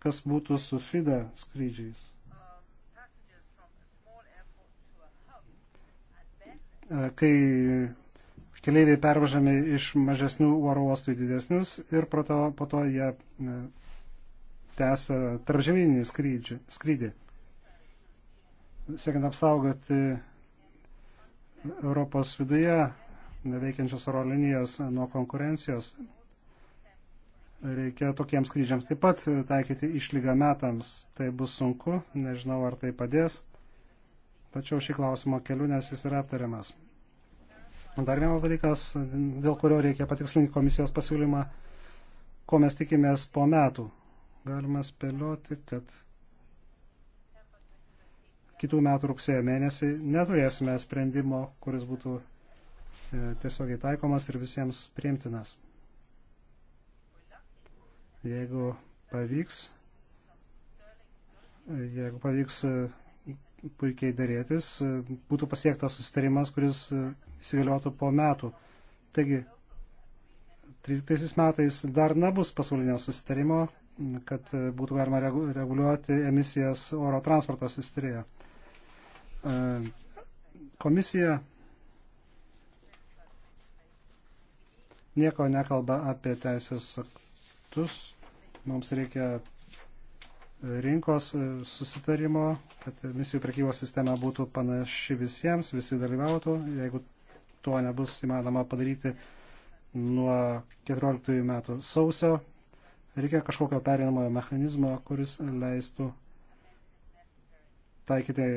kas būtų su FIDA skrydžiais. Kai keleiviai pervažiami iš mažesnių oro uostų į didesnius ir po to, po to jie e, tęsia tarpžeminį skrydį, skrydį. Siekiant apsaugoti Europos viduje veikiančias oro linijas nuo konkurencijos. Reikia tokiems skrydžiams taip pat taikyti išlygą metams. Tai bus sunku, nežinau ar tai padės, tačiau šį klausimą keliu, nes jis yra aptariamas. Dar vienas dalykas, dėl kurio reikia patikslinti komisijos pasiūlymą, ko mes tikimės po metų. Galima spėlioti, kad kitų metų rugsėjo mėnesį neturėsime sprendimo, kuris būtų tiesiogiai taikomas ir visiems priimtinas. Jeigu pavyks, jeigu pavyks e, puikiai dėrėtis, e, būtų pasiektas susitarimas, kuris e, įsigaliotų po metų. Taigi, 13 metais dar nebus pasaulinio susitarimo, kad būtų galima reguliuoti emisijas oro transporto susitarėje. Komisija nieko nekalba apie teisės aktus. Mums reikia rinkos susitarimo, kad misijų prekybos sistema būtų panaši visiems, visi dalyvautų. Jeigu to nebus įmanoma padaryti nuo 14 metų sausio, reikia kažkokio perinamojo mechanizmo, kuris leistų taikyti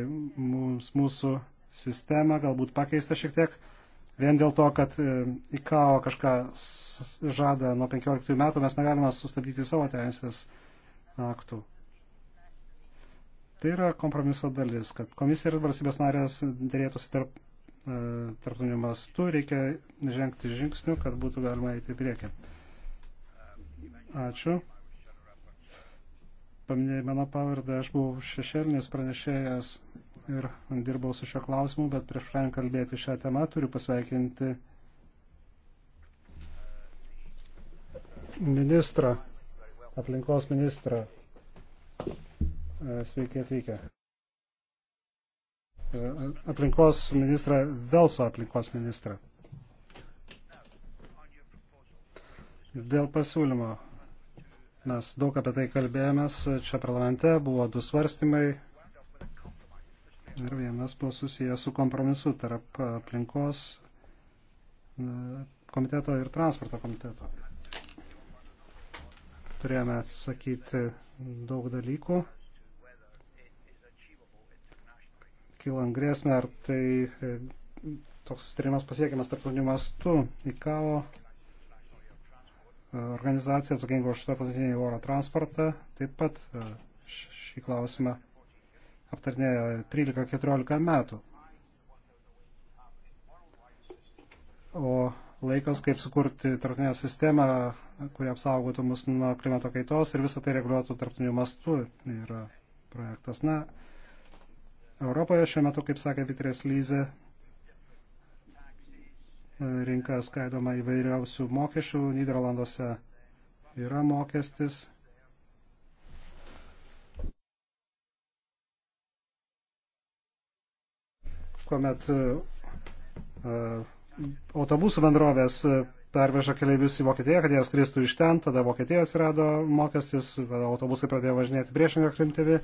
mums mūsų sistemą, galbūt pakeista šiek tiek Vien dėl to, kad e, IKAO kažką žada nuo 15 metų, mes negalime sustabdyti savo teisės aktų. Tai yra kompromiso dalis, kad komisija ir valstybės narės dėrėtųsi tarp, e, tarptautiniu mastu, reikia žengti žingsnių, kad būtų galima eiti į priekį. Ačiū paminėjai mano pavardę, aš buvau šešėlinis pranešėjas ir dirbau su šio klausimu, bet prieš pradant kalbėti šią temą turiu pasveikinti ministrą, aplinkos ministrą. Sveiki atvykę. Aplinkos ministrą, Velso aplinkos ministrą. Dėl pasiūlymo Mes daug apie tai kalbėjomės. Čia parlamente buvo du svarstymai. Ir vienas buvo susijęs su kompromisu tarp aplinkos e, komiteto ir transporto komiteto. Turėjome atsisakyti daug dalykų. Kylant grėsmę, ar tai e, toks sutarimas pasiekiamas tarptautiniu mastu. ICAO organizacija atsakinga už tarptautinį oro transportą taip pat e, šį klausimą aptarnėjo 13-14 metų. O laikas, kaip sukurti tarptautinę sistemą, kuri apsaugotų mus nuo klimato kaitos ir visą tai reguliuotų tarptautiniu mastu, yra projektas. Na, Europoje šiuo metu, kaip sakė Vitrės Lyze, E, rinka skaidoma įvairiausių mokesčių. Niderlanduose yra mokestis. Kuomet e, autobusų bendrovės e, perveža keliaivius į Vokietiją, kad jie skristų iš ten, tada Vokietija atsirado mokestis, tada autobusai pradėjo važinėti priešingą krimtivį.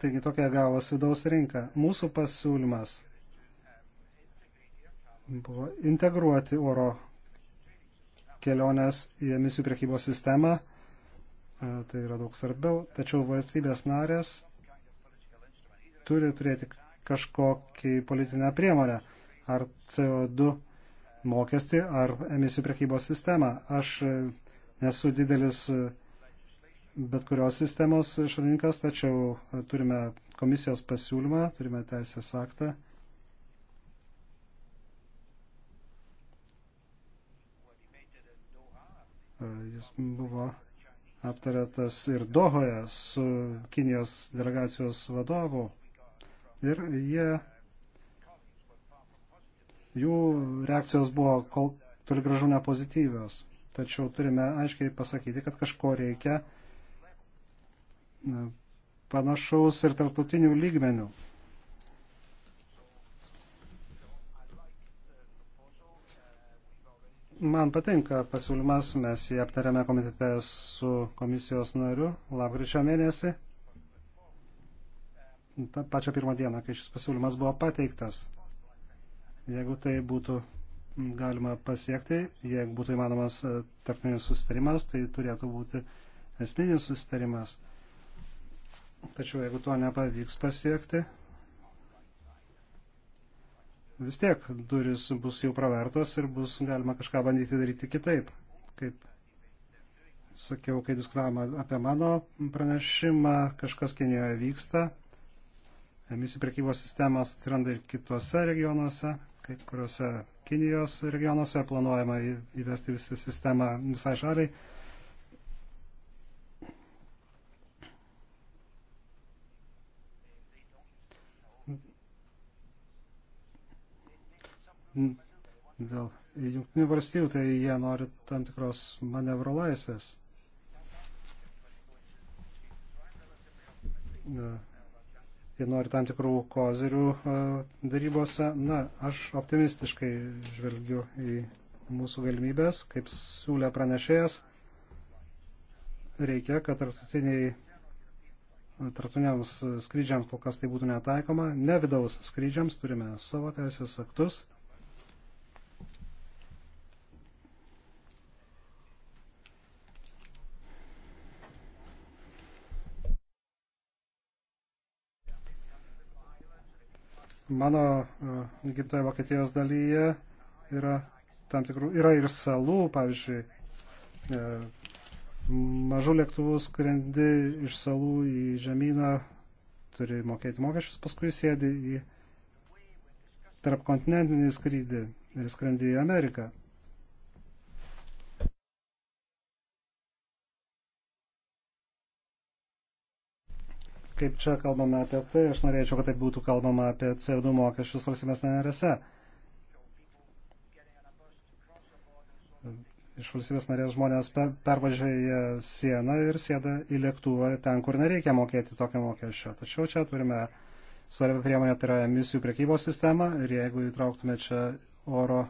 Taigi tokia gavos vidaus rinka. Mūsų pasiūlymas buvo integruoti oro kelionės į emisijų priekybos sistemą. E, tai yra daug svarbiau. Tačiau valstybės narės turi turėti kažkokį politinę priemonę. Ar CO2 mokestį, ar emisijų priekybos sistemą. Aš nesu didelis e, bet kurios sistemos šalininkas, tačiau e, turime komisijos pasiūlymą, turime teisės aktą E, jis buvo aptarėtas ir Dohoje su Kinijos delegacijos vadovu. Ir jie, jų reakcijos buvo kol toli gražu nepozityvios. Tačiau turime aiškiai pasakyti, kad kažko reikia e, panašaus ir tarptautinių lygmenių. Man patinka pasiūlymas, mes jį aptarėme komitete su komisijos nariu lapkričio mėnesį. Ta pačią pirmą dieną, kai šis pasiūlymas buvo pateiktas. Jeigu tai būtų galima pasiekti, jeigu būtų įmanomas e, tarptautinis sustarimas, tai turėtų būti esminis sustarimas. Tačiau jeigu to nepavyks pasiekti, vis tiek duris bus jau pravertos ir bus galima kažką bandyti daryti kitaip. Kaip sakiau, kai diskutavome apie mano pranešimą, kažkas Kenijoje vyksta. Emisijų prekybos sistemos atsiranda ir kituose regionuose, kai kuriuose Kinijos regionuose planuojama įvesti visą sistemą visai šaliai. dėl jungtinių valstybių, tai jie nori tam tikros manevro laisvės. Jie nori tam tikrų kozerių darybose. Na, aš optimistiškai žvelgiu į mūsų galimybės, kaip siūlė pranešėjas. Reikia, kad tarptautiniai tartuniams skrydžiams kol kas tai būtų netaikoma. Ne vidaus skrydžiams turime savo teisės aktus. Mano gimtoje e, Vokietijos dalyje yra tam tikrų, yra ir salų, pavyzdžiui, e, mažų lėktuvų skrendi iš salų į žemyną, turi mokėti mokesčius, paskui sėdi į tarpkontinentinį skrydį ir skrendi į Ameriką. kaip čia kalbame apie tai, aš norėčiau, kad tai būtų kalbama apie CO2 mokesčius valstybės narėse. Iš valstybės narės žmonės pervažiuoja sieną ir sėda į lėktuvą ten, kur nereikia mokėti tokio mokesčio. Tačiau čia turime svarbią priemonę, tai yra emisijų priekybos sistema ir jeigu įtrauktume čia oro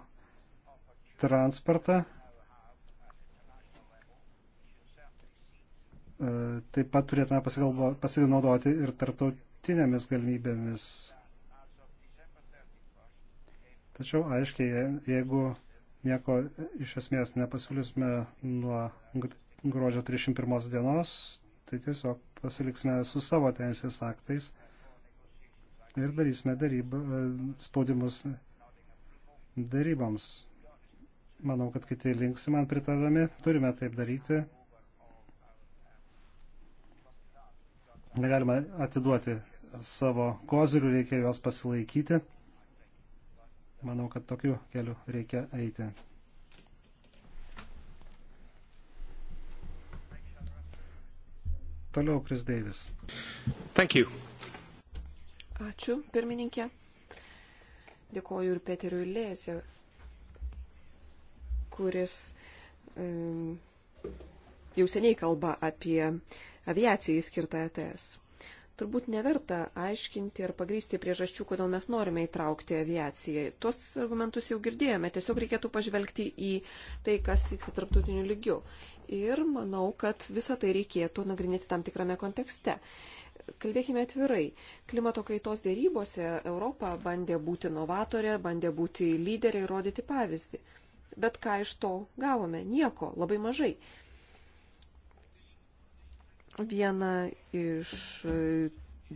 transportą, E, taip pat turėtume pasinaudoti ir tarptautinėmis galimybėmis. Tačiau aiškiai, jeigu nieko iš esmės nepasiūlysime nuo gruodžio 31 dienos, tai tiesiog pasiliksime su savo teisės aktais ir darysime darybą, e, spaudimus daryboms. Manau, kad kiti linksi man pritardami, turime taip daryti. negalima atiduoti savo kozirių, reikia juos pasilaikyti. Manau, kad tokiu keliu reikia eiti. Toliau Kris Deivis. Ačiū, pirmininkė. Dėkoju ir Peteriui Lėsė, kuris um, jau seniai kalba apie uh, aviacijai skirtą ETS. Turbūt neverta aiškinti ir pagrysti priežasčių, kodėl mes norime įtraukti aviaciją. Tuos argumentus jau girdėjome, tiesiog reikėtų pažvelgti į tai, kas vyksta tarptautiniu lygiu. Ir manau, kad visą tai reikėtų nagrinėti tam tikrame kontekste kalbėkime atvirai, klimato kaitos dėrybose Europa bandė būti novatorė, bandė būti lyderė ir rodyti pavyzdį. Bet ką iš to gavome? Nieko, labai mažai vieną iš e,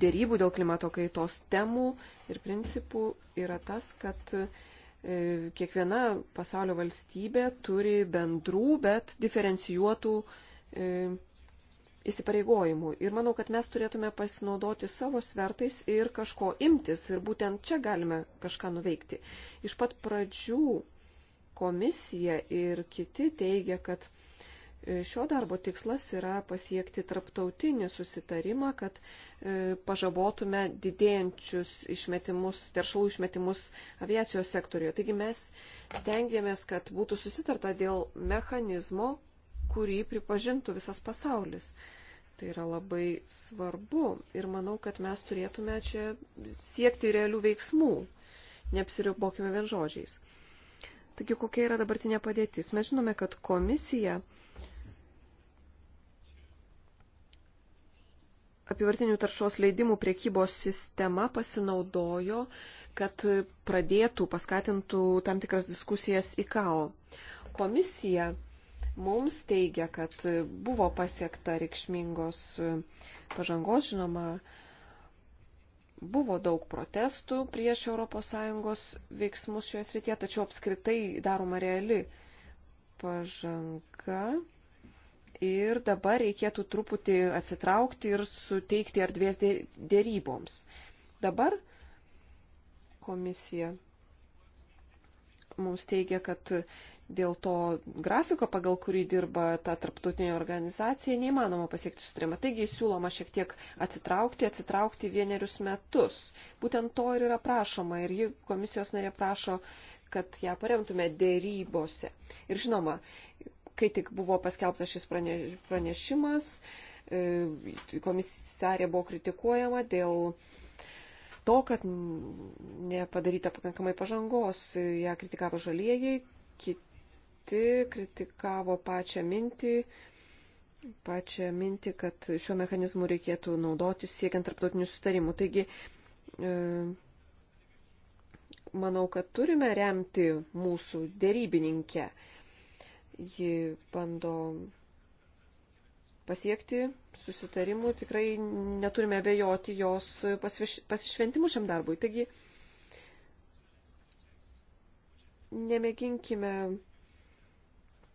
dėrybų dėl klimato kaitos temų ir principų yra tas, kad e, kiekviena pasaulio valstybė turi bendrų, bet diferencijuotų e, įsipareigojimų. Ir manau, kad mes turėtume pasinaudoti savo svertais ir kažko imtis. Ir būtent čia galime kažką nuveikti. Iš pat pradžių komisija ir kiti teigia, kad Šio darbo tikslas yra pasiekti traptautinį susitarimą, kad e, pažabotume didėjančius išmetimus, teršalų išmetimus aviacijos sektorijoje. Taigi mes stengiamės, kad būtų susitarta dėl mechanizmo, kurį pripažintų visas pasaulis. Tai yra labai svarbu ir manau, kad mes turėtume čia siekti realių veiksmų. Neapsiribokime vien žodžiais. Taigi kokia yra dabartinė padėtis? Mes žinome, kad komisija uh, apivartinių taršos leidimų priekybos sistema pasinaudojo, kad pradėtų, paskatintų tam tikras diskusijas į KAO. Komisija mums teigia, kad buvo pasiekta reikšmingos pažangos, žinoma, buvo daug protestų prieš ES veiksmus šioje srityje, tačiau apskritai daroma reali pažanga ir dabar reikėtų truputį atsitraukti ir suteikti erdvės dėryboms. Dabar komisija mums teigia, kad dėl to grafiko, pagal kurį dirba ta tarptautinė organizacija, neįmanoma pasiekti sutarimą. Taigi siūloma šiek tiek atsitraukti, atsitraukti vienerius metus. Būtent to ir yra prašoma ir ji komisijos narė prašo kad ją paremtume dėrybose. Ir žinoma, Kai tik buvo paskelbtas šis pranešimas, e, komisarė buvo kritikuojama dėl to, kad nepadaryta pakankamai pažangos. Ja kritikavo žalieji, kiti kritikavo pačią mintį, pačią mintį, kad šiuo mechanizmu reikėtų naudotis siekiant tarptautinių sutarimų. Taigi, e, manau, kad turime remti mūsų dėrybininkę ji bando pasiekti susitarimų, tikrai neturime abejoti jos pasišventimu šiam darbui. Taigi nemėginkime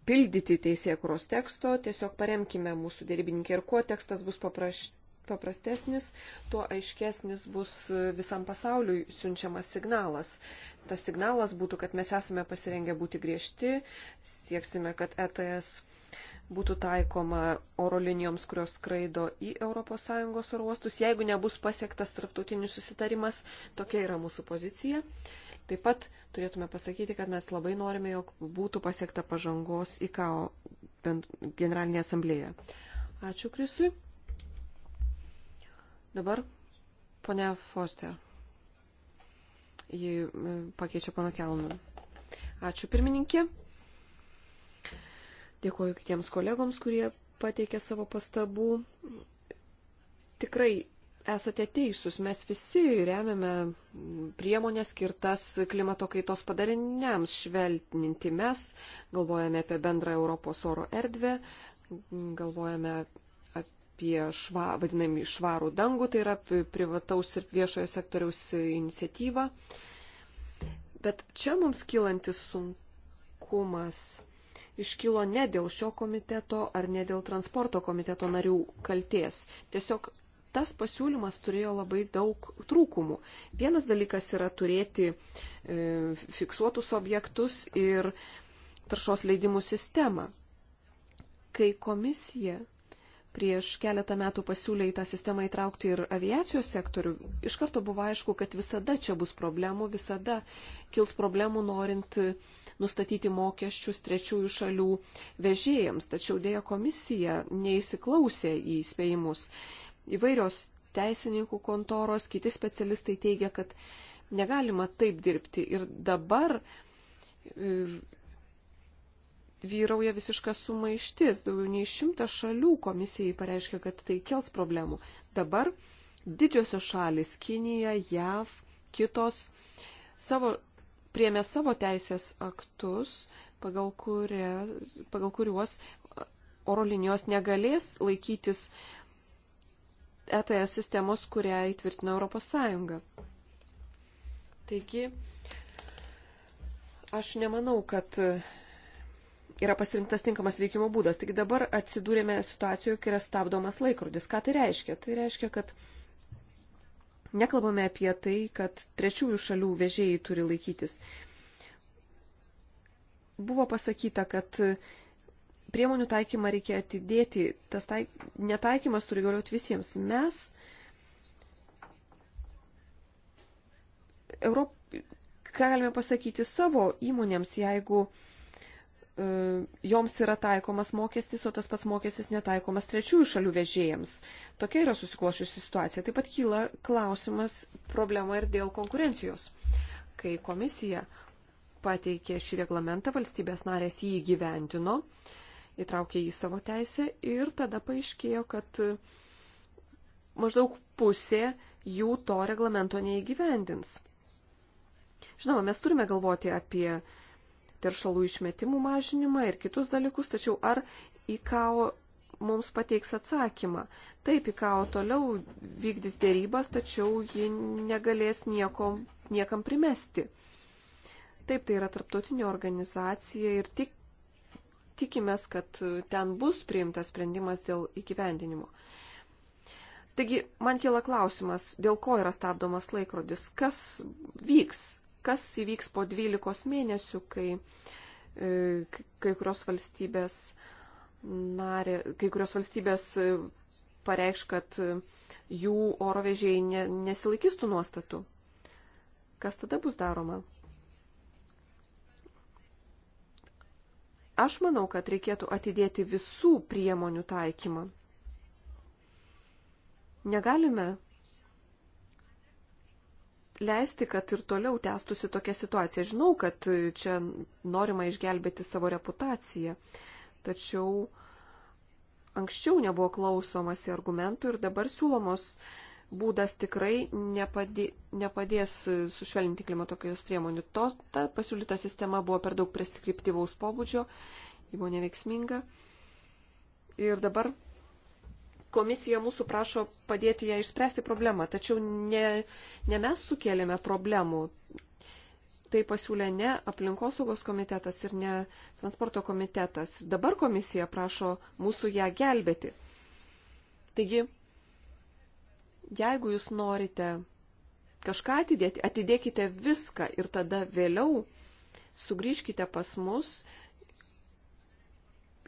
pildyti teisėkuros teksto, tiesiog paremkime mūsų dėrybininkę ir kuo tekstas bus papraš, paprastesnis, tuo aiškesnis bus visam pasauliui siunčiamas signalas tas signalas būtų, kad mes esame pasirengę būti griežti, sieksime, kad ETS būtų taikoma oro linijoms, kurios skraido į ES oro uostus, jeigu nebus pasiektas tarptautinis susitarimas, tokia yra mūsų pozicija. Taip pat turėtume pasakyti, kad mes labai norime, jog būtų pasiekta pažangos į KAO generalinėje asamblėje. Ačiū Krisui. Dabar ponia Foster. Ji e, pakeičia pana Kelną. Ačiū pirmininkė. Dėkuoju kitiems kolegoms, kurie pateikė savo pastabų. Tikrai esate teisūs, mes visi remiame priemonės skirtas klimato kaitos padariniams šveltinti. Mes galvojame apie bendrą Europos oro erdvę, galvojame apie šva, vadinamį švarų dangų, tai yra privataus ir viešojo sektoriaus iniciatyva. Bet čia mums kylantis sunkumas iškilo ne dėl šio komiteto ar ne dėl transporto komiteto narių kalties. Tiesiog tas pasiūlymas turėjo labai daug trūkumų. Vienas dalykas yra turėti e, fiksuotus objektus ir taršos leidimų sistemą. Kai komisija prieš keletą metų pasiūlė į tą sistemą įtraukti ir aviacijos sektorių, iš karto buvo aišku, kad visada čia bus problemų, visada kils problemų norint nustatyti mokesčius trečiųjų šalių vežėjams. Tačiau dėja komisija neįsiklausė į įspėjimus. Įvairios teisininkų kontoros, kiti specialistai teigia, kad negalima taip dirbti. Ir dabar vyrauja visiška sumaištis. Daugiau nei šimtas šalių komisijai pareiškia, kad tai kels problemų. Dabar didžiosios šalis - Kinija, JAV, kitos - savo, priemė savo teisės aktus, pagal, kurie, pagal kuriuos oro linijos negalės laikytis ETS sistemos, kurią įtvirtina ES. Taigi, aš nemanau, kad yra pasirinktas tinkamas veikimo būdas. Tik dabar atsidūrėme situacijoje, kai yra stabdomas laikrodis. Ką tai reiškia? Tai reiškia, kad nekalbame apie tai, kad trečiųjų šalių vežėjai turi laikytis. Buvo pasakyta, kad priemonių taikymą reikia atidėti, tas taik... netaikymas turi galioti visiems. Mes Europ... ką galime pasakyti savo įmonėms, jeigu uh, E, joms yra taikomas mokestis, o tas pats mokestis netaikomas trečiųjų šalių vežėjams. Tokia yra susiklošiusi situacija. Taip pat kyla klausimas problema ir dėl konkurencijos. Kai komisija pateikė šį reglamentą, valstybės narės jį įgyvendino, įtraukė į savo teisę ir tada paaiškėjo, kad maždaug pusė jų to reglamento neįgyvendins. Žinoma, mes turime galvoti apie uh, teršalų išmetimų mažinimą ir kitus dalykus, tačiau ar IKAO mums pateiks atsakymą. Taip, IKAO toliau vykdys dėrybas, tačiau ji negalės nieko, niekam primesti. Taip, tai yra tarptautinė organizacija ir tik, tikimės, kad ten bus priimtas sprendimas dėl įgyvendinimo. Taigi, man kyla klausimas, dėl ko yra stabdomas laikrodis, kas vyks, kas įvyks po 12 mėnesių, kai e, kai kurios valstybės narė, kai kurios valstybės e, pareikš, kad e, jų oro vežėjai ne, nesilaikys tų nuostatų. Kas tada bus daroma? Aš manau, kad reikėtų atidėti visų priemonių taikymą. Negalime leisti, kad ir toliau tęstųsi tokia situacija. Žinau, kad čia norima išgelbėti savo reputaciją, tačiau anksčiau nebuvo klausomasi argumentų ir dabar siūlomos būdas tikrai nepadė, nepadės sušvelninti klimato kaitos priemonių. To, ta pasiūlyta sistema buvo per daug preskriptivaus pobūdžio, ji buvo neveiksminga. Ir dabar komisija mūsų prašo padėti ją išspręsti problemą, tačiau ne, ne mes sukėlėme problemų. Tai pasiūlė ne aplinkosaugos komitetas ir ne transporto komitetas. Dabar komisija prašo mūsų ją gelbėti. Taigi, jeigu jūs norite kažką atidėti, atidėkite viską ir tada vėliau sugrįžkite pas mus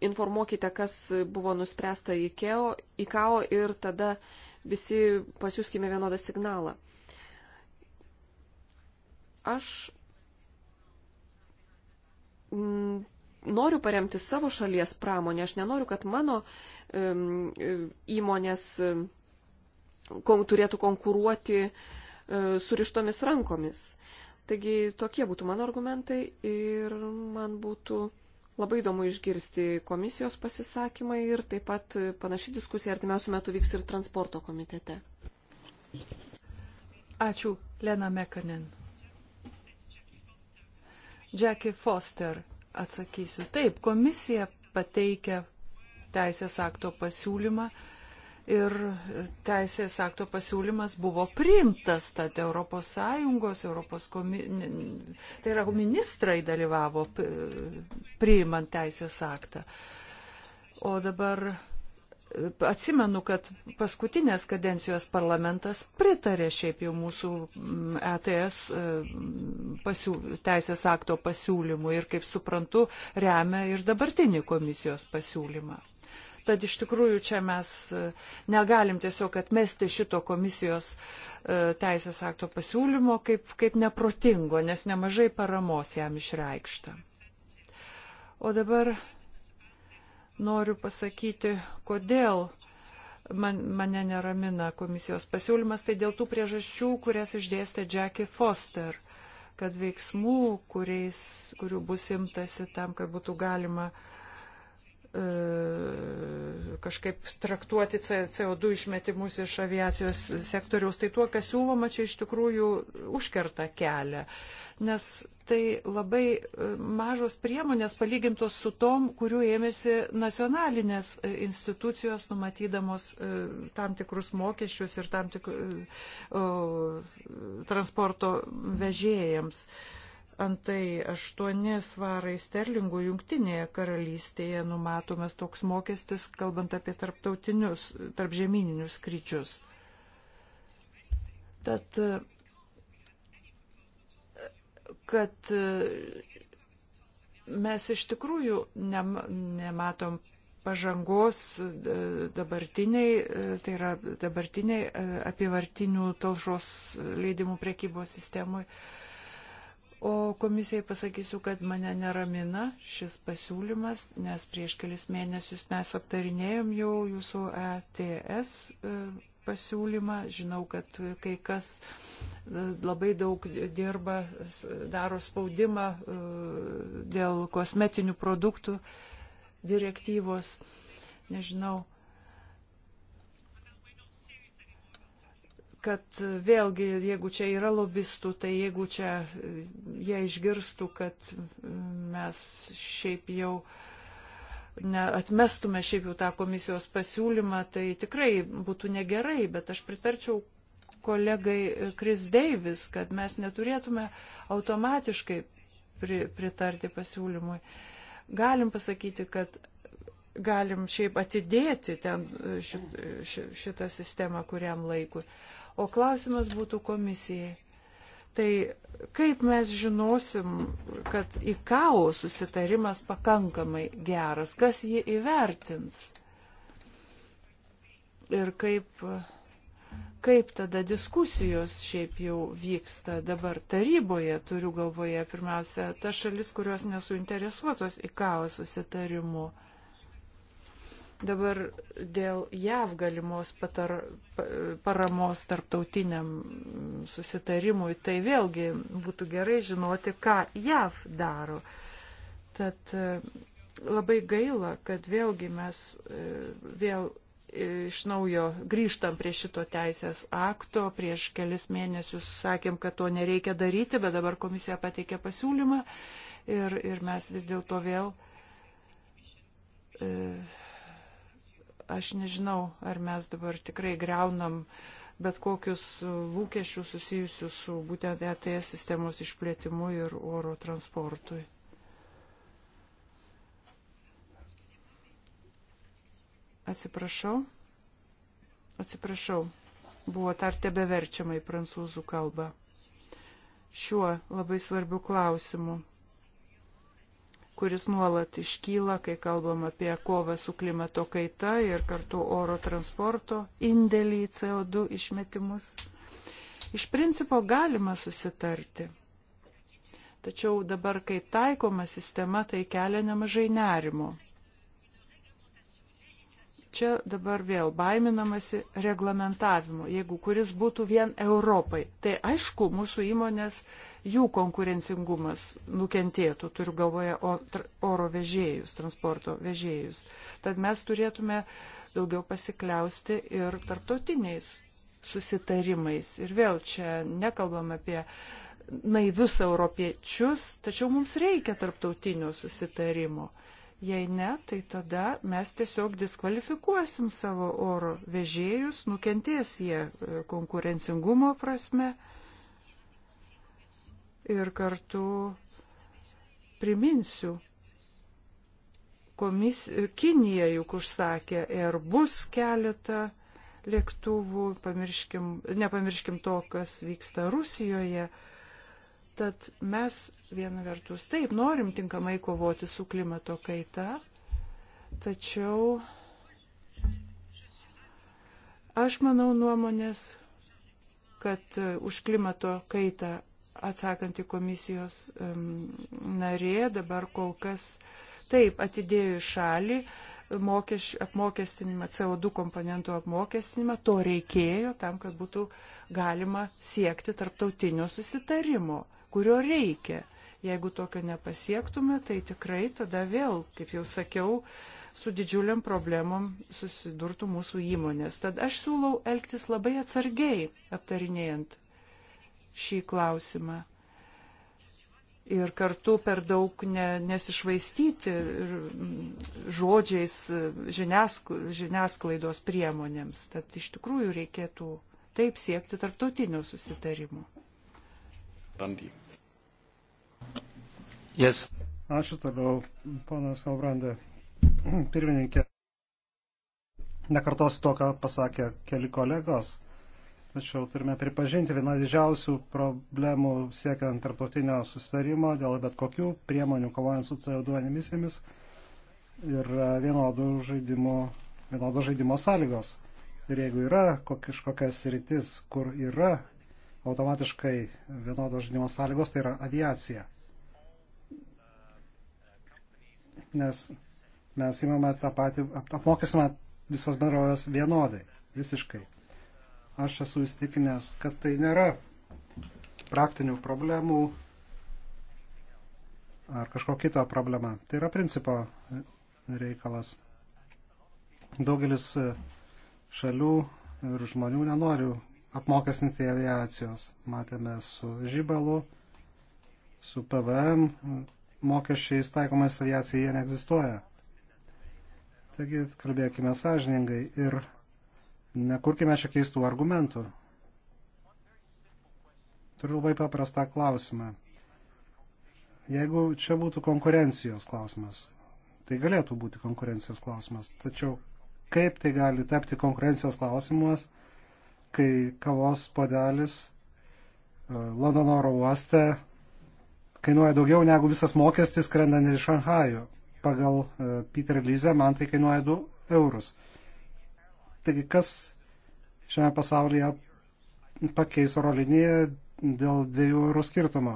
informuokite, kas buvo nuspręsta IKEO, IKAO ir tada visi pasiūskime vienodą signalą. Aš noriu paremti savo šalies pramonę, aš nenoriu, kad mano įmonės turėtų konkuruoti e, surištomis rankomis. Taigi tokie būtų mano argumentai ir man būtų Labai įdomu išgirsti komisijos pasisakymą ir taip pat panaši diskusija artimiausių metų vyks ir transporto komitete. Ačiū, Lena Mekanen. Jackie Foster, atsakysiu. Taip, komisija pateikia teisės akto pasiūlymą ir teisės akto pasiūlymas buvo priimtas, tad Europos Sąjungos, Europos komi... tai yra ministrai dalyvavo priimant teisės aktą. O dabar e, atsimenu, kad paskutinės kadencijos parlamentas pritarė šiaip jau mūsų ETS e, pasiū... teisės akto pasiūlymui ir, kaip suprantu, remia ir dabartinį komisijos pasiūlymą. Tad iš tikrųjų čia mes e, negalim tiesiog atmesti šito komisijos e, teisės akto pasiūlymo kaip, kaip neprotingo, nes nemažai paramos jam išreikšta. O dabar noriu pasakyti, kodėl man, mane neramina komisijos pasiūlymas, tai dėl tų priežasčių, kurias išdėstė Jackie Foster, kad veiksmų, kuriais, kurių bus imtasi tam, kad būtų galima uh, E, kažkaip traktuoti CO2 išmetimus iš aviacijos sektoriaus, tai tuo, kas siūloma, čia iš tikrųjų užkerta kelią. Nes tai labai e, mažos priemonės palygintos su tom, kurių ėmėsi nacionalinės e, institucijos, numatydamos tam tikrus mokesčius ir tam tikrų transporto vežėjams. Uh, Antai 8 svarai sterlingų jungtinėje karalystėje numatomas toks mokestis, kalbant apie tarptautinius, tarpžemininius skrydžius. Tad, kad mes iš tikrųjų nem, nematom pažangos e, dabartiniai, e, tai yra dabartiniai e, apivartinių talžos leidimų prekybos sistemui. O komisijai pasakysiu, kad mane neramina šis pasiūlymas, nes prieš kelis mėnesius mes aptarinėjom jau jūsų ETS e, pasiūlymą. Žinau, kad kai kas e, labai daug dirba, daro spaudimą e, dėl kosmetinių produktų direktyvos. Nežinau, kad vėlgi, jeigu čia yra lobistų, tai jeigu čia jie išgirstų, kad e, mes šiaip jau atmestume šiaip jau tą komisijos pasiūlymą, tai tikrai būtų negerai, bet aš pritarčiau kolegai Kris Deivis, kad mes neturėtume automatiškai pri, pritarti pasiūlymui. Galim pasakyti, kad galim šiaip atidėti ten e, šit, e, šitą sistemą kuriam laikui. O klausimas būtų komisijai. Tai kaip mes žinosim, kad IKAO susitarimas pakankamai geras, kas jį įvertins ir kaip, kaip tada diskusijos šiaip jau vyksta dabar taryboje, turiu galvoje pirmiausia, ta šalis, kurios nesuinteresuotos IKAO susitarimu. Dabar dėl JAV galimos patar, paramos tarptautiniam susitarimui, tai vėlgi būtų gerai žinoti, ką JAV daro. Tad e, labai gaila, kad vėlgi mes e, vėl iš naujo grįžtam prie šito teisės akto. Prieš kelis mėnesius sakėm, kad to nereikia daryti, bet dabar komisija pateikė pasiūlymą ir, ir mes vis dėlto vėl. E, Aš nežinau, ar mes dabar tikrai greunam bet kokius lūkesčius susijusius su būtent ETS sistemos išplėtimu ir oro transportui. Atsiprašau. Atsiprašau. Buvo dar tebeverčiama į prancūzų kalbą. Šiuo labai svarbiu klausimu kuris nuolat iškyla, kai kalbam apie kovą su klimato kaita ir kartu oro transporto indėlį į CO2 išmetimus. Iš principo galima susitarti. Tačiau dabar, kai taikoma sistema, tai kelia nemažai nerimo. Čia dabar vėl baiminamasi reglamentavimo, jeigu kuris būtų vien Europai. Tai aišku, mūsų įmonės jų konkurencingumas nukentėtų, turiu galvoje oro vežėjus, transporto vežėjus. Tad mes turėtume daugiau pasikliausti ir tarptautiniais susitarimais. Ir vėl čia nekalbam apie naivius europiečius, tačiau mums reikia tarptautinio susitarimo. Jei ne, tai tada mes tiesiog diskvalifikuosim savo oro vežėjus, nukentės jie e, konkurencingumo prasme ir kartu priminsiu, komis, Kinija juk užsakė ir bus keletą lėktuvų, pamirškim, nepamirškim to, kas vyksta Rusijoje. Tad mes viena vertus taip norim tinkamai kovoti su klimato kaita, tačiau aš manau nuomonės, kad už klimato kaitą atsakanti komisijos narė dabar kol kas taip atidėjo į šalį mokeš, apmokestinimą, CO2 komponentų apmokestinimą, to reikėjo tam, kad būtų galima siekti tarptautinio susitarimo, kurio reikia. Jeigu tokio nepasiektume, tai tikrai tada vėl, kaip jau sakiau, su didžiuliam problemom susidurtų mūsų įmonės. Tad aš siūlau elgtis labai atsargiai aptarinėjant šį klausimą. Ir kartu per daug ne, nesišvaistyti mm, žodžiais žiniask, žiniasklaidos priemonėms. Tad iš tikrųjų reikėtų taip siekti tarptautinių susitarimų. Bandy. Yes. Ačiū toliau, ponas Kalbrandė. Pirmininkė, nekartosiu to, ką pasakė keli kolegos. Tačiau turime pripažinti vieną didžiausių problemų siekiant tarptautinio sustarimo dėl bet kokių priemonių kovojant su CO2 emisijomis ir vienodų žaidimo, vienodo žaidimo sąlygos. Ir jeigu yra kažkokias rytis, kur yra automatiškai vienodo žaidimo sąlygos, tai yra aviacija. Nes mes įmame tą patį, apmokysime visas bendrovės vienodai, visiškai Aš esu įstikinęs, kad tai nėra praktinių problemų ar kažko kito problema. Tai yra principo reikalas. Daugelis e, šalių ir žmonių nenori apmokestinti aviacijos. Matėme su Žybalu, su PVM mokesčiais taikomas aviacijai jie neegzistuoja. Taigi kalbėkime sąžiningai ir Nekurkime čia keistų argumentų. Turiu labai paprastą klausimą. Jeigu čia būtų konkurencijos klausimas, tai galėtų būti konkurencijos klausimas, tačiau kaip tai gali tapti konkurencijos klausimas, kai kavos podelis e, Londono oro uoste kainuoja daugiau negu visas mokestis skrendant iš Šanhajų. Pagal e, Peter Lyze man tai kainuoja 2 eurus. Taigi kas šiame pasaulyje pakeis oro liniją dėl dviejų eurų skirtumo?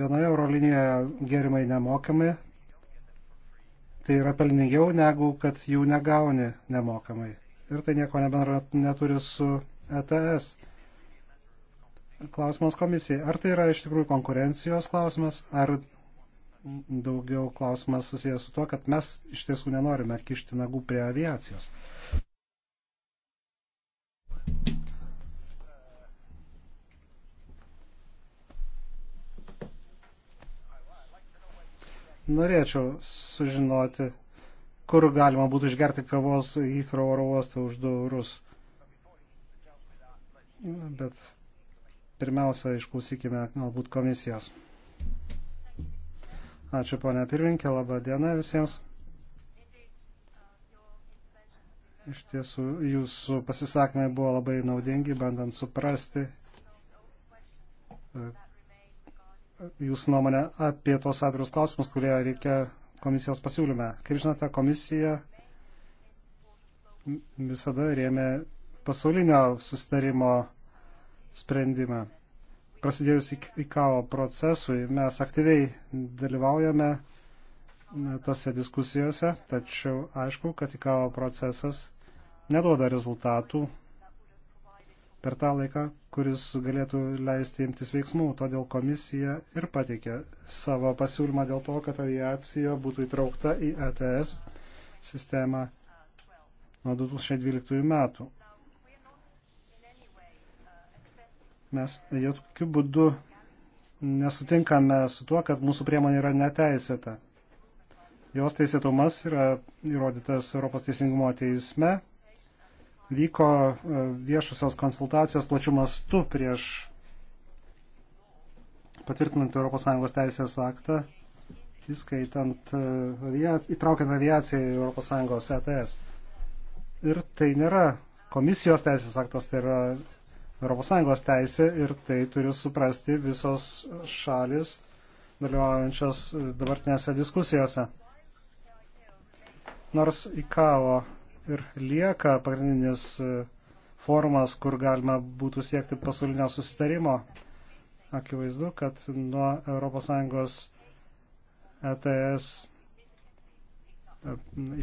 Vienoje oro linijoje gėrimai nemokami, tai yra pelningiau negu kad jų negauni nemokamai. Ir tai nieko nebendra neturi su ETS. Klausimas komisijai. Ar tai yra iš tikrųjų konkurencijos klausimas, ar daugiau klausimas susijęs su tuo, kad mes iš tiesų nenorime kišti nagų prie aviacijos. Norėčiau sužinoti, kur galima būtų išgerti kavos į oro uostą už 2 eurus. Bet pirmiausia, išklausykime galbūt komisijos. Ačiū, ponė pirminkė, laba diena visiems. Iš tiesų, jūsų pasisakymai buvo labai naudingi, bandant suprasti e, jūsų nuomonę apie tos atvirus klausimus, kurie reikia komisijos pasiūlyme. Kaip žinote, komisija visada rėmė pasaulinio sustarimo sprendimą prasidėjus IKAO procesui mes aktyviai dalyvaujame tose diskusijose, tačiau aišku, kad IKAO procesas neduoda rezultatų per tą laiką, kuris galėtų leisti imtis veiksmų. Todėl komisija ir pateikė savo pasiūlymą dėl to, kad aviacija būtų įtraukta į ETS sistemą nuo 2012 metų. mes jokių būdų nesutinkame su tuo, kad mūsų priemonė yra neteisėta. Jos teisėtumas yra įrodytas Europos teisingumo teisme. Vyko e, viešusios konsultacijos plačių mastų prieš patvirtinant ES teisės aktą, įskaitant, e, įtraukiant aviaciją į ES ETS. Ir tai nėra komisijos teisės aktas, tai yra ES teisė ir tai turi suprasti visos šalis dalyvaujančios dabartinėse diskusijose. Nors IKAO ir lieka pagrindinis formas, kur galima būtų siekti pasaulinio susitarimo, akivaizdu, kad nuo ES ETS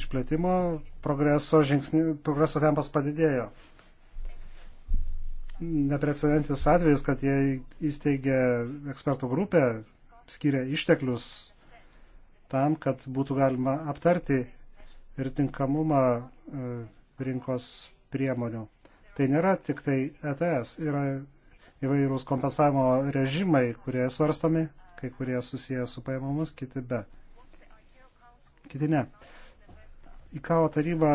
išplėtimo progreso, žingsni, progreso tempas padidėjo neprecedentis atvejis, kad jie įsteigė ekspertų grupę, skiria išteklius tam, kad būtų galima aptarti ir tinkamumą e, rinkos priemonių. Tai nėra tik tai ETS, yra įvairūs kompensavimo režimai, kurie svarstami, kai kurie susiję su pajamomis, kiti be. Kiti ne. IKAO taryba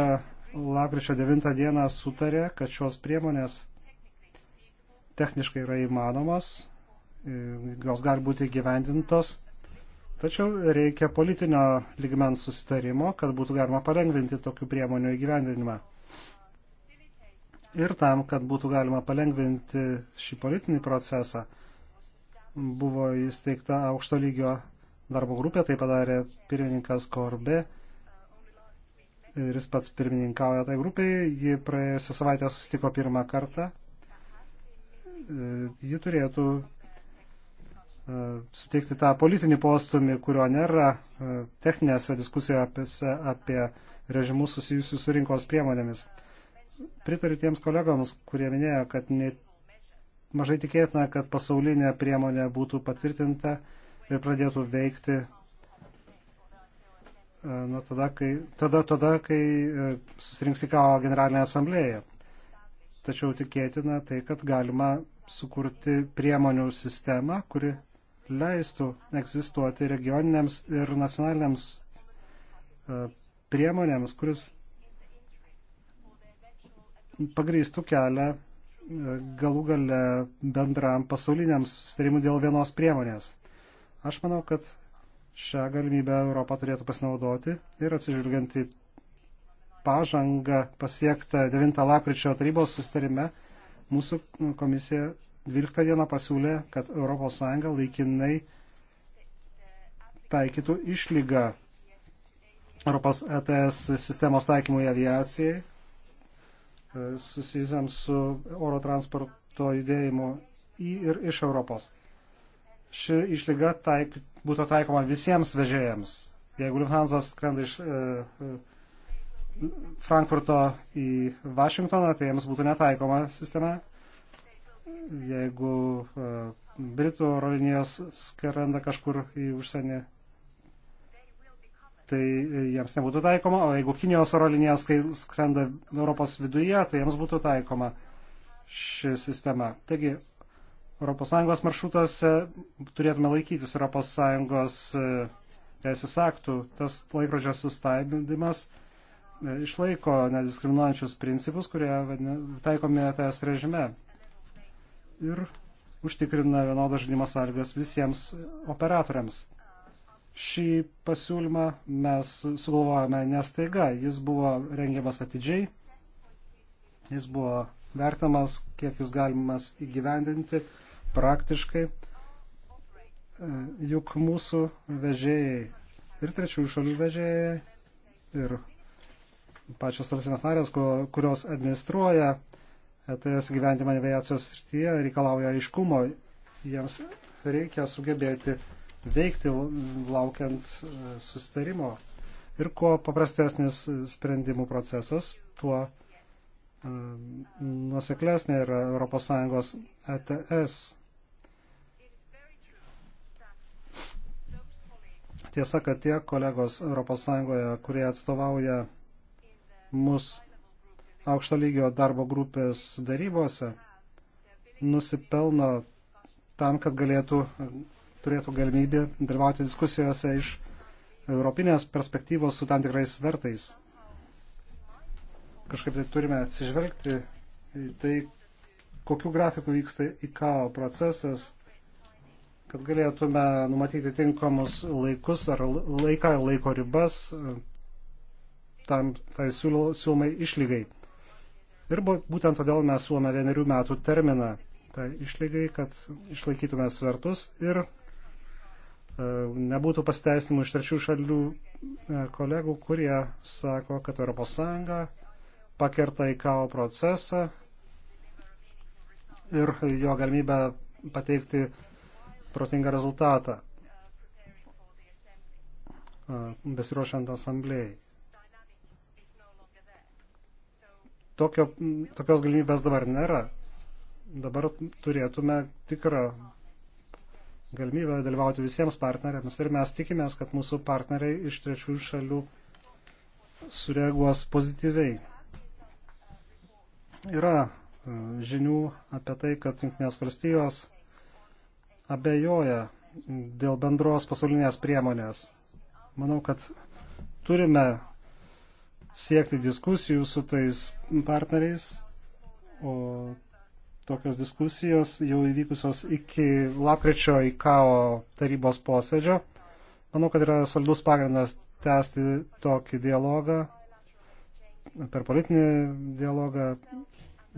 lapkričio 9 dieną sutarė, kad šios priemonės techniškai yra įmanomos, jos gali būti gyvendintos, tačiau reikia politinio ligmens susitarimo, kad būtų galima palengvinti tokių priemonių įgyvendinimą. Ir tam, kad būtų galima palengvinti šį politinį procesą, buvo įsteigta aukšto lygio darbo grupė, tai padarė pirmininkas Korbe ir jis pats pirmininkauja tai grupiai. Ji praėjusią savaitę susitiko pirmą kartą E, ji turėtų e, suteikti tą politinį postumį, kurio nėra e, techninėse diskusijose apie, apie režimus susijusius su rinkos priemonėmis. Pritariu tiems kolegoms, kurie minėjo, kad ne, mažai tikėtina, kad pasaulinė priemonė būtų patvirtinta ir pradėtų veikti nuo tada, kai, tada, tada, kai susirinks į kavo generalinę asamblėją. Tačiau tikėtina tai, kad galima sukurti priemonių sistemą, kuri leistų egzistuoti regioniniams ir nacionaliniams e, priemonėms, kuris pagrįstų kelią e, galų gale bendram pasauliniam sustarimui dėl vienos priemonės. Aš manau, kad šią galimybę Europą turėtų pasinaudoti ir atsižvelgiant į pažangą pasiektą 9 lapkričio tarybos sustarime, Mūsų komisija 12 dieną pasiūlė, kad ES laikinai taikytų išlygą Europos ETS sistemos taikymui aviacijai e, susijusiam su oro transporto judėjimu į ir iš Europos. Ši išlyga taik, būtų taikoma visiems vežėjams. Jeigu Lufthansa skrenda iš e, e, Frankfurto į Vašingtoną, tai jiems būtų netaikoma sistema. Jeigu e, Britų oro linijos skrenda kažkur į užsienį, tai jiems nebūtų taikoma, o jeigu Kinijos oro linijos skrenda Europos viduje, tai jiems būtų taikoma ši sistema. Taigi, ES maršrutuose turėtume laikytis ES e, teisės aktų. Tas laikrodžio sustaibimas E, išlaiko nediskriminuojančius principus, kurie vadina, taikomi ETS režime ir užtikrina vienodas žaidimo sąlygas visiems operatoriams. Šį pasiūlymą mes sugalvojame nestaiga, jis buvo rengiamas atidžiai, jis buvo vertinamas, kiek jis galimas įgyvendinti praktiškai, e, juk mūsų vežėjai ir trečiųjų šalių vežėjai ir pačios valstybės narės, kurios administruoja ETS gyvendimą aviacijos srityje, reikalauja aiškumo. Jiems reikia sugebėti veikti laukiant e, susitarimo. Ir kuo paprastesnis sprendimų procesas, tuo e, nuoseklesnė yra ES ETS. Tiesa, kad tie kolegos ES, kurie atstovauja mus aukšto lygio darbo grupės darybose nusipelno tam, kad galėtų, turėtų galimybę dalyvauti diskusijose iš europinės perspektyvos su tam tikrais vertais. Kažkaip tai turime atsižvelgti į tai, kokiu grafiku vyksta ICAO procesas, kad galėtume numatyti tinkamus laikus ar laiką, laiko ribas tam tai siūlomai išlygai. Ir būtent todėl mes suome vienerių metų terminą tai išlygai, kad išlaikytume svertus ir e, nebūtų pasteisinimų iš trečių šalių e, kolegų, kurie sako, kad ES pakerta į KAO procesą ir jo galimybę pateikti protingą rezultatą e, besiruošiant asamblėjai. Tokio, tokios galimybės dabar nėra. Dabar turėtume tikrą galimybę dalyvauti visiems partneriams ir mes tikimės, kad mūsų partneriai iš trečiųjų šalių sureaguos pozityviai. Yra e, žinių apie tai, kad Junktinės valstijos abejoja dėl bendros pasaulinės priemonės. Manau, kad turime siekti diskusijų su tais partneriais, o tokios diskusijos jau įvykusios iki lapkričio IKAO tarybos posėdžio. Manau, kad yra solidus pagrindas tęsti tokį dialogą, per politinį dialogą,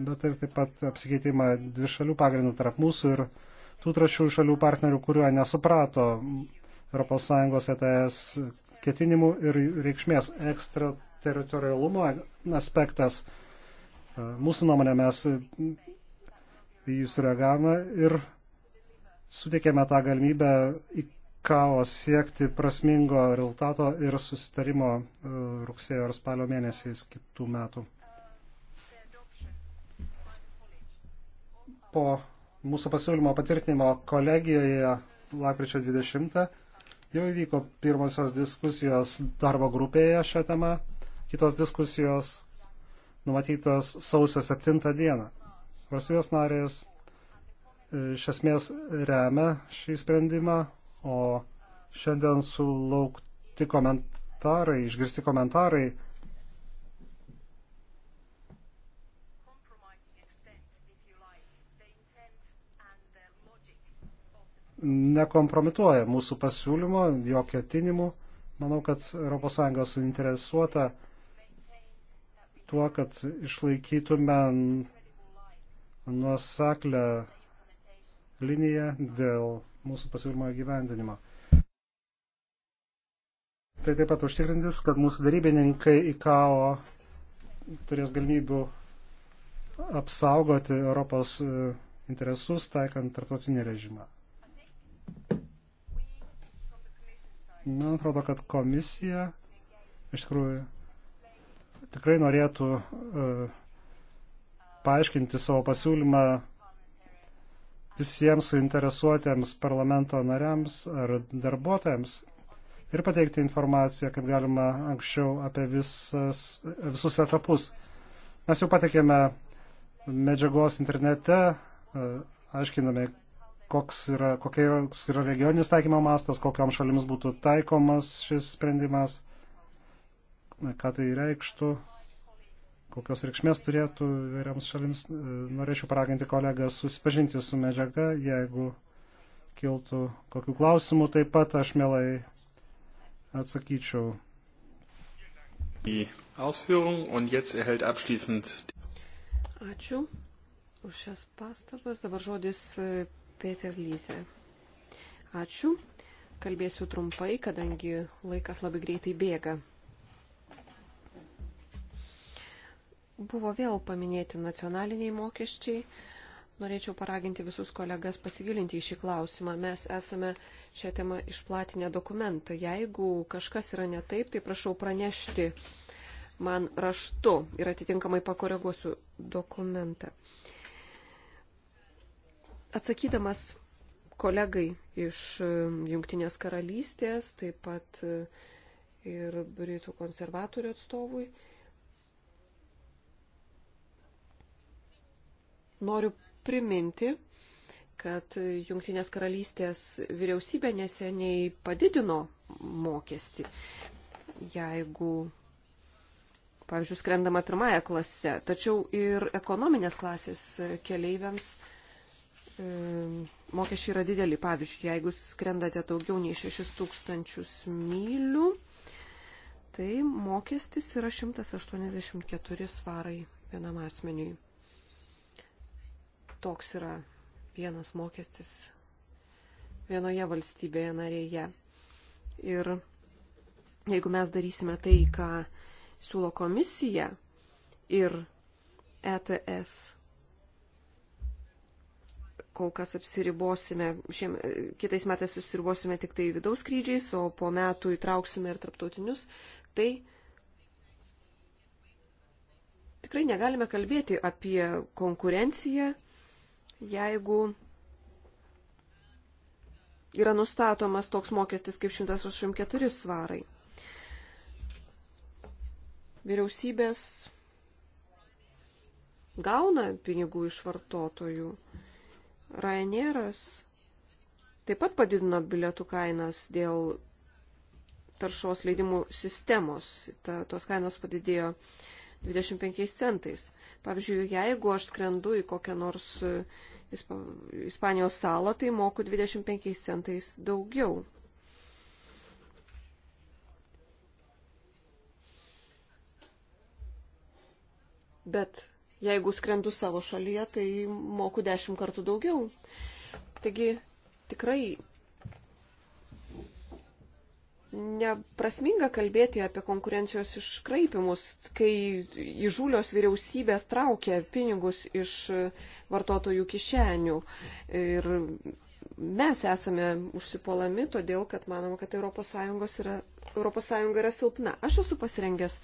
bet ir taip pat apsikeitimą dvi šalių pagrindų tarp mūsų ir tų trečių šalių partnerių, kuriuo nesuprato ES ETS ketinimų ir reikšmės ekstra teritorialumo aspektas. E, mūsų nuomonė mes jį sureagavome ir suteikėme tą galimybę į kao siekti prasmingo rezultato ir susitarimo e, rugsėjo ir spalio mėnesiais kitų metų. Po mūsų pasiūlymo patvirtinimo kolegijoje lapkričio 20 jau įvyko pirmosios diskusijos darbo grupėje šią temą Kitos diskusijos numatytos sausio 7 dieną. Varsijos narės e, iš esmės remia šį sprendimą, o šiandien sulaukti komentarai, išgirsti komentarai nekompromituoja mūsų pasiūlymo, jo ketinimų. Manau, kad ES suinteresuota tuo, kad išlaikytume nuoseklę liniją dėl mūsų pasiūlymo gyvendinimo. Tai taip pat užtikrintis, kad mūsų darybininkai į KAO turės galimybių apsaugoti Europos e, interesus, taikant tarptautinį režimą. Man atrodo, kad komisija iš tikrųjų tikrai norėtų e, paaiškinti savo pasiūlymą visiems suinteresuotiems parlamento nariams ar darbuotojams ir pateikti informaciją, kaip galima anksčiau, apie visas, visus etapus. Mes jau pateikėme medžiagos internete, e, aiškiname, koks yra, kokia yra, koks yra regioninis taikymo mastas, kokiam šalims būtų taikomas šis sprendimas ką tai reikštų, kokios reikšmės turėtų vairiams šalims. E, norėčiau paraginti kolegas susipažinti su medžiaga, jeigu kiltų kokių klausimų, taip pat aš mielai atsakyčiau. Ačiū už šias pastabas. Dabar žodis e, Peter Lyze. Ačiū. Kalbėsiu trumpai, kadangi laikas labai greitai bėga. Buvo vėl paminėti nacionaliniai mokesčiai. Norėčiau paraginti visus kolegas pasigilinti į šį klausimą. Mes esame šią temą išplatinę dokumentą. Jeigu kažkas yra ne taip, tai prašau pranešti man raštu ir atitinkamai pakoreguosiu dokumentą. Atsakydamas kolegai iš um, Junktinės karalystės, taip pat uh, ir Britų konservatorių atstovui, Noriu priminti, kad Junktinės karalystės vyriausybė neseniai padidino mokestį. Jeigu, pavyzdžiui, skrendama pirmąją klasę, tačiau ir ekonominės klasės keleiviams e, mokesčiai yra dideli. Pavyzdžiui, jeigu skrendate daugiau nei 6000 mylių, tai mokestis yra 184 svarai vienam asmeniui toks yra vienas mokestis vienoje valstybėje narėje. Ir jeigu mes darysime tai, ką siūlo komisija ir ETS, kol kas apsiribosime, šiem, kitais metais apsiribosime tik tai vidaus skrydžiais, o po metų įtrauksime ir tarptautinius, tai tikrai negalime kalbėti apie konkurenciją jeigu yra nustatomas toks mokestis kaip 184 svarai. Vyriausybės gauna pinigų iš vartotojų. Ryanairas taip pat padidino bilietų kainas dėl taršos leidimų sistemos. Ta, tos kainos padidėjo 25 centais. Pavyzdžiui, jeigu aš skrendu į kokią nors e, Ispanijos salą, tai moku 25 centais daugiau. Bet jeigu skrendu savo šalyje, tai moku 10 kartų daugiau. Taigi tikrai neprasminga kalbėti apie konkurencijos iškraipimus, kai įžūlios vyriausybės traukia pinigus iš vartotojų kišenių. Ir mes esame užsipuolami, todėl kad manoma, kad ES yra, ES yra silpna. Aš esu pasirengęs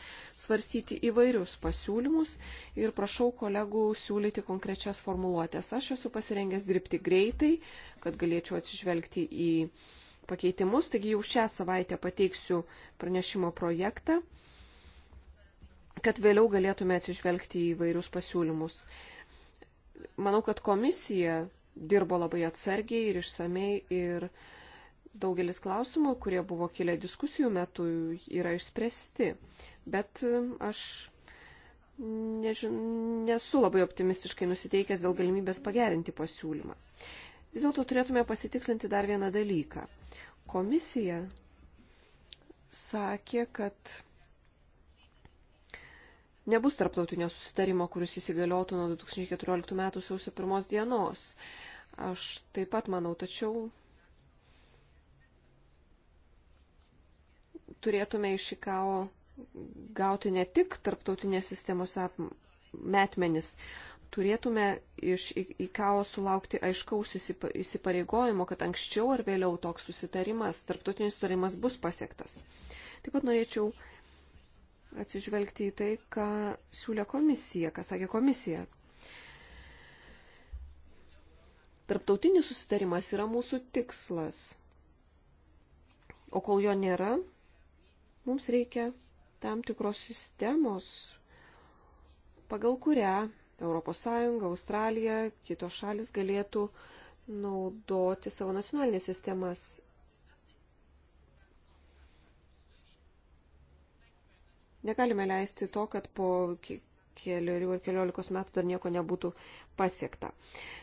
svarstyti įvairius pasiūlymus ir prašau kolegų siūlyti konkrečias formuluotės. Aš esu pasirengęs dirbti greitai, kad galėčiau atsižvelgti į pakeitimus, taigi jau šią savaitę pateiksiu pranešimo projektą, kad vėliau galėtume atsižvelgti į vairius pasiūlymus. Manau, kad komisija dirbo labai atsargiai ir išsamei ir daugelis klausimų, kurie buvo kilę diskusijų metu, yra išspręsti. Bet um, aš nežin, nesu labai optimistiškai nusiteikęs dėl galimybės pagerinti pasiūlymą. Vis dėlto turėtume pasitikslinti dar vieną dalyką. Komisija sakė, kad nebus tarptautinio susitarimo, kuris įsigaliotų nuo 2014 metų sausio pirmos dienos. Aš taip pat manau, tačiau turėtume iš IKAO gauti ne tik tarptautinės sistemos metmenis turėtume iš IKAO sulaukti aiškaus įsipareigojimo, kad anksčiau ar vėliau toks susitarimas, tarptautinis susitarimas bus pasiektas. Taip pat norėčiau atsižvelgti į tai, ką siūlė komisija, ką sakė komisija. Tarptautinis susitarimas yra mūsų tikslas. O kol jo nėra, mums reikia tam tikros sistemos, pagal kurią ES, Australija, kitos šalis galėtų naudoti savo nacionalinės sistemas. Negalime leisti to, kad po keliarių ar keliolikos metų dar nieko nebūtų pasiekta.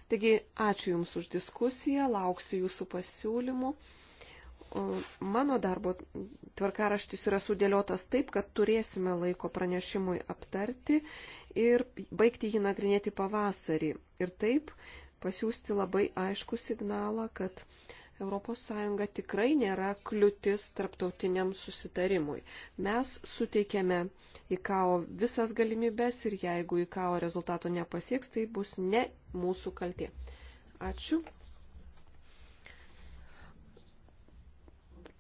Taigi, ačiū Jums už diskusiją, lauksiu Jūsų pasiūlymų. Mano darbo tvarkaraštis yra sudėliotas taip, kad turėsime laiko pranešimui aptarti ir baigti jį nagrinėti pavasarį. Ir taip pasiūsti labai aišku signalą, kad ES tikrai nėra kliūtis tarptautiniam susitarimui. Mes suteikėme IKAO visas galimybės ir jeigu IKAO rezultato nepasieks, tai bus ne mūsų kaltė. Ačiū.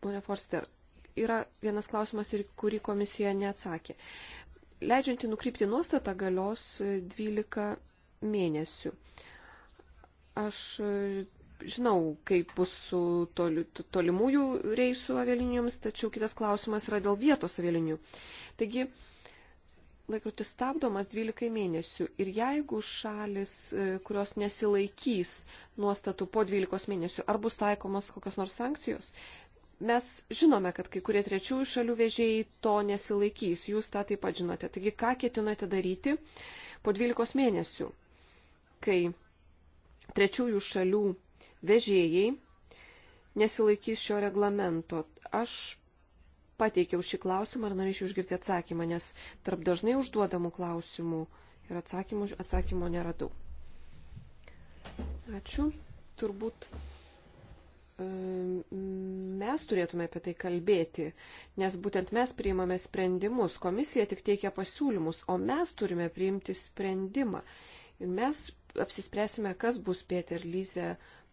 Pone Forster, yra vienas klausimas ir kurį komisija neatsakė. Uh, leidžianti nukrypti nuostatą galios 12 mėnesių. Aš e, žinau, kaip bus su toli, tolimųjų reisų avialinijoms, tačiau kitas klausimas yra dėl vietos avialinijų. Taigi, laikrodis stabdomas 12 mėnesių ir jeigu šalis, e, kurios nesilaikys nuostatų po 12 mėnesių, ar bus taikomos kokios nors sankcijos, mes žinome, kad kai kurie trečiųjų šalių vežėjai to nesilaikys, jūs tą taip pat žinote. Taigi, ką ketinate daryti po 12 mėnesių, kai trečiųjų šalių vežėjai nesilaikys šio reglamento? Aš pateikiau šį klausimą ir norėčiau išgirti atsakymą, nes tarp dažnai užduodamų klausimų ir atsakymų, atsakymo neradau. Ačiū. Turbūt mes turėtume apie tai kalbėti, nes būtent mes priimame sprendimus, komisija tik teikia pasiūlymus, o mes turime priimti sprendimą. Ir mes apsispręsime, kas bus Peter Lyze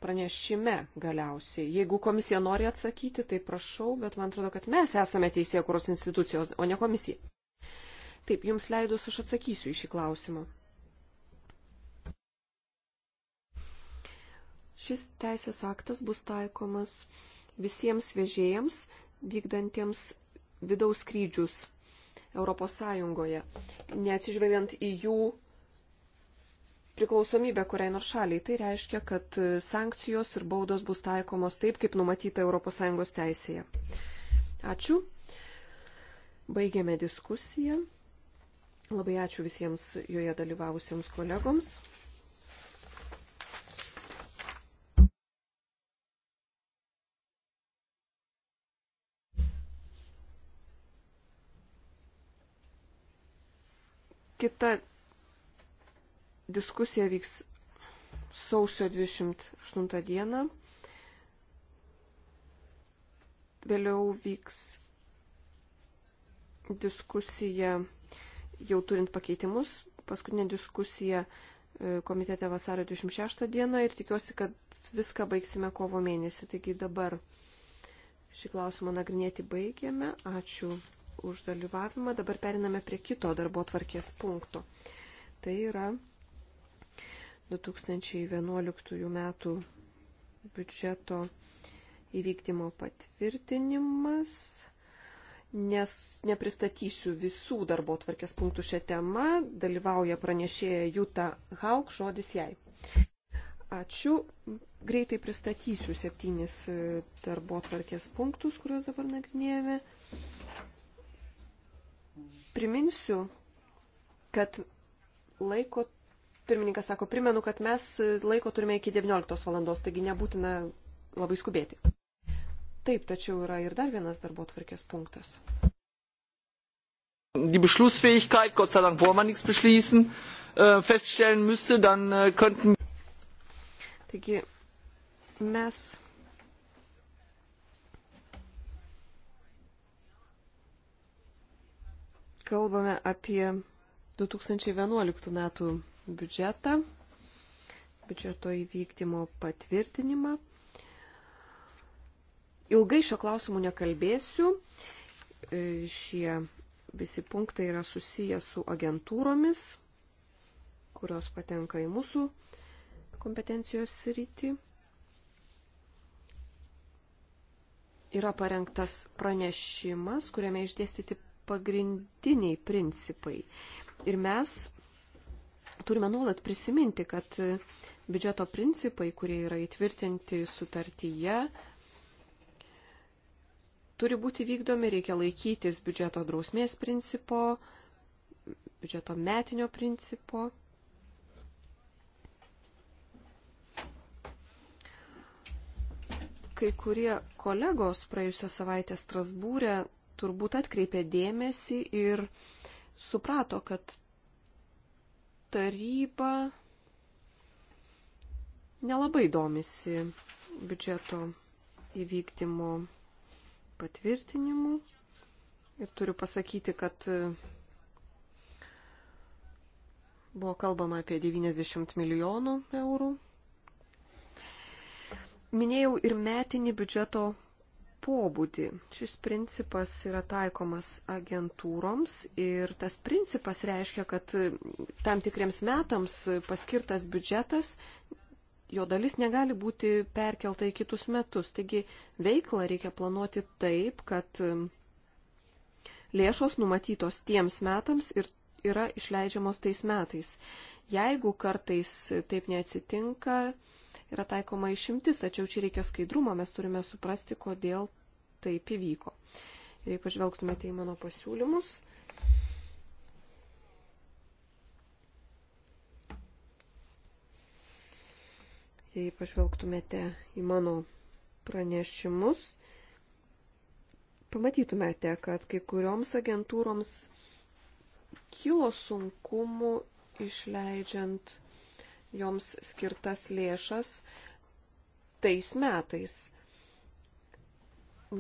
pranešime galiausiai. Jeigu komisija nori atsakyti, tai prašau, bet man atrodo, kad mes esame teisėkuros institucijos, o ne komisija. Taip, jums leidus aš atsakysiu į šį klausimą. Šis teisės aktas bus taikomas visiems vežėjams vykdantiems vidaus skrydžius ES, neatsižvelgiant į jų priklausomybę kuriai nors šaliai. Tai reiškia, kad sankcijos ir baudos bus taikomos taip, kaip numatyta ES teisėje. Ačiū. Baigėme diskusiją. Labai ačiū visiems joje dalyvavusiems kolegoms. Kita diskusija vyks sausio 28 dieną. Vėliau vyks diskusija, jau turint pakeitimus, paskutinė diskusija e, komitete vasario 26 dieną ir tikiuosi, kad viską baigsime kovo mėnesį. Taigi dabar šį klausimą nagrinėti baigėme. Ačiū už dalyvavimą. Dabar periname prie kito darbo tvarkės punkto. Tai yra 2011 metų biudžeto įvykdymo patvirtinimas. Nes nepristatysiu visų darbo tvarkės punktų šią temą, dalyvauja pranešėja Juta Hauk, žodis jai. Ačiū. Greitai pristatysiu septynis e, darbo tvarkės punktus, kuriuos dabar nagrinėjame priminsiu, kad laiko, pirmininkas sako, primenu, kad mes laiko turime iki 19 valandos, taigi nebūtina labai skubėti. Taip, tačiau yra ir dar vienas darbo tvarkės punktas. Die Beschlussfähigkeit, Gott sei Dank wollen wir nichts beschließen, äh, feststellen müsste, dann äh, könnten. Taigi, mes kalbame apie 2011 metų biudžetą, biudžeto įvykdymo patvirtinimą. Ilgai šio klausimu nekalbėsiu. E, šie visi punktai yra susiję su agentūromis, kurios patenka į mūsų kompetencijos rytį. Yra parengtas pranešimas, kuriame išdėstyti pagrindiniai principai. Ir mes turime nuolat prisiminti, kad biudžeto principai, kurie yra įtvirtinti sutartyje, turi būti vykdomi, reikia laikytis biudžeto drausmės principo, biudžeto metinio principo. Kai kurie kolegos praėjusią savaitę Strasbūrę turbūt atkreipė dėmesį ir suprato, kad taryba nelabai domisi biudžeto įvykdymo patvirtinimu. Ir turiu pasakyti, kad buvo kalbama apie 90 milijonų eurų. Minėjau ir metinį biudžeto pobūdį. Šis principas yra taikomas agentūroms ir tas principas reiškia, kad tam tikriems metams paskirtas biudžetas, jo dalis negali būti perkelta į kitus metus. Taigi veiklą reikia planuoti taip, kad um, lėšos numatytos tiems metams ir yra išleidžiamos tais metais. Jeigu kartais taip neatsitinka, yra taikoma išimtis, tačiau čia reikia skaidrumo, mes turime suprasti, kodėl taip įvyko. Ir jei pažvelgtumėte į mano pasiūlymus. Jei pažvelgtumėte į mano pranešimus, pamatytumėte, kad kai kurioms agentūroms kilo sunkumų išleidžiant joms skirtas lėšas tais metais,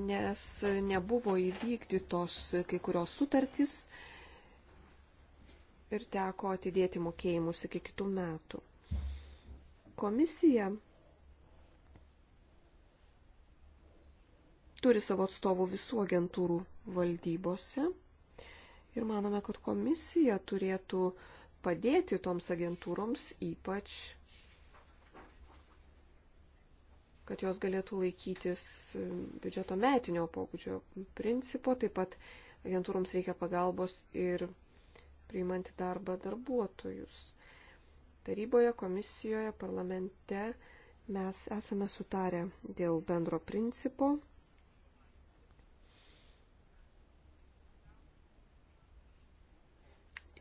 nes nebuvo įvykdytos kai kurios sutartys ir teko atidėti mokėjimus iki kitų metų. Komisija turi savo atstovų visų agentūrų valdybose ir manome, kad komisija turėtų uh, padėti toms agentūroms, ypač kad jos galėtų laikytis biudžeto metinio pobūdžio principo. Taip pat agentūroms reikia pagalbos ir priimant į darbą darbuotojus. Taryboje, komisijoje, parlamente mes esame sutarę dėl bendro principo.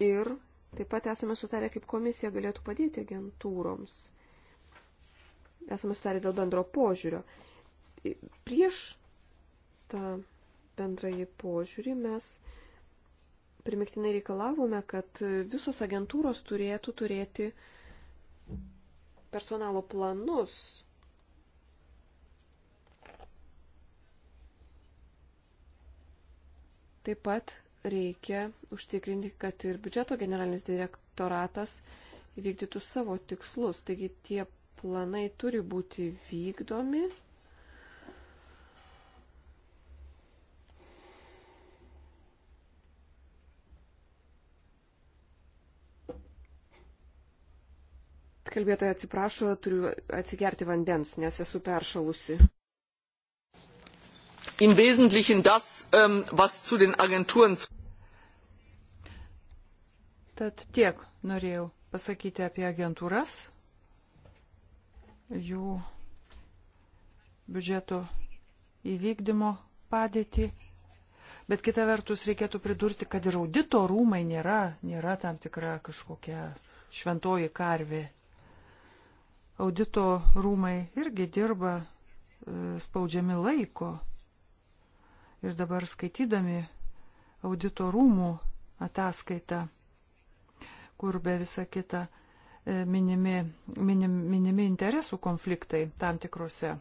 Ir Taip pat esame sutarę, kaip komisija galėtų padėti agentūroms. Esame sutarę dėl bendro požiūrio. Prieš tą bendrąjį požiūrį mes primiktinai reikalavome, kad visos agentūros turėtų turėti personalo planus. Taip pat reikia užtikrinti, kad ir biudžeto generalinis direktoratas įvykdytų savo tikslus. Taigi tie planai turi būti vykdomi. Kalbėtoja atsiprašo, turiu atsigerti vandens, nes esu peršalusi im wesentlichen das ähm, was zu den agenturen Tad tiek norėjau pasakyti apie agentūras, jų biudžeto įvykdymo padėtį. Bet kita vertus reikėtų pridurti, kad ir audito rūmai nėra, nėra tam tikra kažkokia šventoji karvė. Audito rūmai irgi dirba e, spaudžiami laiko. Ir dabar skaitydami audito rūmų ataskaitą kur be visa kita e, minimi, minim, minimi interesų konfliktai tam tikrose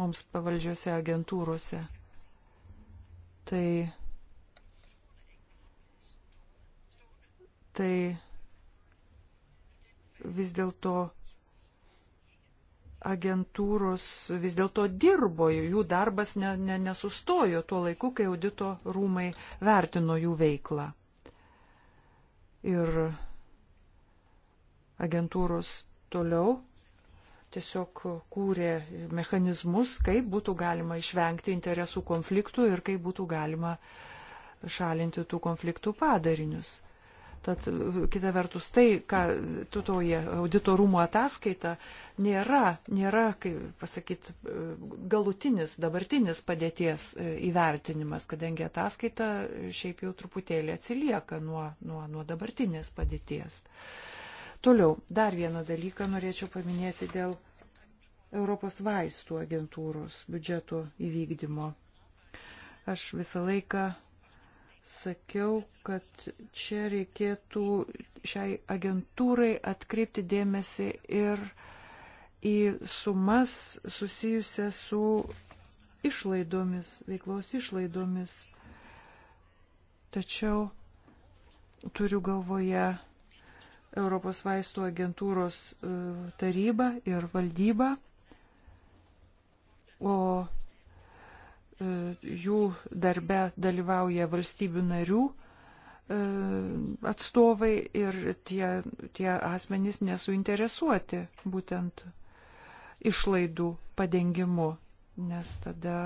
mums pavaldžiose agentūrose. Tai, tai vis dėlto agentūros vis dėlto dirbo, jų darbas ne, ne, nesustojo tuo laiku, kai audito rūmai vertino jų veiklą ir agentūros toliau tiesiog kūrė mechanizmus, kaip būtų galima išvengti interesų konfliktų ir kaip būtų galima šalinti tų konfliktų padarinius. Tad kita vertus tai, ką tu toje auditorumo ataskaita, nėra, nėra, kaip pasakyti, galutinis dabartinis padėties e, įvertinimas, kadangi ataskaita šiaip jau truputėlį atsilieka nuo, nuo, nuo dabartinės padėties. Toliau, dar vieną dalyką norėčiau paminėti dėl Europos vaistų agentūros biudžeto įvykdymo. Aš visą laiką sakiau, kad čia reikėtų šiai agentūrai atkreipti dėmesį ir į sumas susijusią su išlaidomis, veiklos išlaidomis. Tačiau turiu galvoje Europos vaistų agentūros e, tarybą ir valdybą, o E, jų darbe dalyvauja valstybių narių e, atstovai ir tie, tie asmenys nesuinteresuoti būtent išlaidų padengimu, nes tada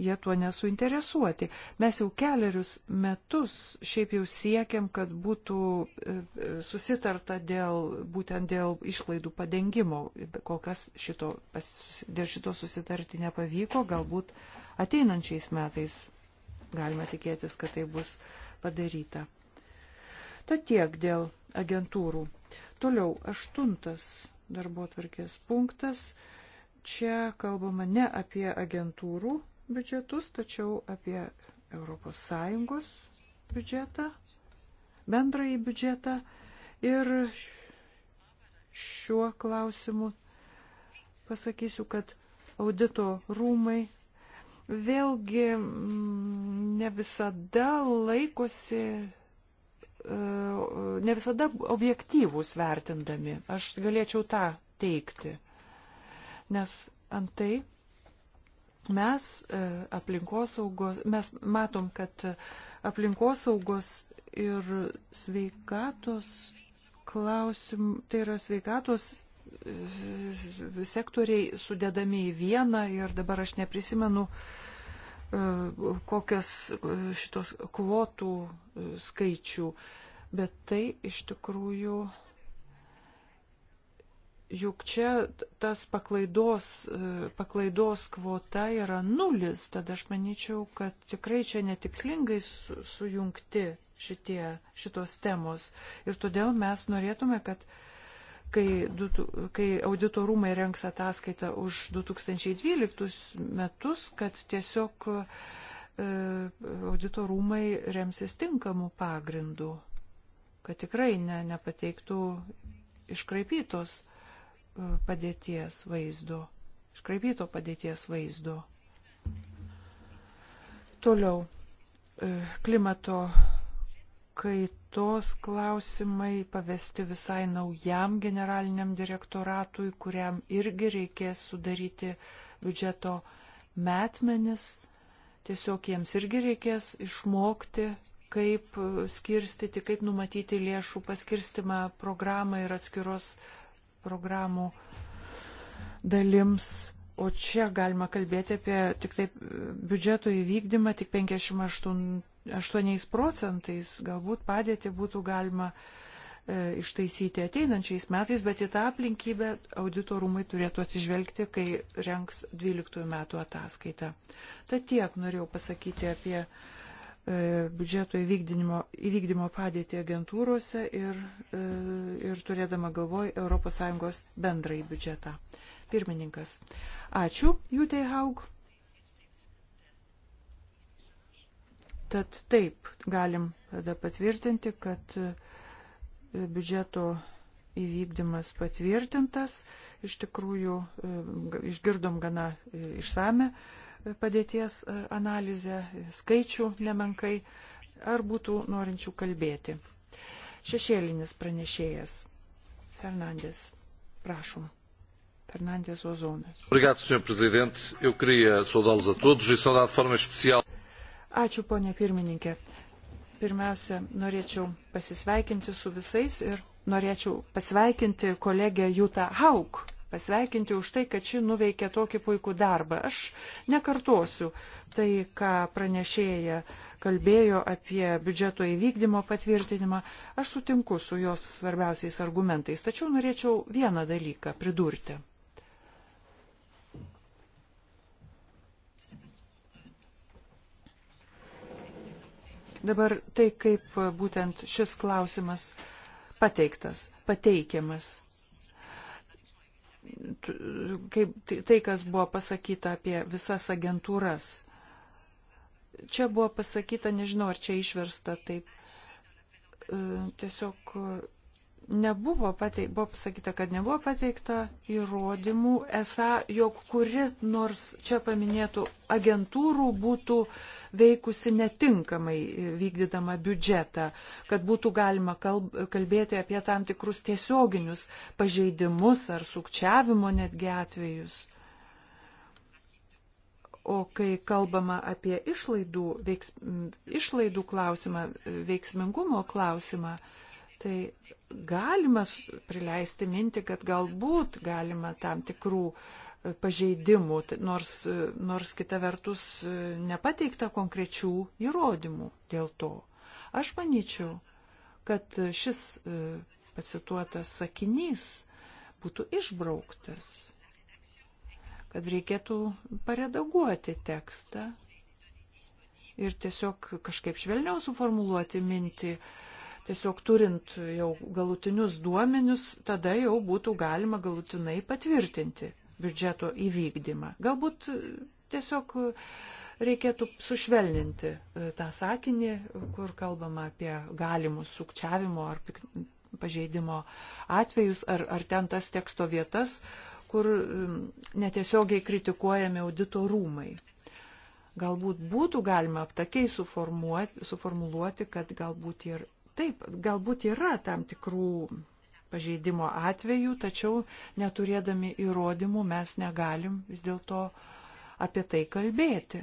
jie tuo nesuinteresuoti. Mes jau keliarius metus šiaip jau siekiam, kad būtų e, e, susitarta dėl, būtent dėl išlaidų padengimo. Kol kas šito, dėl šito susitarti nepavyko, galbūt ateinančiais metais galima tikėtis, kad tai bus padaryta. Tad tiek dėl agentūrų. Toliau aštuntas darbo tvarkės punktas. Čia kalbama ne apie agentūrų biudžetus, tačiau apie ES biudžetą, bendrąjį biudžetą ir šiuo klausimu pasakysiu, kad audito rūmai vėlgi mm, ne visada laikosi e, ne visada objektyvūs vertindami. Aš galėčiau tą teikti. Nes antai Mes, e, aplinkosaugos, mes matom, kad e, aplinkosaugos ir sveikatos klausim, tai yra sveikatos e, sektoriai sudedami į vieną ir dabar aš neprisimenu, kokias šitos kvotų skaičių, bet tai iš tikrųjų juk čia tas paklaidos, e, paklaidos kvota yra nulis, tad aš manyčiau, kad tikrai čia netikslingai su, sujungti šitie, šitos temos. Ir todėl mes norėtume, kad kai, kai auditorumai renks ataskaitą už 2012 metus, kad tiesiog e, auditorumai remsis tinkamų pagrindų, kad tikrai ne, nepateiktų iškraipytos padėties vaizdo, iškraipyto padėties vaizdo. Toliau, e, klimato kaitos klausimai pavesti visai naujam generaliniam direktoratui, kuriam irgi reikės sudaryti biudžeto metmenis. Tiesiog jiems irgi reikės išmokti kaip skirstyti, kaip numatyti lėšų paskirstimą programą ir atskiros programų dalims. O čia galima kalbėti apie tik taip biudžeto įvykdymą tik 58 procentais. Galbūt padėti būtų galima e, ištaisyti ateinančiais metais, bet į tą aplinkybę auditorumai turėtų atsižvelgti, kai renks 12 metų ataskaitą. Tad tiek norėjau pasakyti apie E, biudžeto įvykdymo, įvykdymo padėtį agentūrose ir, e, ir turėdama galvoj ES bendrąjį biudžetą. Pirmininkas. Ačiū, Jutei Haug. Tad taip, galim tada patvirtinti, kad e, biudžeto įvykdymas patvirtintas. Iš tikrųjų, išgirdom gana išsame padėties e, analizę, skaičių nemenkai, ar būtų norinčių kalbėti. Šešėlinis pranešėjas Fernandės. Prašom. Fernandes Ozonas. Obrigado, Sr. Presidente. Eu queria saudá-los a todos e saudar de forma especial. Ačiū, ponė pirmininkė. Pirmiausia, norėčiau pasisveikinti su visais ir norėčiau pasveikinti kolegę Jutą Hauk, pasveikinti už tai, kad ši nuveikė tokį puikų darbą. Aš nekartosiu tai, ką pranešėja kalbėjo apie biudžeto įvykdymo patvirtinimą. Aš sutinku su jos svarbiausiais argumentais, tačiau norėčiau vieną dalyką pridurti. Dabar tai, kaip būtent šis klausimas pateiktas, pateikiamas kaip tai, tai, kas buvo pasakyta apie visas agentūras. Čia buvo pasakyta, nežinau, ar čia išversta taip, e, tiesiog nebuvo pateikta, buvo pasakyta, kad nebuvo pateikta įrodymų, esą, jog kuri nors čia paminėtų agentūrų būtų veikusi netinkamai vykdydama biudžetą, kad būtų galima kalb, kalbėti apie tam tikrus tiesioginius pažeidimus ar sukčiavimo netgi atvejus. O kai kalbama apie išlaidų, veiks, išlaidų klausimą, veiksmingumo klausimą, Tai galima prileisti minti, kad galbūt galima tam tikrų e, pažeidimų, nors, e, nors kita vertus e, nepateikta konkrečių įrodymų dėl to. Aš manyčiau, kad šis pacituotas sakinys būtų išbrauktas, kad reikėtų paredaguoti tekstą ir tiesiog kažkaip švelniau suformuluoti mintį, tiesiog turint jau galutinius duomenius, tada jau būtų galima galutinai patvirtinti biudžeto įvykdymą. Galbūt e, tiesiog e, reikėtų sušvelninti e, tą sakinį, kur kalbama apie galimus sukčiavimo ar pažeidimo atvejus, ar, ar ten tas teksto vietas, kur netiesiogiai kritikuojami audito rūmai. Galbūt būtų galima aptakiai suformuoti, suformuluoti, kad galbūt ir Taip, galbūt yra tam tikrų pažeidimo atvejų, tačiau neturėdami įrodymų mes negalim vis dėlto apie tai kalbėti.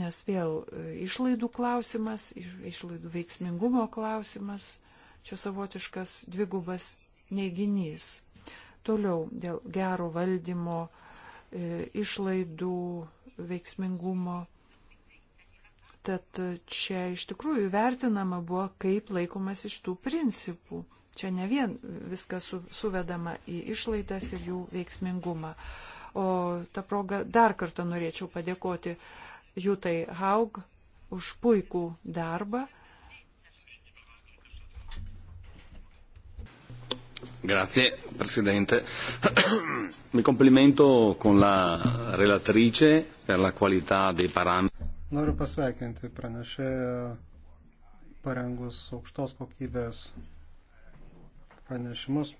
Nes vėl e, išlaidų klausimas, išlaidų veiksmingumo klausimas, čia savotiškas dvigubas neiginys. Toliau dėl gero valdymo, e, išlaidų veiksmingumo Tad čia iš tikrųjų vertinama buvo, kaip laikomas iš tų principų. Čia ne vien viskas su, suvedama į išlaidas ir jų veiksmingumą. O tą progą dar kartą norėčiau padėkoti Jutai Haug už puikų darbą. Grazie Presidente. Mi complimento con la relatrice per la qualità dei parametri. Noriu pasveikinti pranešėją parengus aukštos kokybės pranešimus.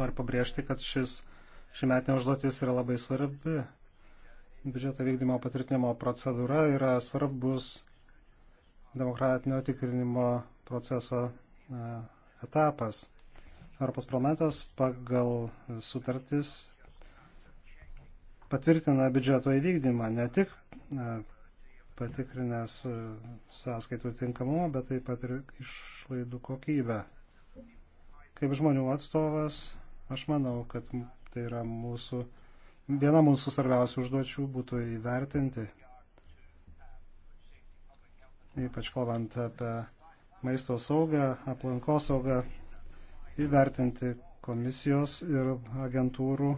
Noriu pabrėžti, kad šis šimetinė užduotis yra labai svarbi. Biudžeto vykdymo patvirtinimo procedūra yra svarbus demokratinio tikrinimo proceso e, etapas. Europos parlamentas pagal sutartis patvirtina biudžeto įvykdymą, ne tik e, patikrinęs e, sąskaitų tinkamumą, bet taip pat ir išlaidų kokybę. Kaip žmonių atstovas, aš manau, kad tai yra mūsų, viena mūsų svarbiausių užduočių būtų įvertinti, ypač kalbant apie maisto saugą, aplankos saugą, įvertinti komisijos ir agentūrų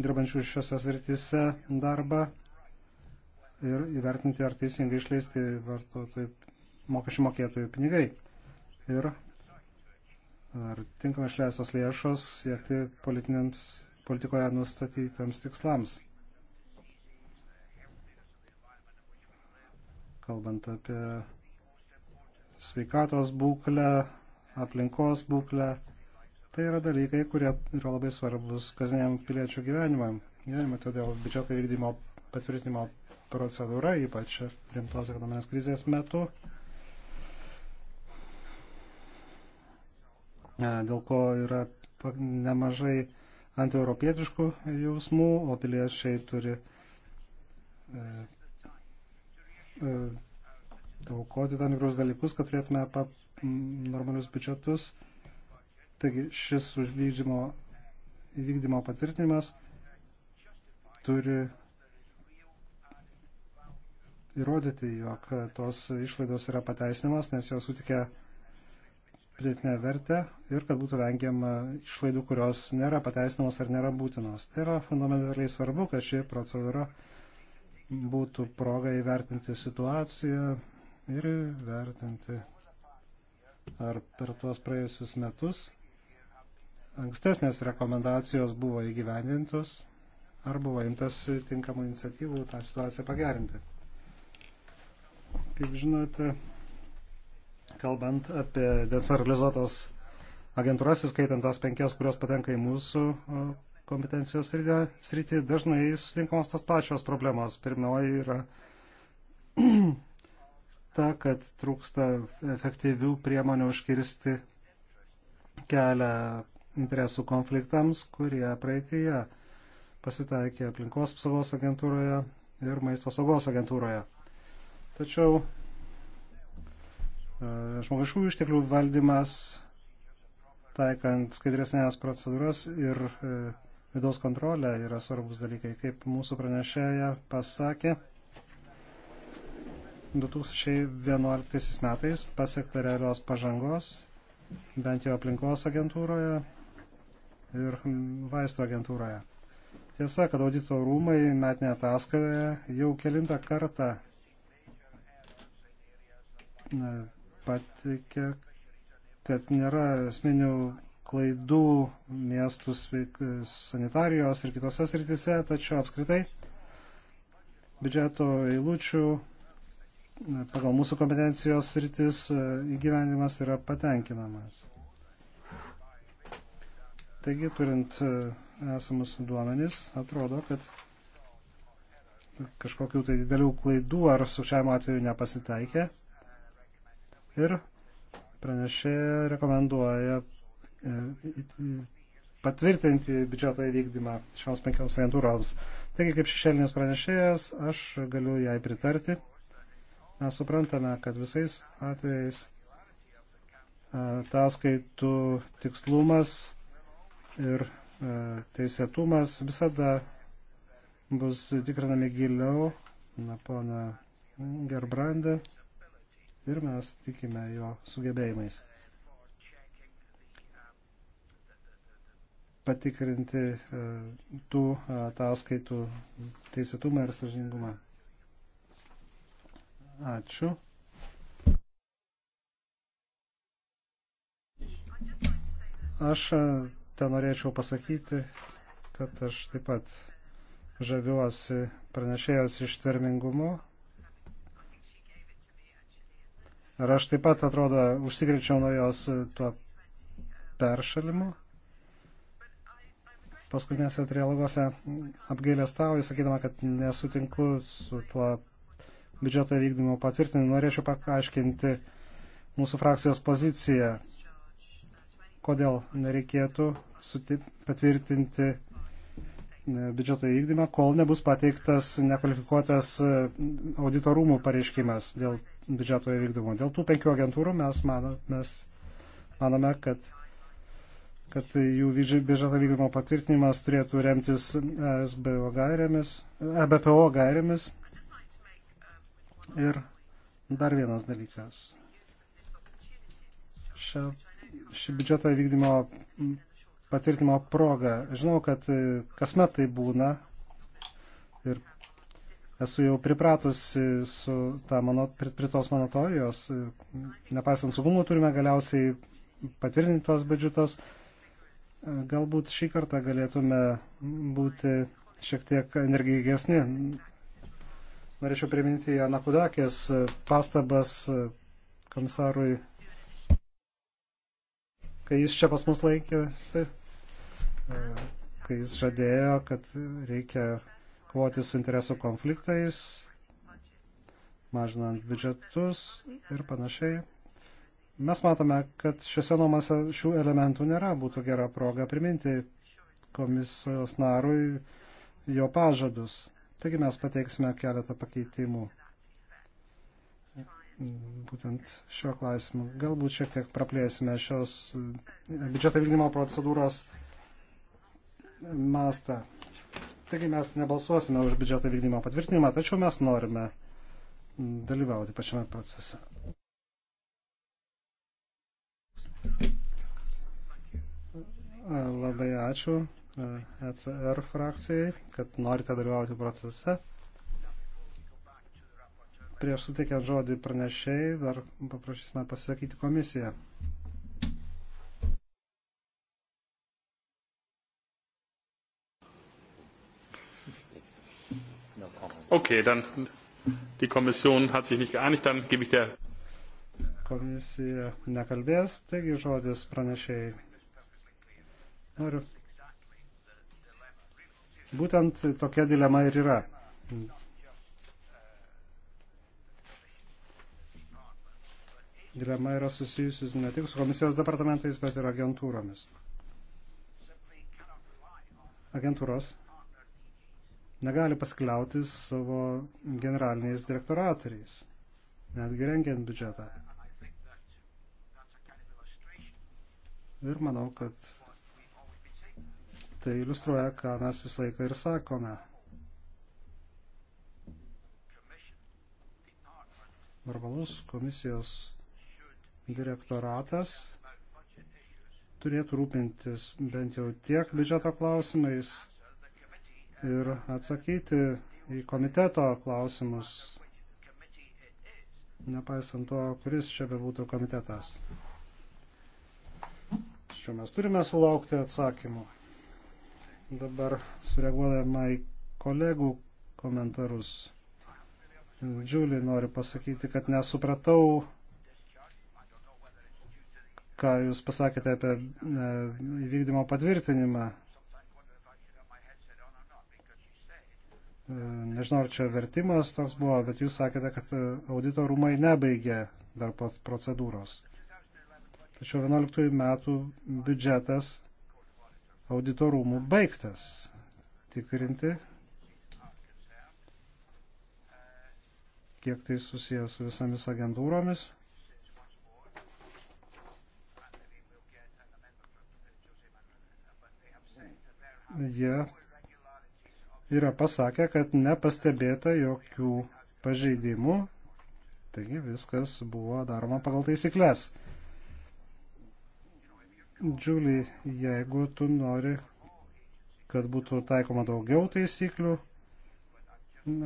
dirbančių šiuose srityse darbą ir įvertinti, ar teisingai išleisti vartotojų mokesčių mokėtojų pinigai ir ar tinkamai išleistos lėšos siekti politikoje nustatytams tikslams. Kalbant apie sveikatos būklę, aplinkos būklę, tai yra dalykai, kurie yra labai svarbus kasdieniam piliečių gyvenimui. Gyvenimui todėl biudžeto vykdymo patvirtinimo procedūra, ypač rimtos ekonominės krizės metu, e, dėl ko yra nemažai antieuropietiškų jausmų, o piliečiai turi e, e, aukoti tam tikrus dalykus, kad turėtume pap, normalius biudžetus. Taigi šis užvykdymo įvykdymo patvirtinimas turi įrodyti, jog tos išlaidos yra pateisinimas, nes jos sutikia pridėtinę vertę ir kad būtų vengiama išlaidų, kurios nėra pateisinamos ar nėra būtinos. Tai yra fundamentaliai svarbu, kad ši procedūra būtų proga įvertinti situaciją ir vertinti, ar per tuos praėjusius metus ankstesnės rekomendacijos buvo įgyvendintos, ar buvo imtas tinkamų iniciatyvų tą situaciją pagerinti. Kaip žinote, kalbant apie decentralizuotas agentūras, įskaitant tas penkias, kurios patenka į mūsų kompetencijos sritį, dažnai sutinkamos tos pačios problemos. Pirmoji yra *clears throat* ta, kad trūksta efektyvių priemonių užkirsti kelią interesų konfliktams, kurie praeitėje pasitaikė aplinkos apsaugos agentūroje ir maisto saugos agentūroje. Tačiau e, žmogiškųjų išteklių valdymas, taikant skaidresnės procedūras ir e, vidaus kontrolę yra svarbus dalykai. Kaip mūsų pranešėja pasakė, 2011 metais pasiekta realios pažangos, bent jau aplinkos agentūroje ir vaisto agentūroje. Tiesa, kad audito rūmai metinė ataskaitoje jau kelintą kartą patikė, kad nėra esminių klaidų miestų sanitarijos ir kitose srityse, tačiau apskritai biudžeto eilučių pagal mūsų kompetencijos sritis e, įgyvenimas yra patenkinamas. Taigi, turint e, esamus duomenys, atrodo, kad kažkokių tai didelių klaidų ar sušiajimo atveju nepasitaikė ir pranešė rekomenduoja e, patvirtinti biudžeto įvykdymą šioms penkioms agentūroms. Taigi, kaip šešėlinis pranešėjas, aš galiu jai pritarti. Mes suprantame, kad visais atvejais e, ataskaitų tikslumas ir e, teisėtumas visada bus tikrinami giliau. Na, pana Gerbrandė ir mes tikime jo sugebėjimais. patikrinti e, tų ataskaitų teisėtumą ir sažiningumą. Ačiū. Aš e, ten norėčiau pasakyti, kad aš taip pat žaviuosi pranešėjos ištvermingumu Ir aš taip pat, atrodo, užsikrėčiau nuo jos e, tuo peršalimu. Paskutinėse trialogose apgailėstauju, sakydama, kad nesutinku su tuo biudžeto vykdymo patvirtinimu. Norėčiau paaiškinti mūsų frakcijos poziciją, kodėl nereikėtų patvirtinti e, biudžeto įvykdymą, kol nebus pateiktas nekvalifikuotas e, auditorumų pareiškimas dėl biudžeto įvykdymo. Dėl tų penkių agentūrų mes, mano, mes manome, kad, kad jų biudžeto vykdymo patvirtinimas turėtų remtis e, SBO gairėmis, EBPO gairėmis. Ir dar vienas dalykas. Šia, ši biudžeto įvykdymo patvirtinimo proga. Žinau, kad e, kasmet tai būna, esu jau pripratusi su ta mano, prie, prie tos monitorijos. Nepaisant sunkumų turime galiausiai patvirtinti tuos biudžetus. Galbūt šį kartą galėtume būti šiek tiek energingesni. Norėčiau priminti Anakudakės pastabas komisarui, kai jis čia pas mus laikėsi, kai jis žadėjo, kad reikia kovoti su interesų konfliktais, mažinant biudžetus ir panašiai. Mes matome, kad šiuose nuomose šių elementų nėra. Būtų gera proga priminti komisijos narui jo pažadus. Taigi mes pateiksime keletą pakeitimų. Būtent šiuo klausimu. Galbūt šiek tiek praplėsime šios biudžeto vykdymo procedūros mastą. Taigi mes nebalsuosime už biudžeto vykdymo patvirtinimą, tačiau mes norime dalyvauti pačiame procese. Labai ačiū ECR e frakcijai, kad norite dalyvauti procese. Prieš suteikiant žodį pranešėjai, dar paprašysime pasisakyti komisiją. Okay, dann die Kommission hat sich nicht geeinigt, dann gebe ich der. Komisija nekalbės, taigi žodis pranešėjai. Noriu. Būtent tokia dilema ir yra. Dilema yra susijusius ne tik su komisijos departamentais, bet ir agentūromis. Agentūros negali paskliauti savo generaliniais direktoratoriais, netgi rengiant biudžetą. Ir manau, kad tai iliustruoja, ką mes visą laiką ir sakome. Normalus komisijos direktoratas turėtų rūpintis bent jau tiek biudžeto klausimais, ir atsakyti į komiteto klausimus, nepaisant to, kuris čia bebūtų komitetas. Šiuo mes turime sulaukti atsakymų. Dabar sureaguodama į kolegų komentarus. Džiulį noriu pasakyti, kad nesupratau, ką jūs pasakėte apie e, įvykdymo patvirtinimą. Nežinau, ar čia vertimas toks buvo, bet jūs sakėte, kad audito rūmai nebaigė dar pats procedūros. Tačiau 11 metų biudžetas audito rūmų baigtas tikrinti, kiek tai susijęs su visomis agentūromis. Jie yeah yra pasakę, kad nepastebėta jokių pažeidimų, taigi viskas buvo daroma pagal taisyklės. Džiulį, jeigu tu nori, kad būtų taikoma daugiau taisyklių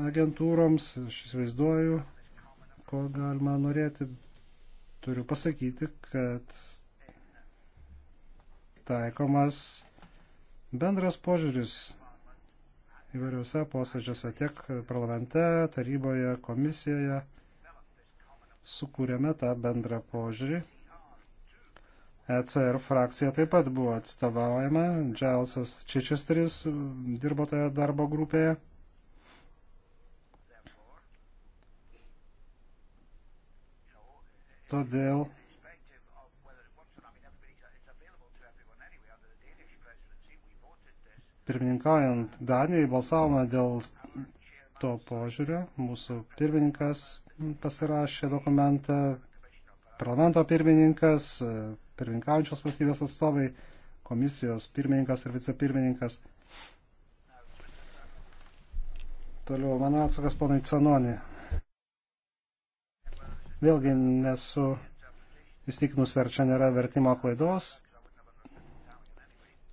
agentūroms, aš įsivaizduoju, ko galima norėti, turiu pasakyti, kad taikomas bendras požiūris įvairiuose posėdžiuose tiek parlamente, taryboje, komisijoje sukūrėme tą bendrą požiūrį. ECR frakcija taip pat buvo atstovaujama, Dželsas Čičesteris dirbo toje darbo grupėje. Todėl pirmininkaujant Danijai balsavome dėl to požiūrio. Mūsų pirmininkas pasirašė dokumentą, parlamento pirmininkas, pirmininkaujančios valstybės atstovai, komisijos pirmininkas ir vicepirmininkas. Toliau mano atsakas ponui Canoni. Vėlgi nesu įstikinus, ar čia nėra vertimo klaidos,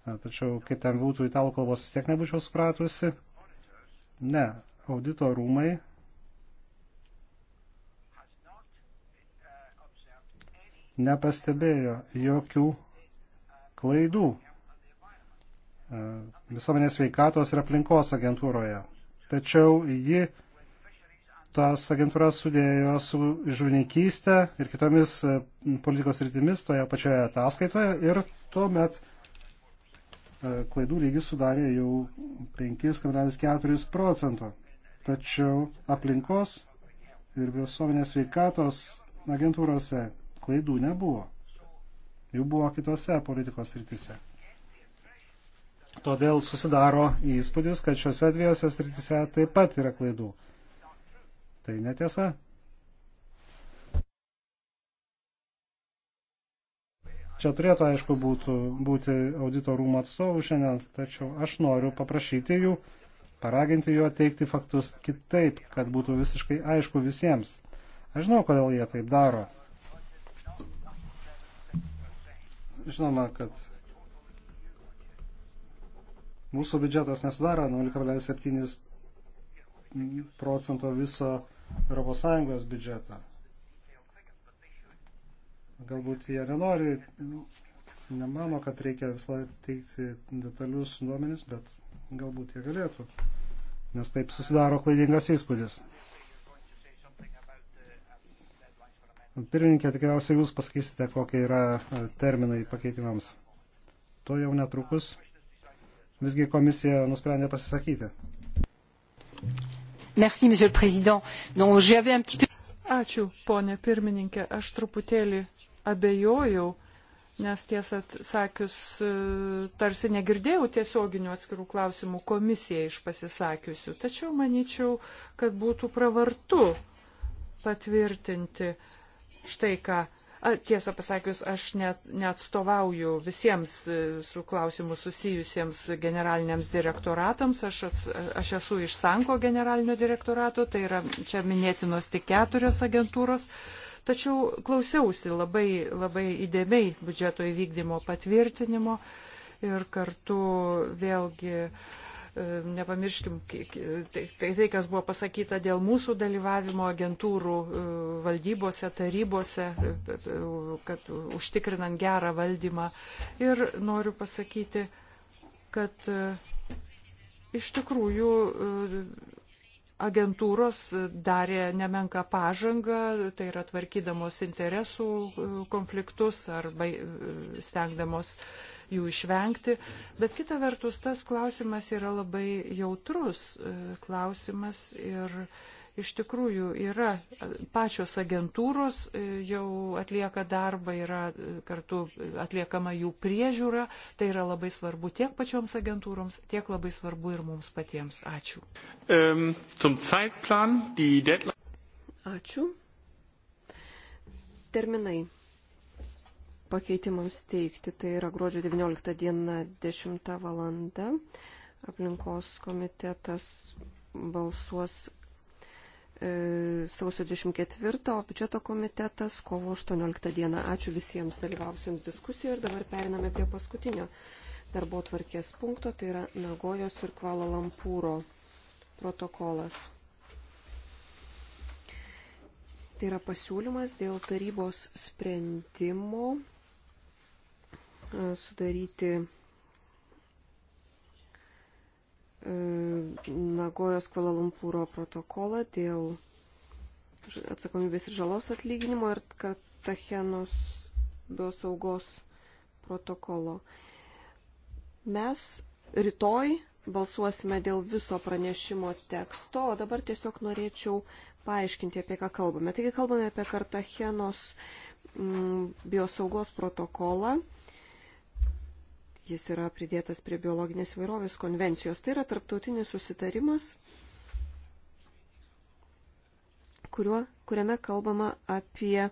Tačiau kaip ten būtų italų kalbos vis tiek nebūčiau supratusi. Ne, audito rūmai nepastebėjo jokių klaidų e, visuomenės veikatos ir aplinkos agentūroje. Tačiau ji tas agentūras sudėjo su žuvininkystė ir kitomis e, politikos rytimis toje pačioje ataskaitoje ir tuomet E, klaidų lygis sudarė jau 5,4 procento. Tačiau aplinkos ir visuomenės veikatos agentūrose klaidų nebuvo. Jų buvo kitose politikos rytise. Todėl susidaro įspūdis, kad šiuose dviejose srityse taip pat yra klaidų. Tai netiesa. Čia turėtų, aišku, būtų, būti audito rūmų atstovų šiandien, tačiau aš noriu paprašyti jų, paraginti jo teikti faktus kitaip, kad būtų visiškai aišku visiems. Aš žinau, kodėl jie taip daro. Žinoma, kad mūsų biudžetas nesudaro 0,7 procento viso ES biudžeto. Galbūt jie nenori, nu, nemano, kad reikia visą laiką teikti detalius duomenis, bet galbūt jie galėtų, nes taip susidaro klaidingas įspūdis. Pirmininkė, tikriausiai jūs pasakysite, kokie yra e, terminai pakeitimams. To jau netrukus. Visgi komisija nusprendė pasisakyti. Merci, monsieur le président. Non, j'avais un petit peu... Ačiū, ponė pirmininkė. Aš truputėlį abejojau, nes tiesą sakius, e, tarsi negirdėjau tiesioginių atskirų klausimų komisijai iš pasisakiusių. Tačiau manyčiau, kad būtų pravartu patvirtinti štai ką. A, tiesą pasakius, aš net, neatstovauju visiems e, su klausimu susijusiems generaliniams direktoratams. Aš, ats, aš esu iš Sanko generalinio direktorato, tai yra čia minėtinos tik keturios agentūros. Uh, Tačiau klausiausi labai, labai įdėmiai biudžeto įvykdymo patvirtinimo ir kartu vėlgi e, nepamirškim tai, tai, tai, kas buvo pasakyta dėl mūsų dalyvavimo agentūrų e, valdybose, tarybose, e, kad užtikrinant gerą valdymą. Ir noriu pasakyti, kad iš tikrųjų agentūros darė nemenką pažangą, tai yra tvarkydamos interesų e, konfliktus arba e, stengdamos jų išvengti. Bet kita vertus, tas klausimas yra labai jautrus e, klausimas ir iš tikrųjų yra pačios agentūros, e, jau atlieka darbą, yra e, kartu atliekama jų priežiūra. Tai yra labai svarbu tiek pačioms agentūroms, tiek labai svarbu ir mums patiems. Ačiū. Ähm, Ačiū. Terminai pakeitimams teikti. Tai yra gruodžio 19 diena 10 valanda. Aplinkos komitetas balsuos E, sausio 24, o biudžeto komitetas kovo 18 dieną. Ačiū visiems dalyvausiems diskusijoje ir dabar periname prie paskutinio darbo tvarkės punkto, tai yra Nagojos ir Kvala Lampūro protokolas. Tai yra pasiūlymas dėl tarybos sprendimo e, sudaryti E, Nagojos Kvalalumpūro protokolą dėl atsakomybės ir žalos atlyginimo ir Kartachenos biosaugos protokolo. Mes rytoj balsuosime dėl viso pranešimo teksto, o dabar tiesiog norėčiau paaiškinti, apie ką kalbame. Taigi kalbame apie Kartachenos mm, biosaugos protokolą Jis yra pridėtas prie biologinės įvairovės konvencijos. Tai yra tarptautinis susitarimas, kuriuo, kuriame kalbama apie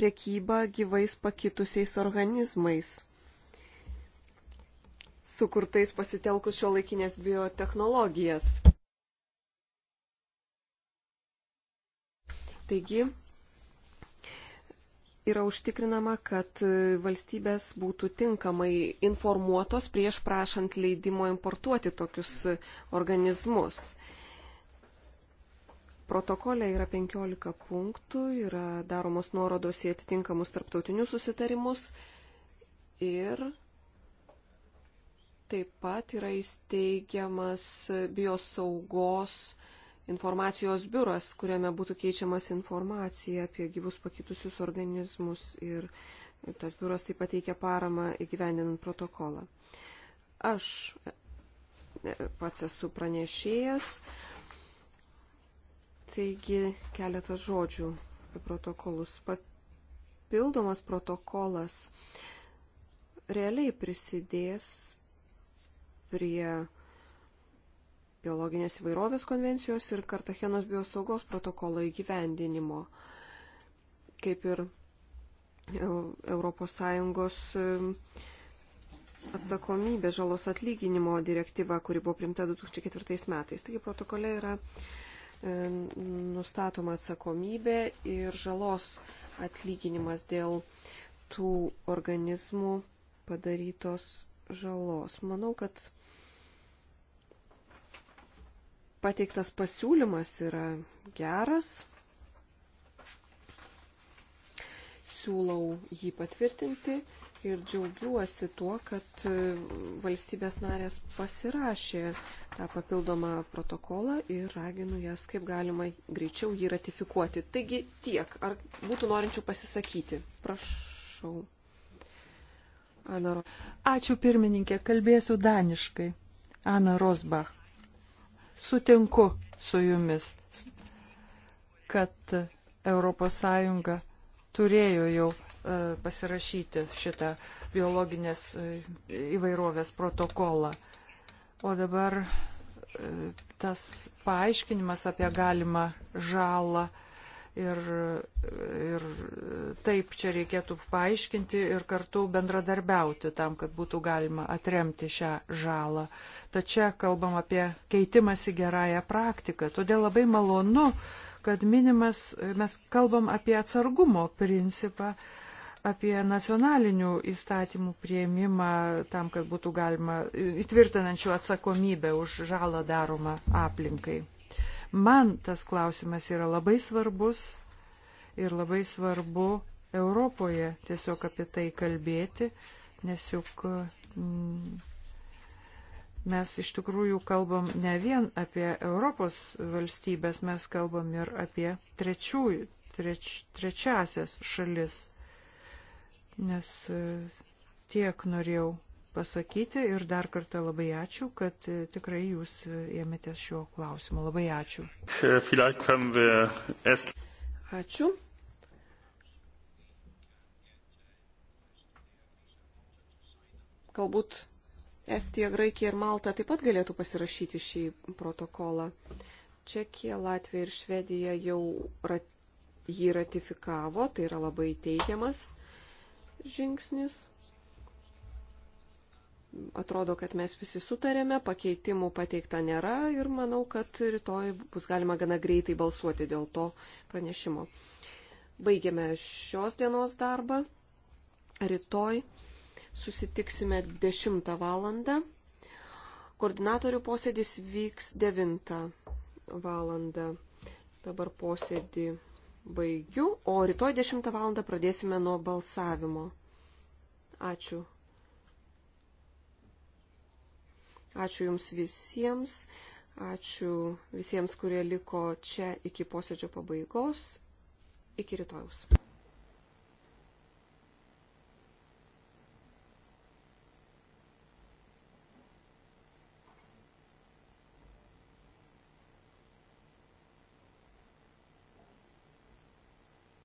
priekybą gyvais pakitusiais organizmais, sukurtais pasitelkus šio laikinės biotehnologijas. Taigi, yra užtikrinama, kad e, valstybės būtų tinkamai informuotos prieš prašant leidimo importuoti tokius e, organizmus. Protokolė yra 15 punktų, yra daromos nuorodos į atitinkamus tarptautinius susitarimus ir taip pat yra įsteigiamas biosaugos informacijos biuras, kuriame būtų keičiamas informacija apie gyvus pakitusius organizmus ir tas biuras taip pat teikia paramą įgyvendinant protokolą. Aš pats esu pranešėjas, taigi keletas žodžių apie protokolus. Papildomas protokolas realiai prisidės prie biologinės įvairovės konvencijos ir Kartachenos biosaugos protokolo įgyvendinimo, kaip ir ES atsakomybė žalos atlyginimo direktyva, kuri buvo primta 2004 metais. Taigi protokole yra nustatoma atsakomybė ir žalos atlyginimas dėl tų organizmų padarytos žalos. Manau, kad pateiktas pasiūlymas yra geras. Siūlau jį patvirtinti ir džiaugiuosi tuo, kad e, valstybės narės pasirašė tą papildomą protokolą ir raginu jas kaip galima greičiau jį ratifikuoti. Taigi tiek, ar būtų norinčių pasisakyti? Prašau. Ana Ro... Ačiū pirmininkė, kalbėsiu daniškai. Ana Rosbach sutinku su jumis, kad ES turėjo jau e, pasirašyti šitą biologinės e, įvairovės protokolą. O dabar e, tas paaiškinimas apie galimą žalą ir, ir taip čia reikėtų paaiškinti ir kartu bendradarbiauti tam, kad būtų galima atremti šią žalą. Tačiau kalbam apie keitimąsi gerąją praktiką. Todėl labai malonu, kad minimas, mes kalbam apie atsargumo principą apie nacionalinių įstatymų prieimimą tam, kad būtų galima įtvirtinančių atsakomybę už žalą daromą aplinkai. Man tas klausimas yra labai svarbus ir labai svarbu Europoje tiesiog apie tai kalbėti, nes juk mm, mes iš tikrųjų kalbam ne vien apie Europos valstybės, mes kalbam ir apie trečiųjų, treč, trečiasias šalis, nes e, tiek norėjau pasakyti ir dar kartą labai ačiū, kad e, tikrai jūs e, ėmėtės šio klausimo. Labai ačiū. Ačiū. Galbūt Estija, Graikija ir Malta taip pat galėtų pasirašyti šį protokolą. Čekija, Latvija ir Švedija jau rat, jį ratifikavo, tai yra labai teigiamas žingsnis. Atrodo, kad mes visi sutarėme, pakeitimų pateikta nėra ir manau, kad rytoj bus galima gana greitai balsuoti dėl to pranešimo. Baigėme šios dienos darbą. Rytoj susitiksime 10 valandą. Koordinatorių posėdis vyks 9 valandą. Dabar posėdį baigiu, o rytoj 10 valandą pradėsime nuo balsavimo. Ačiū. Ačiū Jums visiems. Ačiū visiems, kurie liko čia iki posėdžio pabaigos. Iki rytojus.